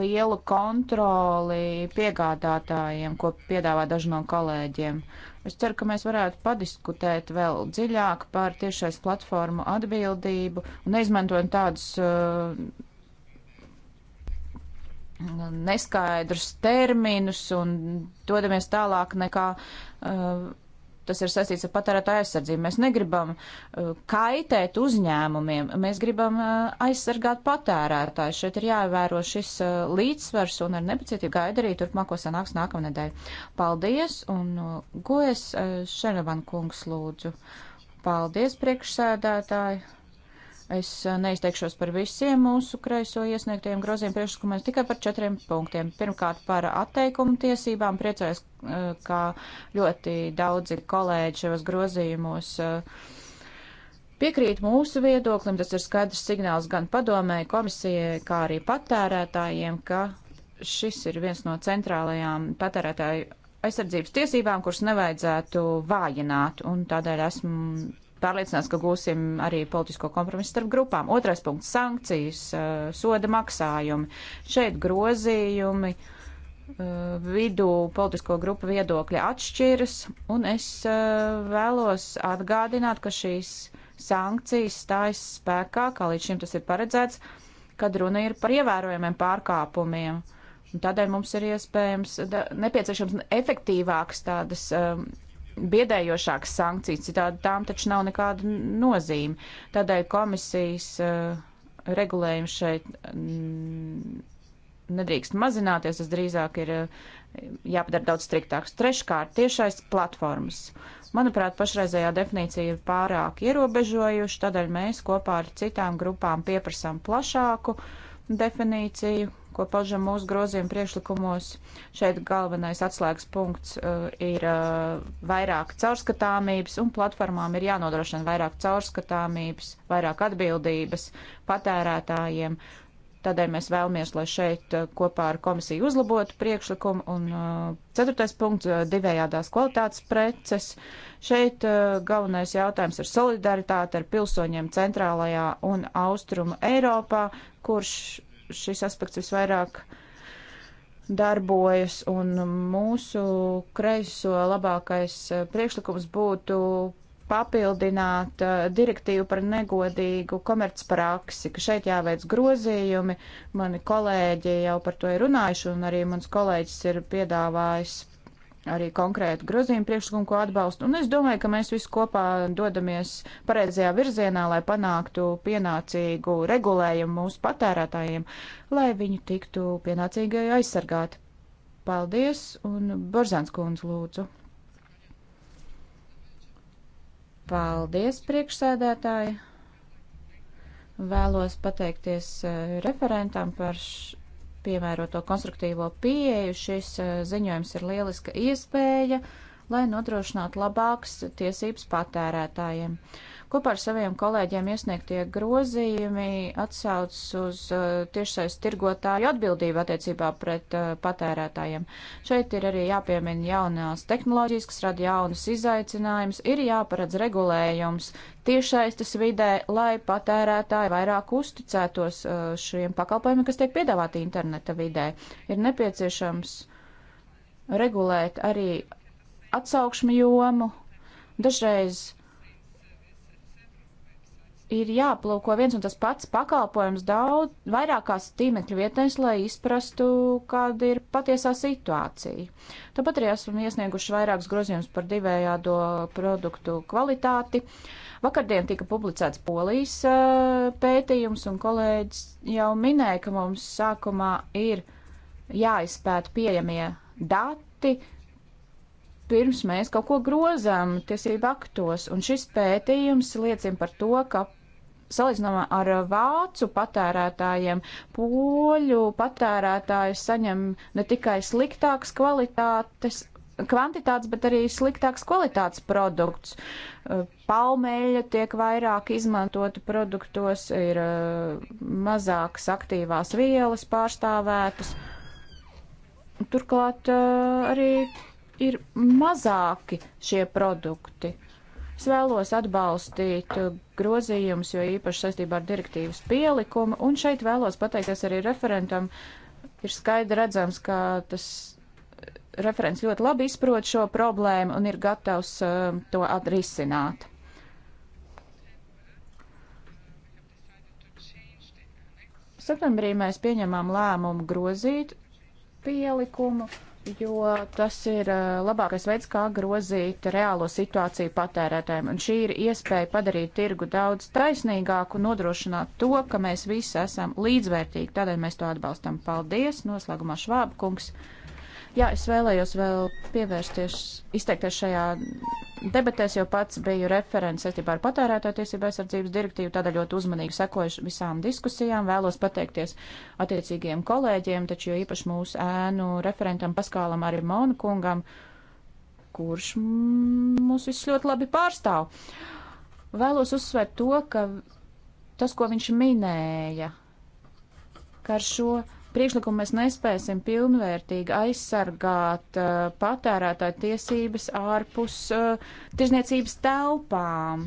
lielu kontroli piegādātājiem, ko piedāvā daži no kolēģiem. Es ceru, ka mēs varētu padiskutēt vēl dziļāk par tiešais platformu atbildību un neizmantojam tādus uh, neskaidrus terminus un dodamies tālāk nekā uh, Tas ir saistīts ar patērētāju aizsardzību. Mēs negribam uh, kaitēt uzņēmumiem, mēs gribam uh, aizsargāt patērētājus. Šeit ir jāievēro šis uh, līdzsvars un ar nepacietību gaida arī turpmāko sanāks nākamnedēļ. Paldies un gojas Šenovan kungs lūdzu. Paldies, priekšsēdētāji! Es eh, neizteikšos par visiem mūsu kreiso iesniegtajiem grozījuma priekšlikumiem, tikai par četriem punktiem. Pirmkārt, par atteikumu tiesībām priecājos, eh, ka ļoti daudzi kolēģi šajos grozījumos eh, piekrīt mūsu viedoklim. Tas ir skaidrs signāls gan padomēji, komisijai, kā arī patērētājiem, ka šis ir viens no centrālajām patērētāju aizsardzības tiesībām, kuras nevajadzētu vājināt, un tādēļ esmu pārliecināts, ka gūsim arī politisko kompromisu starp grupām. Otrais punkts - sankcijas, eh, soda maksājumi. Šeit grozījumi eh, vidū politisko grupu viedokļi atšķiras, un es eh, vēlos atgādināt, ka šīs sankcijas stājas spēkā, kā līdz šim tas ir paredzēts, kad runa ir par ievērojumiem pārkāpumiem. Un tādēļ mums ir iespējams, da, nepieciešams efektīvāks tādas um, biedējošākas sankcijas, citādi tām taču nav nekāda nozīme. Tādēļ komisijas uh, regulējums šeit mm, nedrīkst mazināties, tas drīzāk ir uh, jāpadara daudz striktāks. Treškārt, tiešais platformas. Manuprāt, pašreizējā definīcija ir pārāk ierobežojuša, tādēļ mēs kopā ar citām grupām pieprasām plašāku definīciju, ko paužam mūsu grozījuma priekšlikumos. Šeit galvenais atslēgas punkts uh, ir uh, vairāk caurskatāmības, un platformām ir jānodrošina vairāk caurskatāmības, vairāk atbildības patērētājiem. Tādēļ mēs vēlamies, lai šeit uh, kopā ar komisiju uzlabotu priekšlikumu. Un uh, ceturtais punkts uh, - divējādās kvalitātes preces. Šeit uh, galvenais jautājums ir solidaritāte ar pilsoņiem centrālajā un austrumu Eiropā, kurš šis aspekts visvairāk darbojas, un mūsu kreiso labākais eh, priekšlikums būtu papildināt eh, direktīvu par negodīgu komercpraksi, ka šeit jāveic grozījumi. Mani kolēģi jau par to ir runājuši, un arī mans kolēģis ir piedāvājis arī konkrētu grozījumu priekšlikumu, ko atbalstu. Un es domāju, ka mēs visi kopā dodamies pareizajā virzienā, lai panāktu pienācīgu regulējumu mūsu patērētājiem, lai viņi tiktu pienācīgi aizsargāti. Paldies, un Borzāns kundze lūdzu. Paldies, priekšsēdētāji. Vēlos pateikties eh, referentam par š piemēroto konstruktīvo pieeju. Šis eh, ziņojums ir lieliska iespēja, lai nodrošinātu labāks tiesības patērētājiem. Uh, Kopā ar saviem kolēģiem iesniegtie grozījumi atsauc uz uh, tiešsais tirgotāju atbildību attiecībā pret uh, patērētājiem. Šeit ir arī jāpiemina jaunās tehnoloģijas, kas rada jaunas izaicinājumus, ir jāparedz regulējums tiešsaistes vidē, lai patērētāji vairāk uzticētos uh, šiem pakalpojumiem, kas tiek piedāvāti interneta vidē. Ir nepieciešams regulēt arī atsaukšņu jomu. Dažreiz ir jāplūko viens un tas pats pakalpojums daudz, vairākās tīmekļu vietnēs, lai izprastu, kāda ir patiesā situācija. Tāpat arī esam iesnieguši vairākus grozījumus par divējādo produktu kvalitāti. Vakardien tika publicēts polijas eh, pētījums, un kolēģis jau minēja, ka mums sākumā ir jāizpēta pieejamie dati, pirms mēs kaut ko grozām tiesību aktos. Un šis pētījums liecina par to, ka salīdzinājumā ar vācu patērētājiem, poļu patērētājs saņem ne tikai sliktākas kvalitātes, kvantitātes, bet arī sliktākas kvalitātes produkts. Uh, Palmeļa tiek vairāk izmantota produktos, ir uh, mazākas aktīvās vielas pārstāvētas. Turklāt uh, arī ir mazāki šie produkti. Es vēlos atbalstīt grozījumus, jo īpaši saistībā ar direktīvas pielikumu, un šeit vēlos pateikties arī referentam. Ir skaidri redzams, ka tas referents ļoti labi izprot šo problēmu un ir gatavs uh, to atrisināt. Septembrī mēs pieņemām lēmumu grozīt pielikumu jo tas ir eh, labākais veids, kā grozīt reālo situāciju patērētājiem. Un šī ir iespēja padarīt tirgu daudz taisnīgāku, nodrošināt to, ka mēs visi esam līdzvērtīgi. Tādēļ mēs to atbalstam. Paldies! Noslēgumā Švāba kungs. Jā, es vēlējos vēl pievērsties, izteikties šajā debatēs, jo pats biju referents saistībā ar patērētāju tiesību aizsardzības direktīvu, tādēļ ļoti uzmanīgi sekojuši visām diskusijām, vēlos pateikties attiecīgiem kolēģiem, taču jo īpaši mūsu ēnu referentam Paskālam arī Monu kungam, kurš mūs visus ļoti labi pārstāv. Vēlos uzsvērt to, ka tas, ko viņš minēja, ka ar šo priekšlikumu mēs nespēsim pilnvērtīgi aizsargāt uh, patērētāju tiesības ārpus uh, tirzniecības telpām.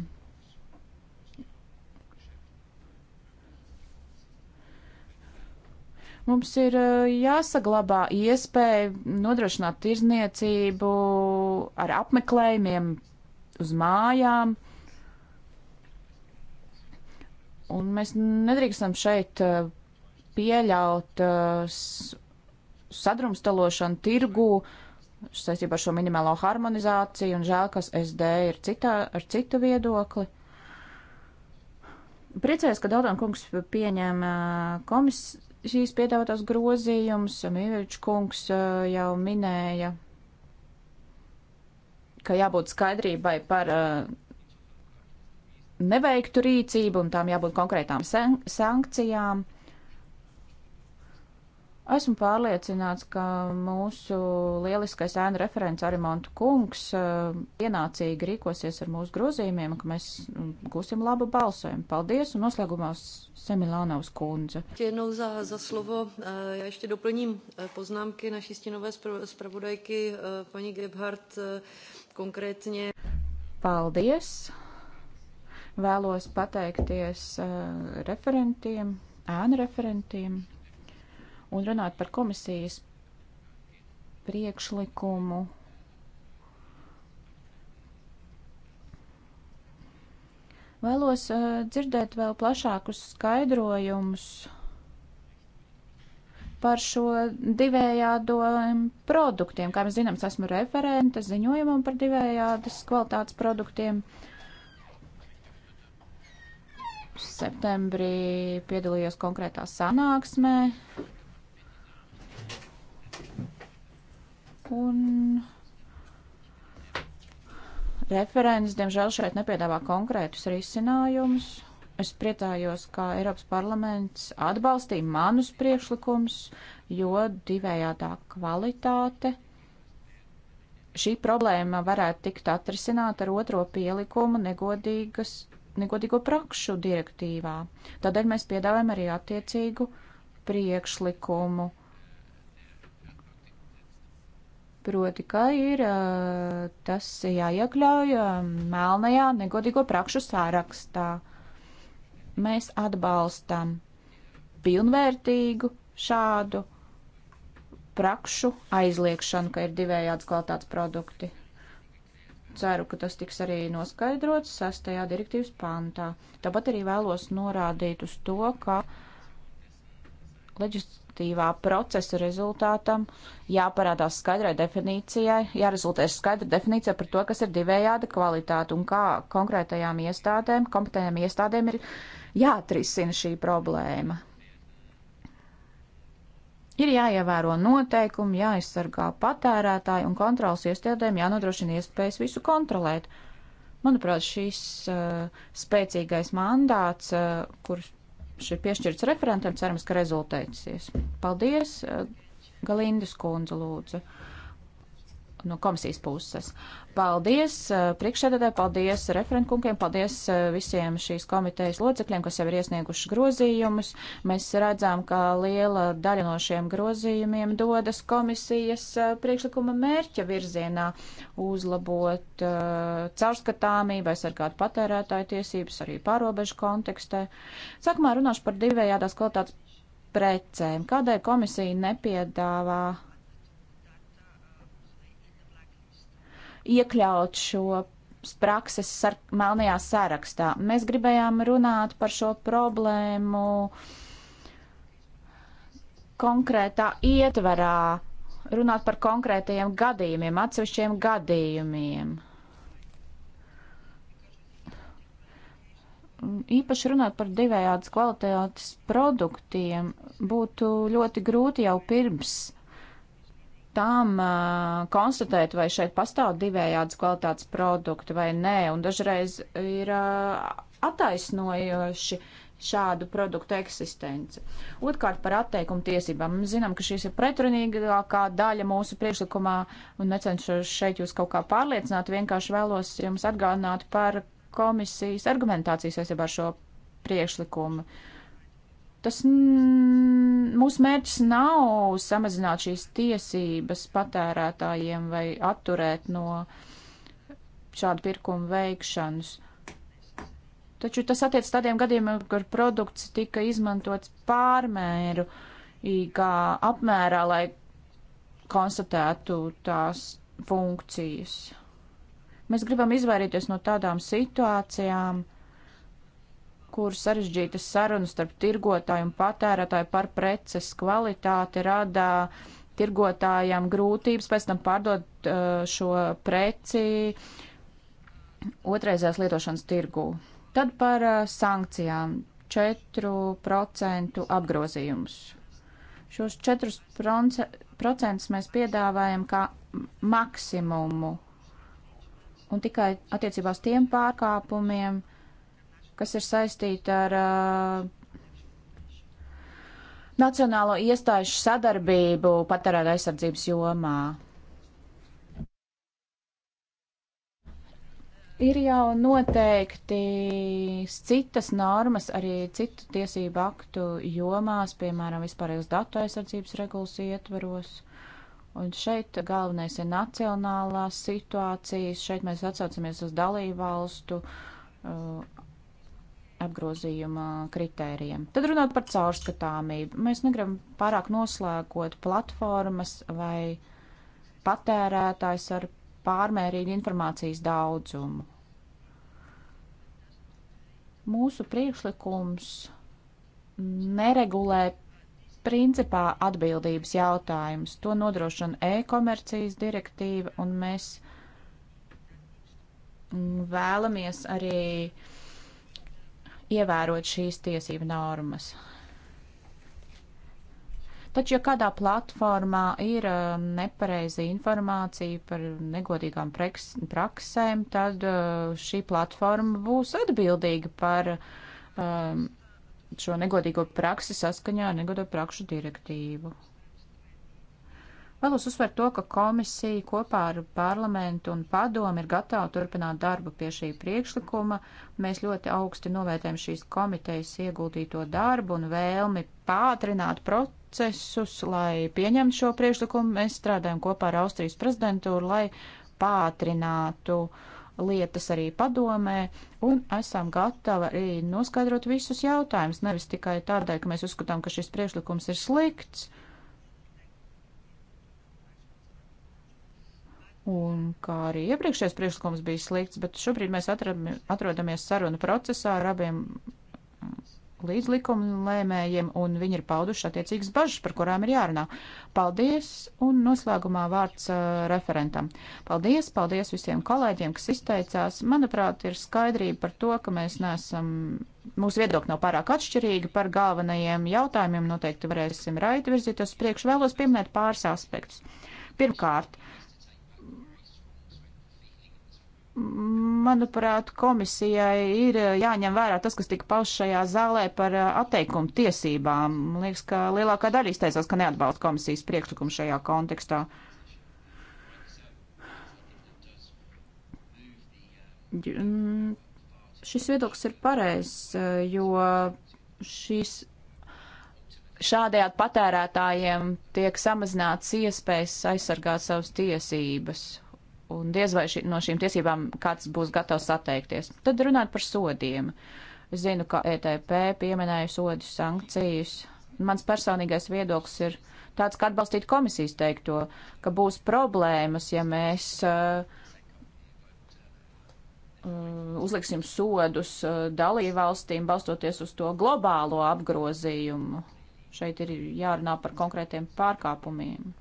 Mums ir uh, jāsaglabā iespēja nodrošināt tirzniecību ar apmeklējumiem uz mājām. Un mēs nedrīkstam šeit uh, pieļaut uh, sadrumstalošanu tirgū saistībā ar šo minimālo harmonizāciju, un žēl, ka SD ir citā, ar citu viedokli. Priecājos, ka Daudan kungs pieņēma uh, komisijas piedāvātos grozījumus, Mīviļš kungs uh, jau minēja, ka jābūt skaidrībai par neveiktu rīcību un tām jābūt konkrētām sankcijām. Sen Esmu pārliecināts, ka mūsu lieliskais ēnu referents Arimontu kungs eh, pienācīgi rīkosies ar mūsu grozījumiem, ka mēs nu, gūsim labu balsojumu. Paldies, un noslēgumā Semilānaus kundze. Jednou za, za slovo. Eh, ja ještě doplním eh, poznámky naší stěnové spravodajky, paní Gebhardt, konkrétně. Paldies. Vēlos pateikties referentiem, ēnu referentiem Un runāt par komisijas priekšlikumu. Vēlos uh, dzirdēt vēl plašākus skaidrojumus par šo divējādo produktiem. Kā mēs zinām, es esmu referente ziņojumam par divējādas kvalitātes produktiem. Septembrī piedalījos konkrētā sanāksmē, Un referents, diemžēl, šeit nepiedāvā konkrētus risinājumus. Es priecājos, ka Eiropas parlaments atbalstīja manus priekšlikumus, jo divējādā kvalitāte šī problēma varētu tikt atrisināta ar otro pielikumu negodīgas, negodīgo prakšu direktīvā. Tādēļ mēs piedāvājam arī attiecīgu priekšlikumu. proti, ka ir tas jāiekļauj melnajā negodīgo prakšu sārakstā. Mēs atbalstam pilnvērtīgu šādu prakšu aizliekšanu, ka ir divējādas kvalitātes produkti. Ceru, ka tas tiks arī noskaidrots sastajā direktīvas pantā. Tāpat arī vēlos norādīt uz to, ka uh, leģislatīvā procesa rezultātam jāparādās skaidrai definīcijai, jārezultēs skaidra definīcija par to, kas ir divējāda kvalitāte un kā konkrētajām iestādēm, kompetējām iestādēm ir jāatrisina šī problēma. Ir jāievēro noteikumi, jāizsargā patērētāji un kontrols iestādēm jānodrošina iespējas visu kontrolēt. Manuprāt, šis uh, spēcīgais mandāts, uh, kurš ir piešķirts referentam, cerams, ka rezultēsies. Paldies, eh, Galindas kundze lūdzu no komisijas puses. Paldies eh, priekšsēdētāji, paldies referentkunkiem, paldies eh, visiem šīs komitejas locekļiem, kas jau ir iesnieguši grozījumus. Mēs redzam, ka liela daļa no šiem grozījumiem dodas komisijas eh, priekšlikuma mērķa virzienā uzlabot uh, caurskatāmību, aizsargāt patērētāju tiesības arī pārobežu kontekstē. Sākumā runāšu par divējādās kvalitātes precēm. Kādēļ komisija nepiedāvā iekļaut šo prakses sar melnajā sarakstā. Mēs gribējām runāt par šo problēmu konkrētā ietvarā, runāt par konkrētajiem gadījumiem, atsevišķiem gadījumiem. īpaši runāt par divējādas kvalitātes produktiem būtu ļoti grūti jau pirms tam uh, konstatēt, vai šeit pastāv divējādas kvalitātes produkti vai nē, un dažreiz ir uh, attaisnojoši šādu produktu eksistenci. Otkārt par atteikumu tiesībām. Mēs zinām, ka šīs ir pretrunīgākā daļa mūsu priekšlikumā, un necenšos šeit jūs kaut kā pārliecināt, vienkārši vēlos jums atgādināt par komisijas argumentācijas aizsībā ar šo priekšlikumu. Uh, Tas mūsu mērķis nav samazināt šīs tiesības patērētājiem vai atturēt no šādu pirkumu veikšanas. Taču tas attiec tādiem gadījumiem, kur produkts tika izmantots pārmēru īgā apmērā, lai konstatētu tās funkcijas. Mēs gribam izvairīties no tādām situācijām, uh, kur sarežģītas sarunas starp tirgotāju un patērētāju par preces kvalitāti rada tirgotājiem grūtības pēc tam pārdot uh, šo preci otrreizējās lietošanas tirgū. Tad par uh, sankcijām 4% apgrozījums. Šos 4% mēs piedāvājam kā maksimumu un tikai attiecībā uz tiem pārkāpumiem, uh, kas ir saistīta ar uh, nacionālo iestāžu sadarbību patērēta aizsardzības jomā. Ir jau noteikti citas normas arī citu tiesību aktu jomās, piemēram, vispārējais datu aizsardzības regulas ietvaros. Un šeit galvenais ir nacionālās situācijas, šeit mēs atsaucamies uz dalību valstu uh, apgrozījuma kritērijiem. Tad runāt par caurskatāmību. Mēs negribam pārāk noslēgot platformas vai patērētājs ar pārmērīgu informācijas daudzumu. Mūsu priekšlikums neregulē principā atbildības jautājumus. To nodrošina e-komercijas direktīva, un mēs vēlamies arī uh, ievērot šīs tiesību normas. Taču, ja kādā platformā ir um, nepareiza informācija par negodīgām praksēm, tad uh, šī platforma būs atbildīga par um, šo negodīgo praksi saskaņā ar negodīgo prakšu direktīvu. Vēlos uzsvērt to, ka komisija kopā ar parlamentu un padomu ir gatava turpināt darbu pie šī priekšlikuma. Mēs ļoti augsti novērtējam šīs komitejas ieguldīto darbu un vēlmi pātrināt procesus, lai pieņemtu šo priekšlikumu. Mēs strādājam kopā ar Austrijas prezidentūru, lai pātrinātu lietas arī padomē, un esam gatavi arī noskaidrot visus jautājumus. Nevis tikai tādēļ, ka mēs uzskatām, ka šis priekšlikums ir slikts, Un kā arī iepriekšējais priekšlikums bija slikts, bet šobrīd mēs atrodamies sarunu procesā ar abiem līdzlikumu lēmējiem, un viņi ir pauduši attiecīgas bažas, par kurām ir jārunā. Paldies, un noslēgumā vārds uh, referentam. Paldies, paldies visiem kolēģiem, kas izteicās. Manuprāt, ir skaidrība par to, ka mēs neesam, mūsu viedokļi nav pārāk atšķirīgi par galvenajiem jautājumiem. Noteikti varēsim raiti virzīties priekš. Vēlos pieminēt pāris aspektus. Pirmkārt, uh, Manuprāt, komisijai ir eh, jāņem vērā tas, kas tika pausts šajā zālē par eh, atteikumu tiesībām. Man liekas, ka lielākā daļa izteicās, ka neatbalsta komisijas priekšlikumu šajā kontekstā. Šis viedoklis ir pareizs, eh, jo šīs šādējādi patērētājiem tiek samazināts iespējas aizsargāt savas tiesības un diez vai ši, no šīm tiesībām kāds būs gatavs atteikties. Tad runāt par sodiem. Es zinu, ka ETP pieminēja sodu sankcijas. Mans personīgais viedoklis ir tāds, ka atbalstīt komisijas teikto, ka būs problēmas, ja mēs uh, uh uzliksim sodus uh, dalībvalstīm, balstoties uz to globālo apgrozījumu. Šeit ir jārunā par konkrētiem pārkāpumiem.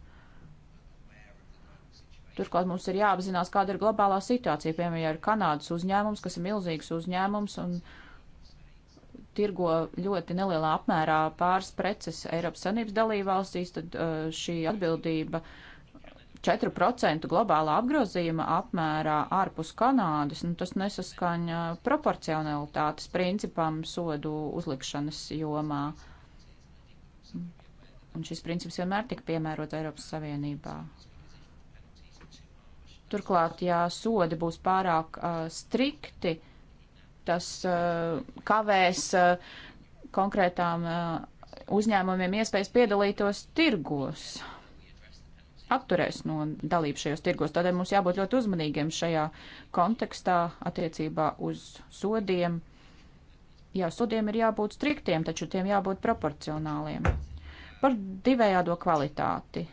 Turklāt mums ir jāapzinās, kāda ir globālā situācija. Piemēram, ja ir Kanādas uzņēmums, kas ir milzīgs uzņēmums un tirgo ļoti nelielā apmērā pāris preces Eiropas Sanības dalībvalstīs, tad uh, šī atbildība 4% globālā apgrozījuma apmērā ārpus Kanādas, nu, tas nesaskaņa proporcionalitātes principam sodu uzlikšanas jomā. Un šis princips vienmēr tika piemērots Eiropas Savienībā. Turklāt, ja sodi būs pārāk uh, strikti, tas uh, kavēs uh, konkrētām uh, uzņēmumiem iespējas piedalītos tirgos, apturēs no dalību šajos tirgos. Tādēļ mums jābūt ļoti uzmanīgiem šajā kontekstā attiecībā uz sodiem. Jā, sodiem ir jābūt striktiem, taču tiem jābūt proporcionāliem. Par divējādo kvalitāti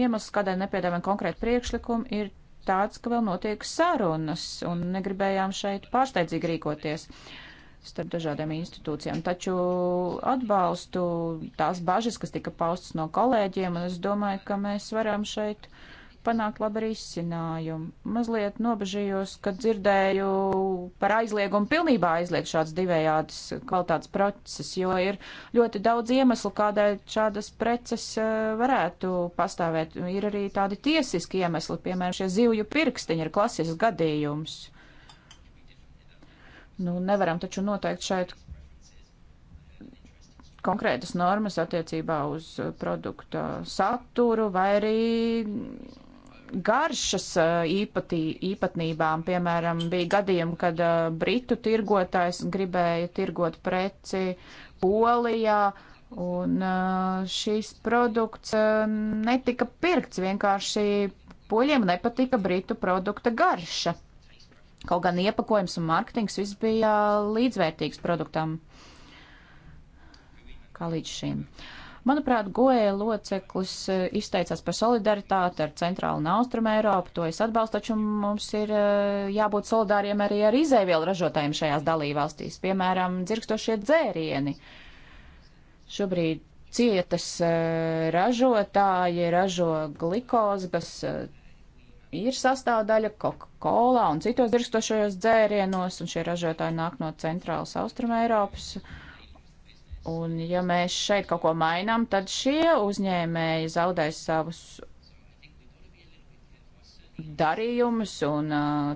Iemesls, kādēļ nepiedāvājam konkrētu priekšlikumu, ir tāds, ka vēl notiek sarunas un negribējām šeit pārsteidzīgi rīkoties starp dažādām institūcijām. Taču atbalstu tās bažas, kas tika paustas no kolēģiem, un es domāju, ka mēs varam šeit uh, panākt labu risinājumu. Mazliet nobežījos, kad dzirdēju par aizliegumu pilnībā aizliegt šāds divējādas kvalitātes proceses, jo ir ļoti daudz iemeslu, kādēļ šādas preces eh, varētu pastāvēt. Ir arī tādi tiesiski iemesli, piemēram, šie zivju pirkstiņi ir klasisks gadījums. Nu, nevaram taču noteikt šeit konkrētas normas attiecībā uz produkta saturu vai arī garšas eh, īpatī, īpatnībām. Piemēram, bija gadījumi, kad eh, britu tirgotājs gribēja tirgot preci Polijā, un eh, šīs produkts netika pirkts, vienkārši poļiem nepatika britu produkta garša. Kaut gan iepakojums un mārketings viss bija līdzvērtīgs produktam kā līdz šim. Uh, Manuprāt, Goēja loceklis e, izteicās par solidaritāti ar Centrālu un Austrumu Eiropu, to es atbalstu, taču mums ir e, jābūt solidāriem arī ar izēvielu ražotājiem šajās dalībvalstīs, piemēram, dzirkstošie dzērieni. Šobrīd cietas e, ražotāji ražo glikozi, kas ir sastāvdaļa Coca-Cola un citos dzirkstošajos dzērienos, un šie ražotāji nāk no Centrālas Austruma Eiropas. Uh, Un ja mēs šeit kaut ko mainām, tad šie uzņēmēji zaudēs savus darījumus, un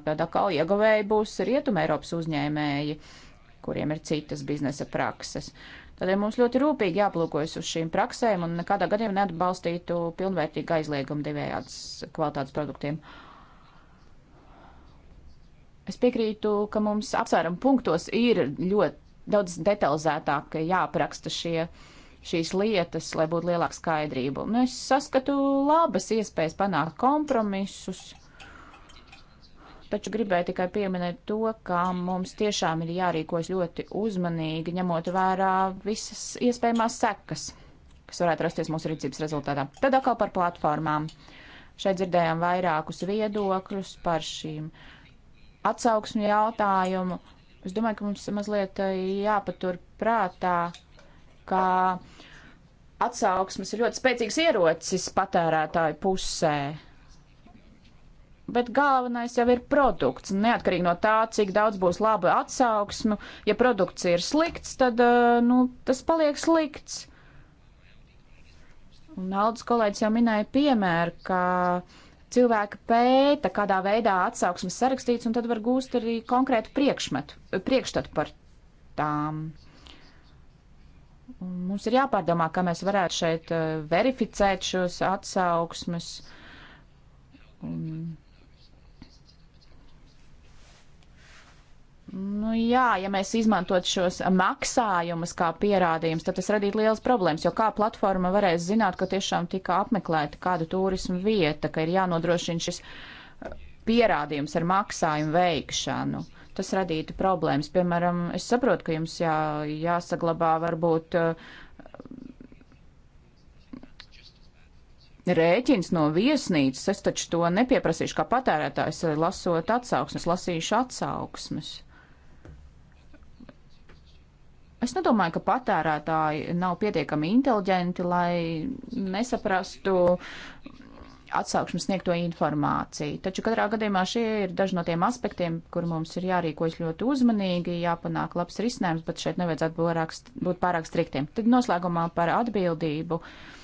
tad atkal ieguvēji būs Rietuma Eiropas uzņēmēji, kuriem ir citas biznesa prakses. Tādēļ mums ļoti rūpīgi jāplūkojas uz šīm praksēm un nekādā gadījumā neatbalstītu pilnvērtīgu aizliegumu divējādas kvalitātes produktiem. Es piekrītu, ka mums apsvērumu punktos ir ļoti daudz detalizētāk jāapraksta šie, šīs lietas, lai būtu lielāka skaidrība. Un nu, es saskatu labas iespējas panākt kompromisus, taču gribēju tikai pieminēt to, ka mums tiešām ir jārīkojas ļoti uzmanīgi, ņemot vērā visas iespējamās sekas, kas varētu rasties mūsu rīcības rezultātā. Tad atkal par platformām. Šeit dzirdējām vairākus viedokļus par šīm atsauksmi jautājumu Es domāju, ka mums mazliet eh, jāpatur prātā, ka atsauksmes ir ļoti spēcīgs ierocis patērētāju pusē. Bet galvenais jau ir produkts. Neatkarīgi no tā, cik daudz būs laba atsauksme, ja produkts ir slikts, tad eh, nu, tas paliek slikts. Un Aldis kolēģis jau minēja piemēru, ka uh, cilvēki pēta, kādā veidā atsauksmes sarakstīts, un tad var gūst arī konkrētu priekšstatu par tām. Un mums ir jāpārdomā, kā mēs varētu šeit eh, verificēt šos atsauksmes. Un Nu jā, ja mēs izmantot šos maksājumus kā pierādījums, tad tas radītu liels problēmas, jo kā platforma varēs zināt, ka tiešām tika apmeklēta kāda turisma vieta, ka ir jānodrošina šis uh, pierādījums ar maksājumu veikšanu. Tas radītu problēmas. Piemēram, es saprotu, ka jums jā, jāsaglabā varbūt uh, rēķins no viesnīcas. Es taču to nepieprasīšu kā patērētājs, lasot atsauksmes, lasīšu atsauksmes. Es nedomāju, ka patērētāji nav pietiekami inteliģenti, lai nesaprastu atsākšanu sniegto informāciju. Taču katrā gadījumā šie ir daži no tiem aspektiem, kur mums ir jārīkojas ļoti uzmanīgi, jāpanāk labs risinājums, bet šeit nevajadzētu būt pārāk striktiem. Tad noslēgumā par atbildību. Uh,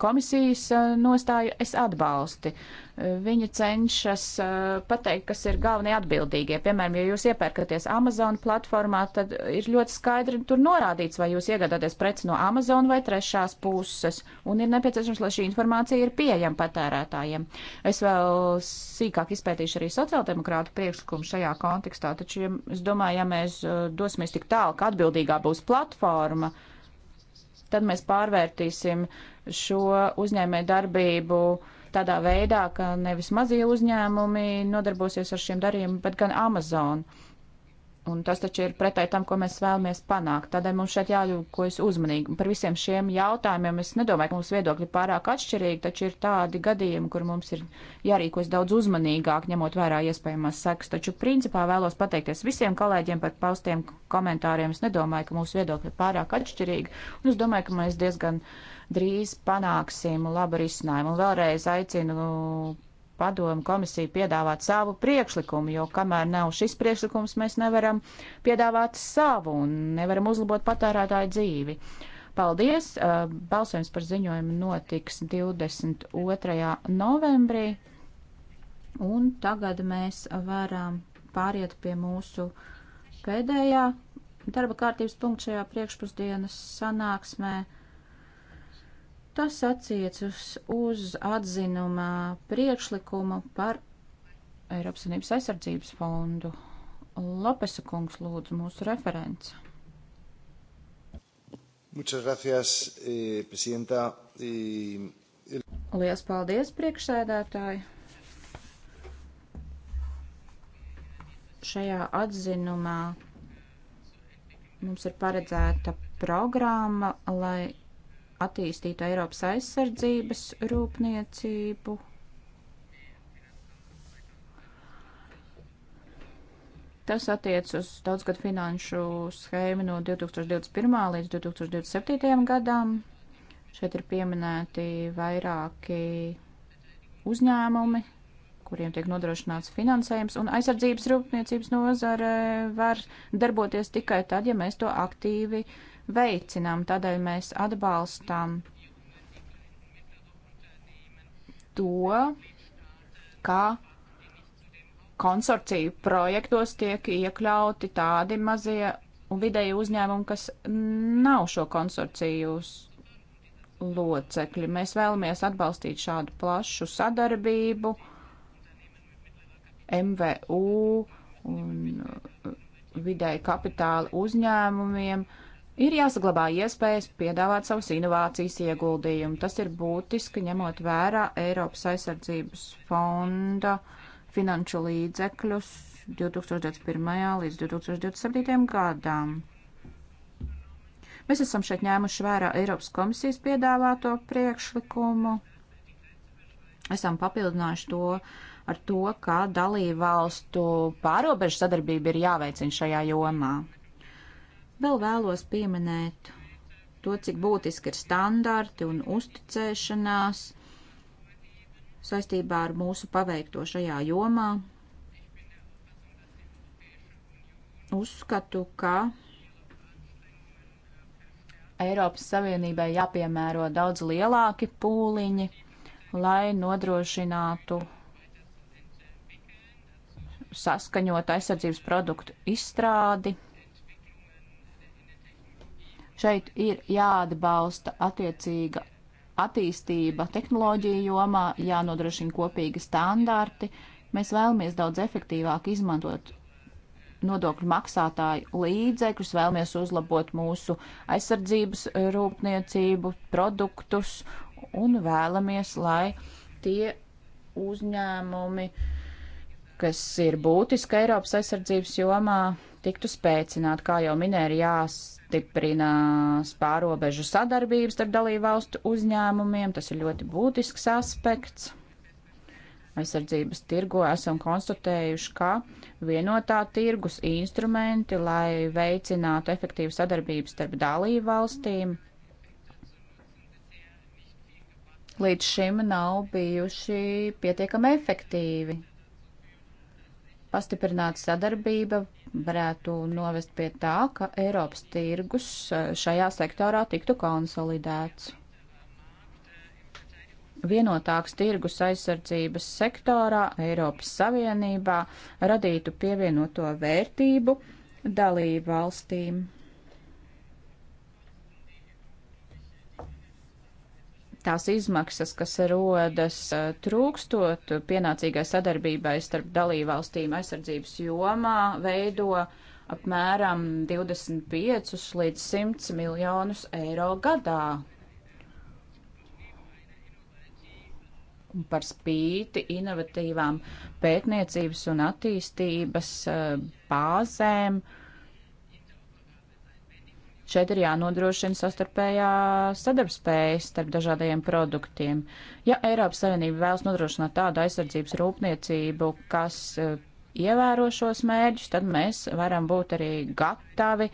komisijas eh, nostāju es atbalsti. Eh, viņa cenšas eh, pateikt, kas ir galvenie atbildīgie. Piemēram, ja jūs iepērkaties Amazon platformā, tad ir ļoti skaidri tur norādīts, vai jūs iegādāties preci no Amazon vai trešās puses, un ir nepieciešams, lai šī informācija ir pieejama patērētājiem. Es vēl sīkāk izpētīšu arī sociāldemokrātu priekšlikumu šajā kontekstā, taču ja, es domāju, ja mēs dosimies tik tālu, ka atbildīgā būs platforma, uh, tad mēs pārvērtīsim šo uzņēmē darbību tādā veidā, ka nevis mazie uzņēmumi nodarbosies ar šiem darījumiem, bet gan Amazon. Uh, Un tas taču ir pretēji tam, ko mēs vēlamies panākt. Tādēļ mums šeit jāļūkojas uzmanīgi. Par visiem šiem jautājumiem es nedomāju, ka mūsu viedokļi pārāk atšķirīgi, taču ir tādi gadījumi, kur mums ir jārīkojas daudz uzmanīgāk, ņemot vērā iespējamās sekas. Taču principā vēlos pateikties visiem kolēģiem par paustiem komentāriem. Es nedomāju, ka mūsu viedokļi pārāk atšķirīgi. Un es domāju, ka mēs diezgan drīz panāksim labu risinājumu. Un vēlreiz aicinu padomu komisiju piedāvāt savu priekšlikumu, jo kamēr nav šis priekšlikums, mēs nevaram piedāvāt savu un nevaram uzlabot patērētāju dzīvi. Paldies! Uh, balsojums par ziņojumu notiks 22. novembrī. Un tagad mēs varam pāriet pie mūsu pēdējā darba kārtības punkta šajā priekšpusdienas sanāksmē. Tas attiecas uz atzinumā priekšlikumu par Eiropas Unības aizsardzības fondu. Lopesa kungs lūdzu mūsu referents. Muchas gracias, eh, presidenta. Eh, el... Lielas paldies, priekšsēdētāji. Šajā atzinumā mums ir paredzēta programma, lai attīstītu Eiropas aizsardzības rūpniecību. Tas attiec uz daudzgadu finanšu schēmu no 2021. līdz 2027. gadam. Šeit ir pieminēti vairāki uzņēmumi, kuriem tiek nodrošināts finansējums, un aizsardzības rūpniecības nozare var darboties tikai tad, ja mēs to aktīvi uh, veicinām. Tādēļ mēs atbalstām to, kā konsorciju projektos tiek iekļauti tādi mazie un vidēji uzņēmumi, kas nav šo konsorcijus locekļi. Mēs vēlamies atbalstīt šādu plašu sadarbību MVU un vidēji kapitāla uzņēmumiem. Uh, Ir jāsaglabā iespējas piedāvāt savus inovācijas ieguldījumu. Tas ir būtiski, ņemot vērā Eiropas aizsardzības fonda finanšu līdzekļus 2021. līdz 2027. gadām. Mēs esam šeit ņēmuši vērā Eiropas komisijas piedāvāto priekšlikumu. Esam papildinājuši to ar to, kā dalību valstu pārobežu sadarbība ir jāveicina šajā jomā. Vēl vēlos pieminēt to, cik būtiski ir standarti un uzticēšanās saistībā ar mūsu paveikto šajā jomā. Uzskatu, ka Eiropas Savienībai jāpiemēro daudz lielāki pūliņi, lai nodrošinātu saskaņot aizsardzības produktu izstrādi Šeit ir jāatbalsta attiecīga attīstība tehnoloģiju jomā, jānodrošina kopīgi standarti. Mēs vēlamies daudz efektīvāk izmantot nodokļu maksātāju līdzekļus, vēlamies uzlabot mūsu aizsardzības e, rūpniecību, produktus un vēlamies, lai tie uzņēmumi, kas ir būtiski Eiropas aizsardzības jomā, tiktu spēcināt. Kā jau minēja, ir jāstiprina pārobežu sadarbības starp dalībvalstu uzņēmumiem. Tas ir ļoti būtisks aspekts. Aizsardzības tirgo esam konstatējuši, ka vienotā tirgus instrumenti, lai veicinātu efektīvu sadarbību starp dalībvalstīm, līdz šim nav bijuši pietiekami efektīvi pastiprināta sadarbība varētu novest pie tā, ka Eiropas tirgus eh, šajā sektorā tiktu konsolidēts. Vienotāks tirgus aizsardzības sektorā Eiropas Savienībā radītu pievienoto vērtību dalību valstīm. tās izmaksas, kas rodas trūkstot pienācīgai sadarbībai starp dalībvalstīm aizsardzības jomā, veido apmēram 25 līdz 100 miljonus eiro gadā. Par spīti inovatīvām pētniecības un attīstības bāzēm uh, Šeit ir jānodrošina sastarpējā sadarbspēja starp dažādajiem produktiem. Ja Eiropas Savienība vēlas nodrošināt tādu aizsardzības rūpniecību, kas eh, ievēro šos mērķus, tad mēs varam būt arī gatavi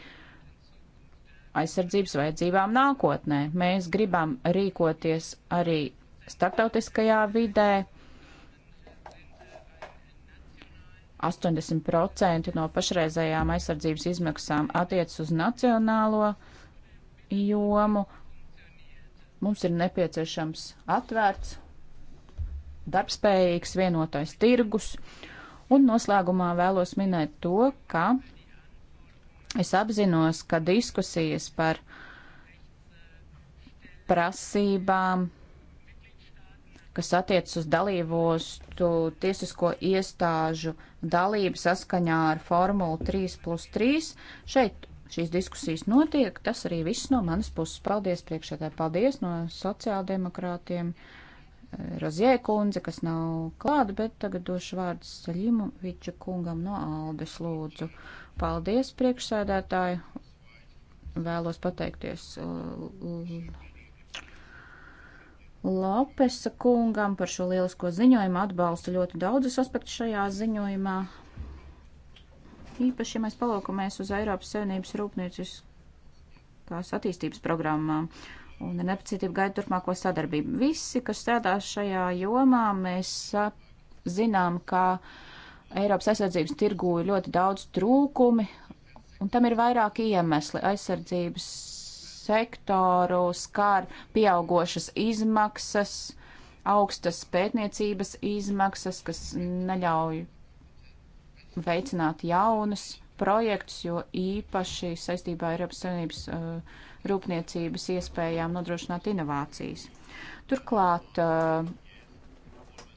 aizsardzības vajadzībām nākotnē. Mēs gribam rīkoties arī starptautiskajā vidē, 80% no pašreizējām aizsardzības izmaksām attiecas uz nacionālo jomu. Mums ir nepieciešams atvērts, darbspējīgs, vienotais tirgus. Un noslēgumā vēlos minēt to, ka es apzinos, ka diskusijas par prasībām, kas attiecas uz dalībvalstu tiesisko iestāžu dalību saskaņā ar formulu 3 plus 3. Šeit šīs diskusijas notiek. Tas arī viss no manas puses. Paldies priekšētāji, paldies no sociāldemokrātiem. Rozjē kundze, kas nav klāta, bet tagad došu vārdu Saļimoviča kungam no Aldes lūdzu. Paldies priekšsēdētāji. Vēlos pateikties uh, Lopesa kungam par šo lielisko ziņojumu atbalstu ļoti daudzus aspektus šajā ziņojumā. Īpaši, ja mēs palūkamies uz Eiropas Savienības rūpnieciskās attīstības programmām un ar nepacietību gaidu turpmāko sadarbību. Visi, kas strādā šajā jomā, mēs zinām, ka Eiropas aizsardzības tirgū ir ļoti daudz trūkumi, un tam ir vairāki iemesli. Aizsardzības sektoru skar pieaugošas izmaksas, augstas pētniecības izmaksas, kas neļauj veicināt jaunus projektus, jo īpaši saistībā ar Eiropas Savienības uh, rūpniecības iespējām nodrošināt inovācijas. Turklāt uh,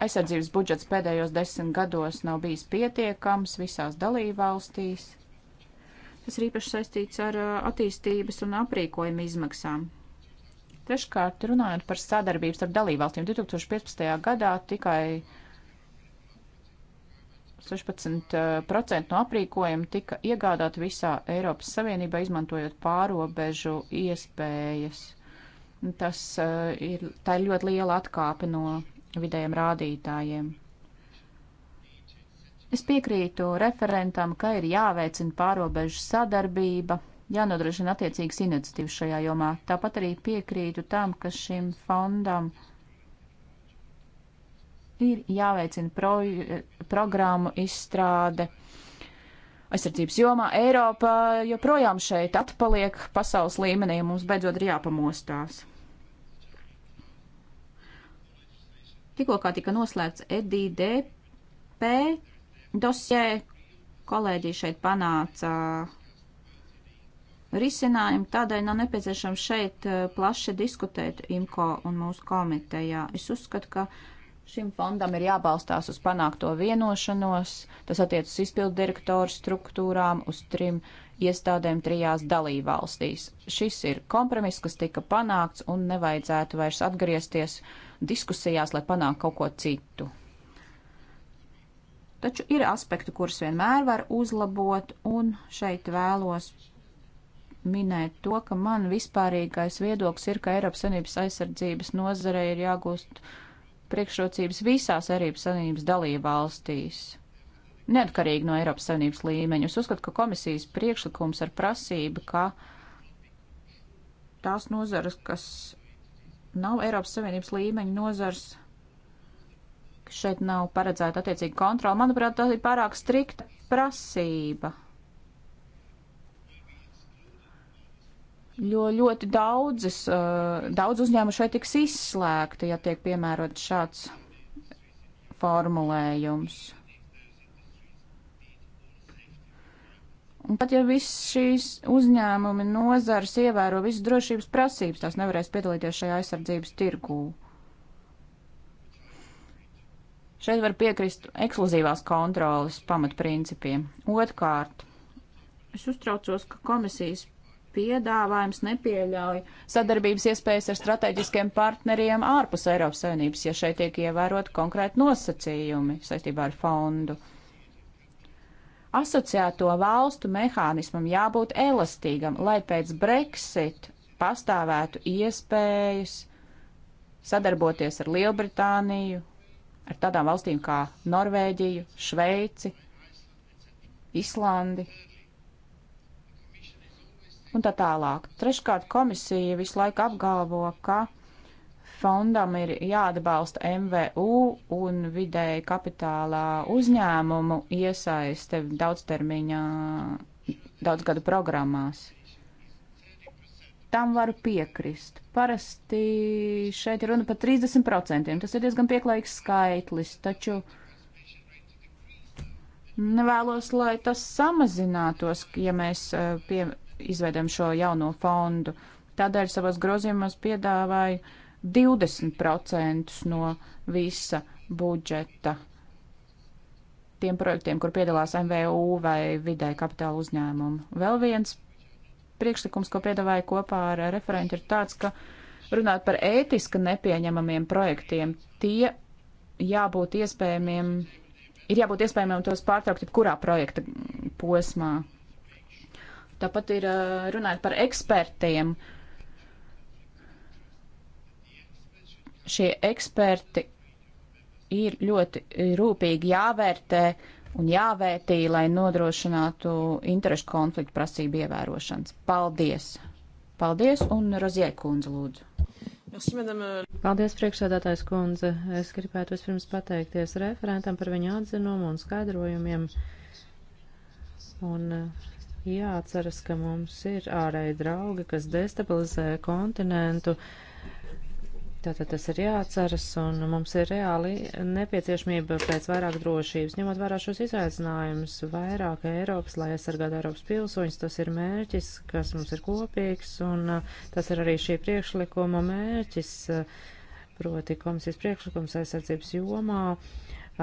aizsardzības budžets pēdējos desmit gados nav bijis pietiekams visās dalībvalstīs. Tas ir īpaši saistīts ar attīstības un aprīkojuma izmaksām. Treškārt, runājot par sadarbību starp dalībvalstīm, 2015. gadā tikai 16% no aprīkojuma tika iegādāti visā Eiropas Savienībā, izmantojot pārobežu iespējas. Tas ir, tā ir ļoti liela atkāpe no vidējiem rādītājiem. Es piekrītu referentam, ka ir jāveicina pārobežu sadarbība, jānodrošina attiecīgas iniciatīvas šajā jomā. Tāpat arī piekrītu tam, ka šim fondam ir jāveicina pro, programmu izstrāde aizsardzības jomā. Eiropa joprojām šeit atpaliek pasaules līmenī, mums beidzot ir jāpamostās. Tikko kā tika noslēgts EDDP dosjē. Kolēģi šeit panāca risinājumu, tādēļ nav nepieciešams šeit eh, plaši diskutēt IMCO un mūsu komitejā. Es uzskatu, ka šim fondam ir jābalstās uz panākto vienošanos, tas attiec uz izpildu direktoru struktūrām, uz trim iestādēm trijās dalībvalstīs. Šis ir kompromiss, kas tika panākts un nevajadzētu vairs atgriezties diskusijās, lai panāktu kaut ko citu. Taču ir aspekti, kurus vienmēr var uzlabot, un šeit vēlos minēt to, ka man vispārīgais viedoklis ir, ka Eiropas Sanības aizsardzības nozarei ir jāgūst priekšrocības visās Eiropas Sanības dalībvalstīs. Neatkarīgi no Eiropas Savienības līmeņa, es uzskatu, ka komisijas priekšlikums ar prasību, ka tās nozares, kas nav Eiropas Savienības līmeņa nozars, šeit nav paredzēta attiecīga kontrola. Manuprāt, tas ir pārāk strikta prasība. Jo ļoti daudzas, eh, daudz uzņēmu šeit tiks izslēgti, ja tiek piemērot šāds formulējums. Un pat ja viss šīs uzņēmumi nozars ievēro visas drošības prasības, tās nevarēs piedalīties šajā aizsardzības tirgū. Uh, Šeit var piekrist ekskluzīvās kontrolas pamatprincipiem. Otkārt, es uztraucos, ka komisijas piedāvājums nepieļauj sadarbības iespējas ar strateģiskiem partneriem ārpus Eiropas Savienības, ja šeit tiek ievērot konkrēti nosacījumi saistībā ar fondu. Asociēto valstu mehānismam jābūt elastīgam, lai pēc Brexit pastāvētu iespējas sadarboties ar Lielbritāniju, ar tādām valstīm kā Norvēģiju, Šveici, Islandi un tā tālāk. Treškārt komisija visu laiku apgalvo, ka fondam ir jāatbalsta MVU un vidēji kapitālā uzņēmumu iesaiste daudztermiņā, daudzgadu programmās. Tam varu piekrist. Parasti šeit ir runa par 30%. Tas ir diezgan pieklājīgs skaitlis, taču nevēlos, lai tas samazinātos, ja mēs pie, izveidam šo jauno fondu. Tādēļ savos grozījumos piedāvāju 20% no visa budžeta tiem projektiem, kur piedalās MVU vai vidēji kapitāla uzņēmumu. Vēl viens priekšlikums, ko piedāvāja kopā ar referentu, ir tāds, ka runāt par ētiski nepieņemamiem projektiem, tie jābūt iespējamiem, ir jābūt iespējamiem tos pārtraukt jebkurā projekta posmā. Tāpat ir runājot par ekspertiem. Šie eksperti ir ļoti rūpīgi jāvērtē, uh, un jāvērtī, lai nodrošinātu interešu konfliktu prasību ievērošanas. Paldies! Paldies un Rozie kundze lūdzu! Paldies, priekšsēdētājs kundze. Es gribētu vispirms pateikties referentam par viņa atzinumu un skaidrojumiem. Un eh, jāatceras, ka mums ir ārēji draugi, kas destabilizē kontinentu, Tātad tas ir jāatceras, un mums ir reāli nepieciešamība pēc vairāk drošības. Ņemot vērā šos izaicinājumus, vairāk Eiropas, lai aizsargātu Eiropas pilsoņus, tas ir mērķis, kas mums ir kopīgs, un uh, tas ir arī šī priekšlikuma mērķis, uh, proti komisijas priekšlikums aizsardzības jomā,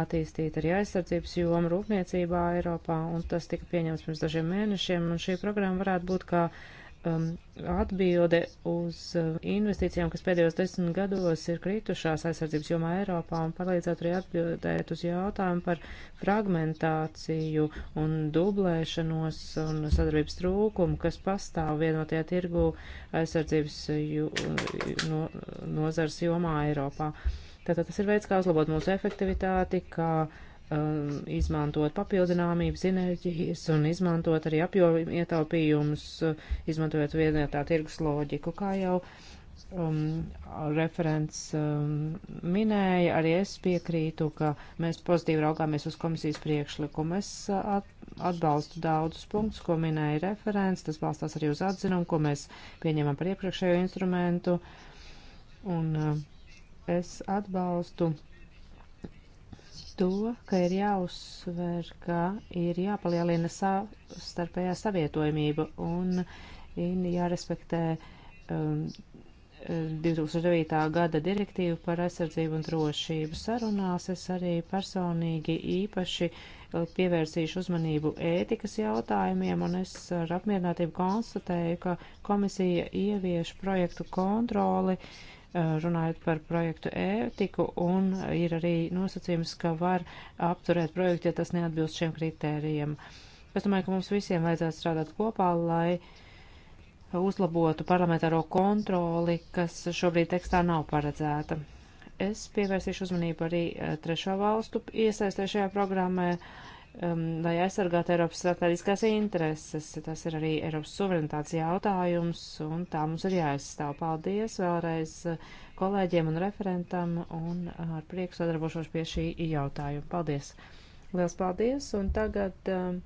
attīstīt arī aizsardzības jomu rūpniecībā Eiropā, un tas tika pieņemts pirms dažiem mēnešiem, un šī programma varētu būt kā. Ka um, atbilde uz uh, investīcijām, kas pēdējos desmit gados ir kritušās aizsardzības jomā Eiropā un palīdzētu arī atbildēt uz jautājumu par fragmentāciju un dublēšanos un sadarbības trūkumu, kas pastāv vienotajā tirgu aizsardzības jū, no, nozars jomā Eiropā. Tātad tas ir veids, kā uzlabot mūsu efektivitāti, kā uh, um, izmantot papildināmības enerģijas un izmantot arī apjomu ietaupījumus, uh, izmantojot vienotā tirgus loģiku, kā jau um, referents um, minēja, arī es piekrītu, ka mēs pozitīvi raugāmies uz komisijas priekšlikumu. Es uh, at, atbalstu daudzus punktus, ko minēja referents, tas balstās arī uz atzinumu, ko mēs pieņemam par iepriekšējo instrumentu. Un uh, es atbalstu to, ka ir jāuzsver, ka ir jāpalielina savstarpējā savietojamība un ir jārespektē um, 2009. gada direktīva par aizsardzību un drošību. Sarunās es arī personīgi īpaši uh, pievērsīšu uzmanību ētikas jautājumiem, un es ar apmierinātību konstatēju, ka komisija ievieš projektu kontroli uh, Eh, runājot par projektu ētiku, un ir arī nosacījums, ka var apturēt projektu, ja tas neatbilst šiem kritērijiem. Es domāju, ka mums visiem vajadzētu strādāt kopā, lai uzlabotu parlamentāro kontroli, kas šobrīd tekstā nav paredzēta. Es pievērsīšu uzmanību arī eh, trešo valstu iesaistē šajā programmā. Uh, um, lai aizsargātu Eiropas strateģiskās intereses. Tas ir arī Eiropas suverenitātes jautājums, un tā mums ir jāaizstāv. Paldies vēlreiz uh, kolēģiem un referentam, un uh, ar prieku sadarbošos pie šī jautājuma. Paldies! Liels paldies, un tagad um,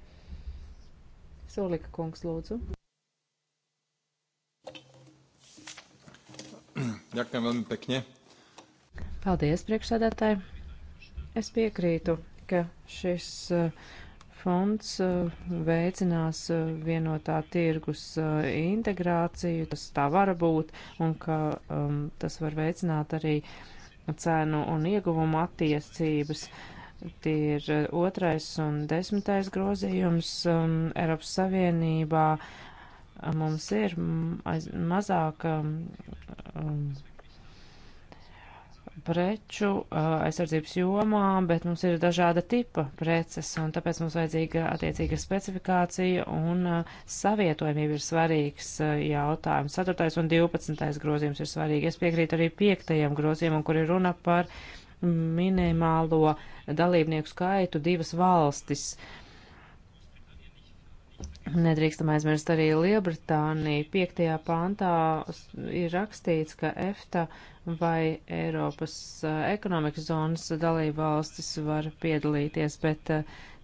Solika kungs lūdzu. Ďakujem veľmi pekne. Paldies, priekšsēdētāji. Es piekrītu ka šis eh, fonds eh, veicinās eh, vienotā tirgus integrāciju, tas tā var būt, un ka um, tas var veicināt arī cenu un ieguvumu attiecības. Tie ir otrais un desmitais grozījums um, Eiropas Savienībā. Mums ir aiz, mazāk um, um preču aizsardzības jomā, bet mums ir dažāda tipa preces, un tāpēc mums vajadzīga attiecīga specifikācija un savietojamība ir svarīgs jautājums. 4. un 12. grozījums ir svarīgi. Es piekrītu arī 5. grozījumam, kur ir runa par minimālo dalībnieku skaitu divas valstis. Uh, Nedrīkstam aizmirst arī Lielbritāniju. Piektajā pantā ir rakstīts, ka EFTA vai Eiropas ekonomikas zonas dalībvalstis var piedalīties, bet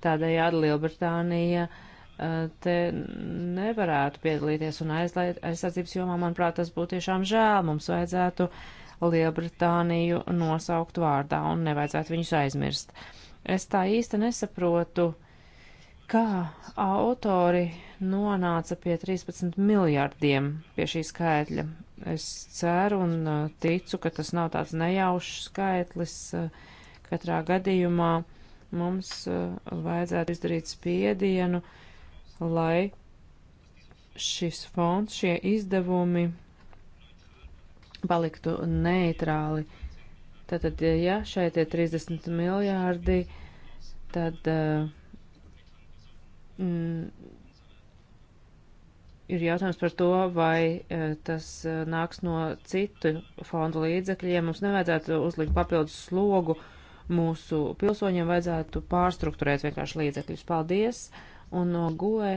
tādējādi Lielbritānija te nevarētu piedalīties un aizsardzības jomā, manuprāt, tas būtu tiešām žēl. Mums vajadzētu Lielbritāniju nosaukt vārdā un nevajadzētu viņus aizmirst. Es tā īsti nesaprotu kā autori nonāca pie 13 miljardiem pie šī skaitļa. Es ceru un uh, ticu, ka tas nav tāds nejaušs skaitlis. Uh, katrā gadījumā mums uh, vajadzētu izdarīt spiedienu, lai šis fonds, šie izdevumi paliktu neitrāli. Tātad, ja šeit ir 30 miljārdi, tad uh, mm, ir jautājums par to, vai e, tas e, nāks no citu fondu līdzekļiem. Mums nevajadzētu uzlikt papildus slogu mūsu pilsoņiem, vajadzētu pārstruktūrēt vienkārši līdzekļus. Paldies! Un no goe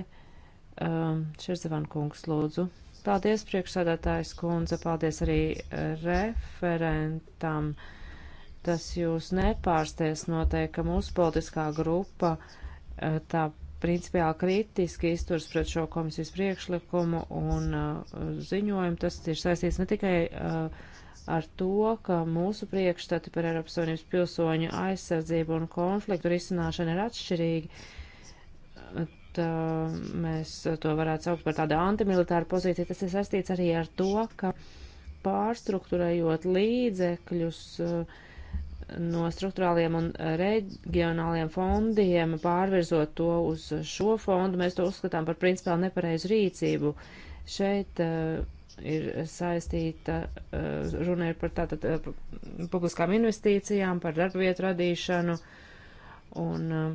Širzevan kungs lūdzu. Paldies, priekšsādātājs kundze, paldies arī referentam. Tas jūs nepārsteidz noteikti, ka mūsu politiskā grupa e, tā principiāli kritiski izturs pret šo komisijas priekšlikumu un uh, ziņojumu. Tas ir saistīts ne tikai uh, ar to, ka mūsu priekšstati par Eiropas Savienības pilsoņu aizsardzību un konfliktu risināšanu ir atšķirīgi. Tā, uh, mēs to varētu saukt par tādu antimilitāru pozīciju. Tas ir saistīts arī ar to, ka pārstruktūrējot līdzekļus. Uh, no struktūrāliem un reģionāliem fondiem, pārvirzot to uz šo fondu, mēs to uzskatām par principāli nepareizu rīcību. Šeit uh, ir saistīta, uh, runa ir par tātad uh, publiskām investīcijām, par darbvietu radīšanu, un uh,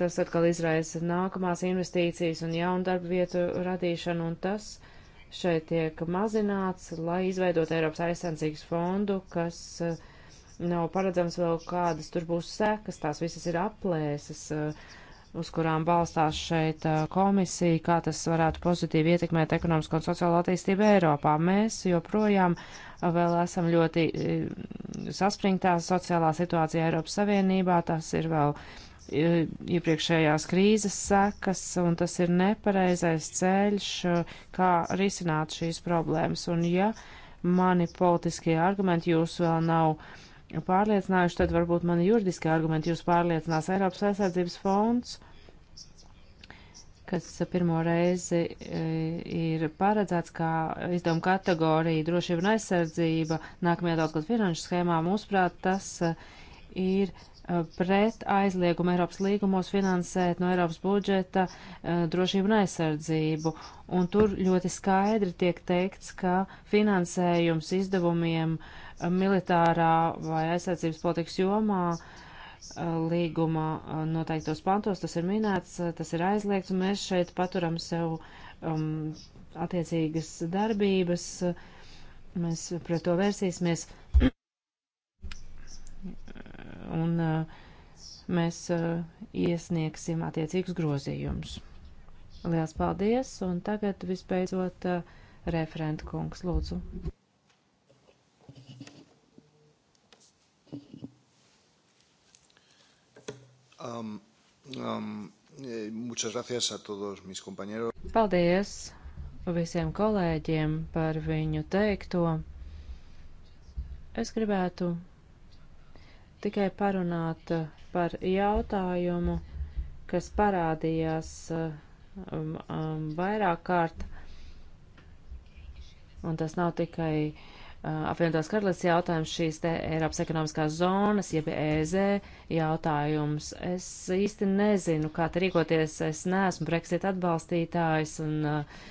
tas atkal izraisa nākamās investīcijas un jaunu darbvietu radīšanu, un tas uh, šeit tiek mazināts, lai izveidot Eiropas aizsardzības fondu, kas uh, nav paredzams vēl kādas tur būs sekas, tās visas ir aplēses, eh, uz kurām balstās šeit eh, komisija, kā tas varētu pozitīvi ietekmēt ekonomisko un sociālo attīstību Eiropā. Mēs joprojām eh, vēl esam ļoti saspringtā sociālā situācijā Eiropas Savienībā, tas ir vēl iepriekšējās krīzes sekas, un tas ir nepareizais ceļš, kā risināt šīs problēmas. Un ja mani politiskie argumenti jūs vēl nav uh, pārliecinājuši, tad varbūt mani juridiski argumenti jūs pārliecinās Eiropas aizsardzības fonds, kas pirmo reizi e, ir paredzēts kā izdevuma kategorija drošība un aizsardzība nākamajā daudzgad finanšu schēmā. Mūsuprāt, tas e, ir e, pret aizliegumu Eiropas līgumos finansēt no Eiropas budžeta drošību un aizsardzību. Un tur ļoti skaidri tiek teikts, ka finansējums izdevumiem uh, militārā vai aizsardzības politikas jomā eh, līguma eh, noteiktos pantos, tas ir minēts, eh, tas ir aizliegts, un mēs šeit paturam sev um, attiecīgas darbības, mēs pret to vērsīsimies. Un uh, mēs uh, iesniegsim attiecīgus grozījumus. Lielas paldies, un tagad vispēcot uh, referenta kungs, lūdzu. Um, um, muchas gracias a todos mis compañeros. Paldies visiem kolēģiem par viņu teikto. Es gribētu tikai parunāt eh, par jautājumu, kas parādījās um, um, vairāk kārt, un tas nav tikai uh, Eh, apvienotās karalists jautājums, šīs te Eiropas ekonomiskās zonas, jeb EZ jautājums. Es īsti nezinu, kā te rīkoties, es neesmu Brexit atbalstītājs un eh,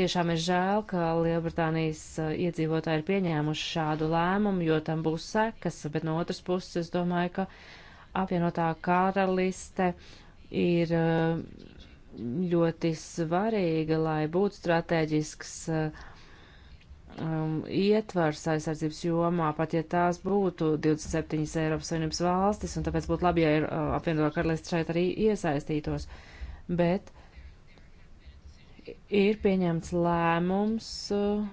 tiešām ir žēl, ka Lielbritānijas eh, iedzīvotāji ir pieņēmuši šādu lēmumu, jo tam būs sekas, bet no otras puses es domāju, ka apvienotā karaliste ir ļoti svarīga, lai būtu strateģisks uh, um, ietvars aizsardzības jomā, pat ja tās būtu 27 Eiropas Savienības valstis, un tāpēc būtu labi, ja ir uh, apvienotā karalists šeit arī iesaistītos. Bet ir pieņemts lēmums, uh,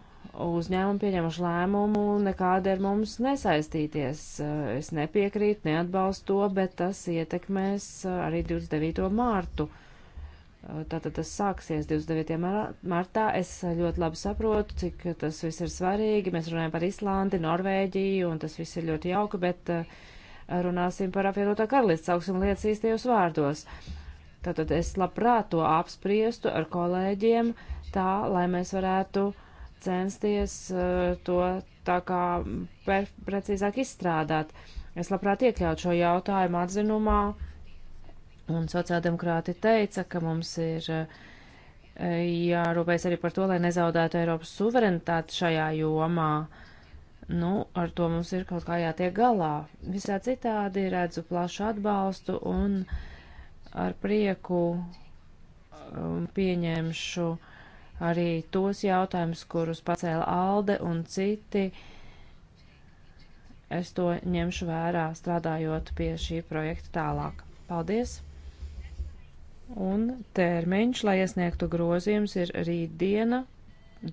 uzņēmumi pieņemuši lēmumu nekādi ar mums nesaistīties. Uh, es nepiekrītu, neatbalstu to, bet tas ietekmēs uh, arī 29. mārtu. Uh, Tātad tas sāksies 29. martā. Es eh, ļoti labi saprotu, cik eh, tas viss ir svarīgi. Mēs runājam par Islandi, Norvēģiju, un tas viss ir ļoti jauka, bet eh, runāsim par apvienotā karalists augstumu lietas īstajos vārdos. Tātad es labprāt to apspriestu ar kolēģiem tā, lai mēs varētu censties to tā kā precīzāk izstrādāt. Es labprāt iekļautu šo jautājumu atzinumā Un sociāldemokrāti teica, ka mums ir eh, jārūpējas arī par to, lai nezaudētu Eiropas suverenitāti šajā jomā. Nu, ar to mums ir kaut kā jātiek galā. Visā citādi redzu plašu atbalstu un ar prieku um, pieņemšu arī tos jautājumus, kurus pacēla Alde un citi. Es to ņemšu vērā, strādājot pie šī projekta tālāk. Paldies! Un termiņš, lai iesniegtu grozījums, ir rītdiena,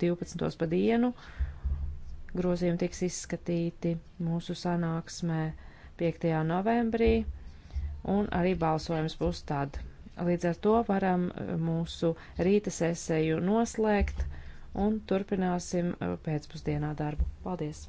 12. pa dienu. Grozījumi tiks izskatīti mūsu sanāksmē 5. novembrī, un arī balsojums būs tad. Līdz ar to varam eh, mūsu rīta sesēju noslēgt un turpināsim eh, pēcpusdienā darbu. Paldies!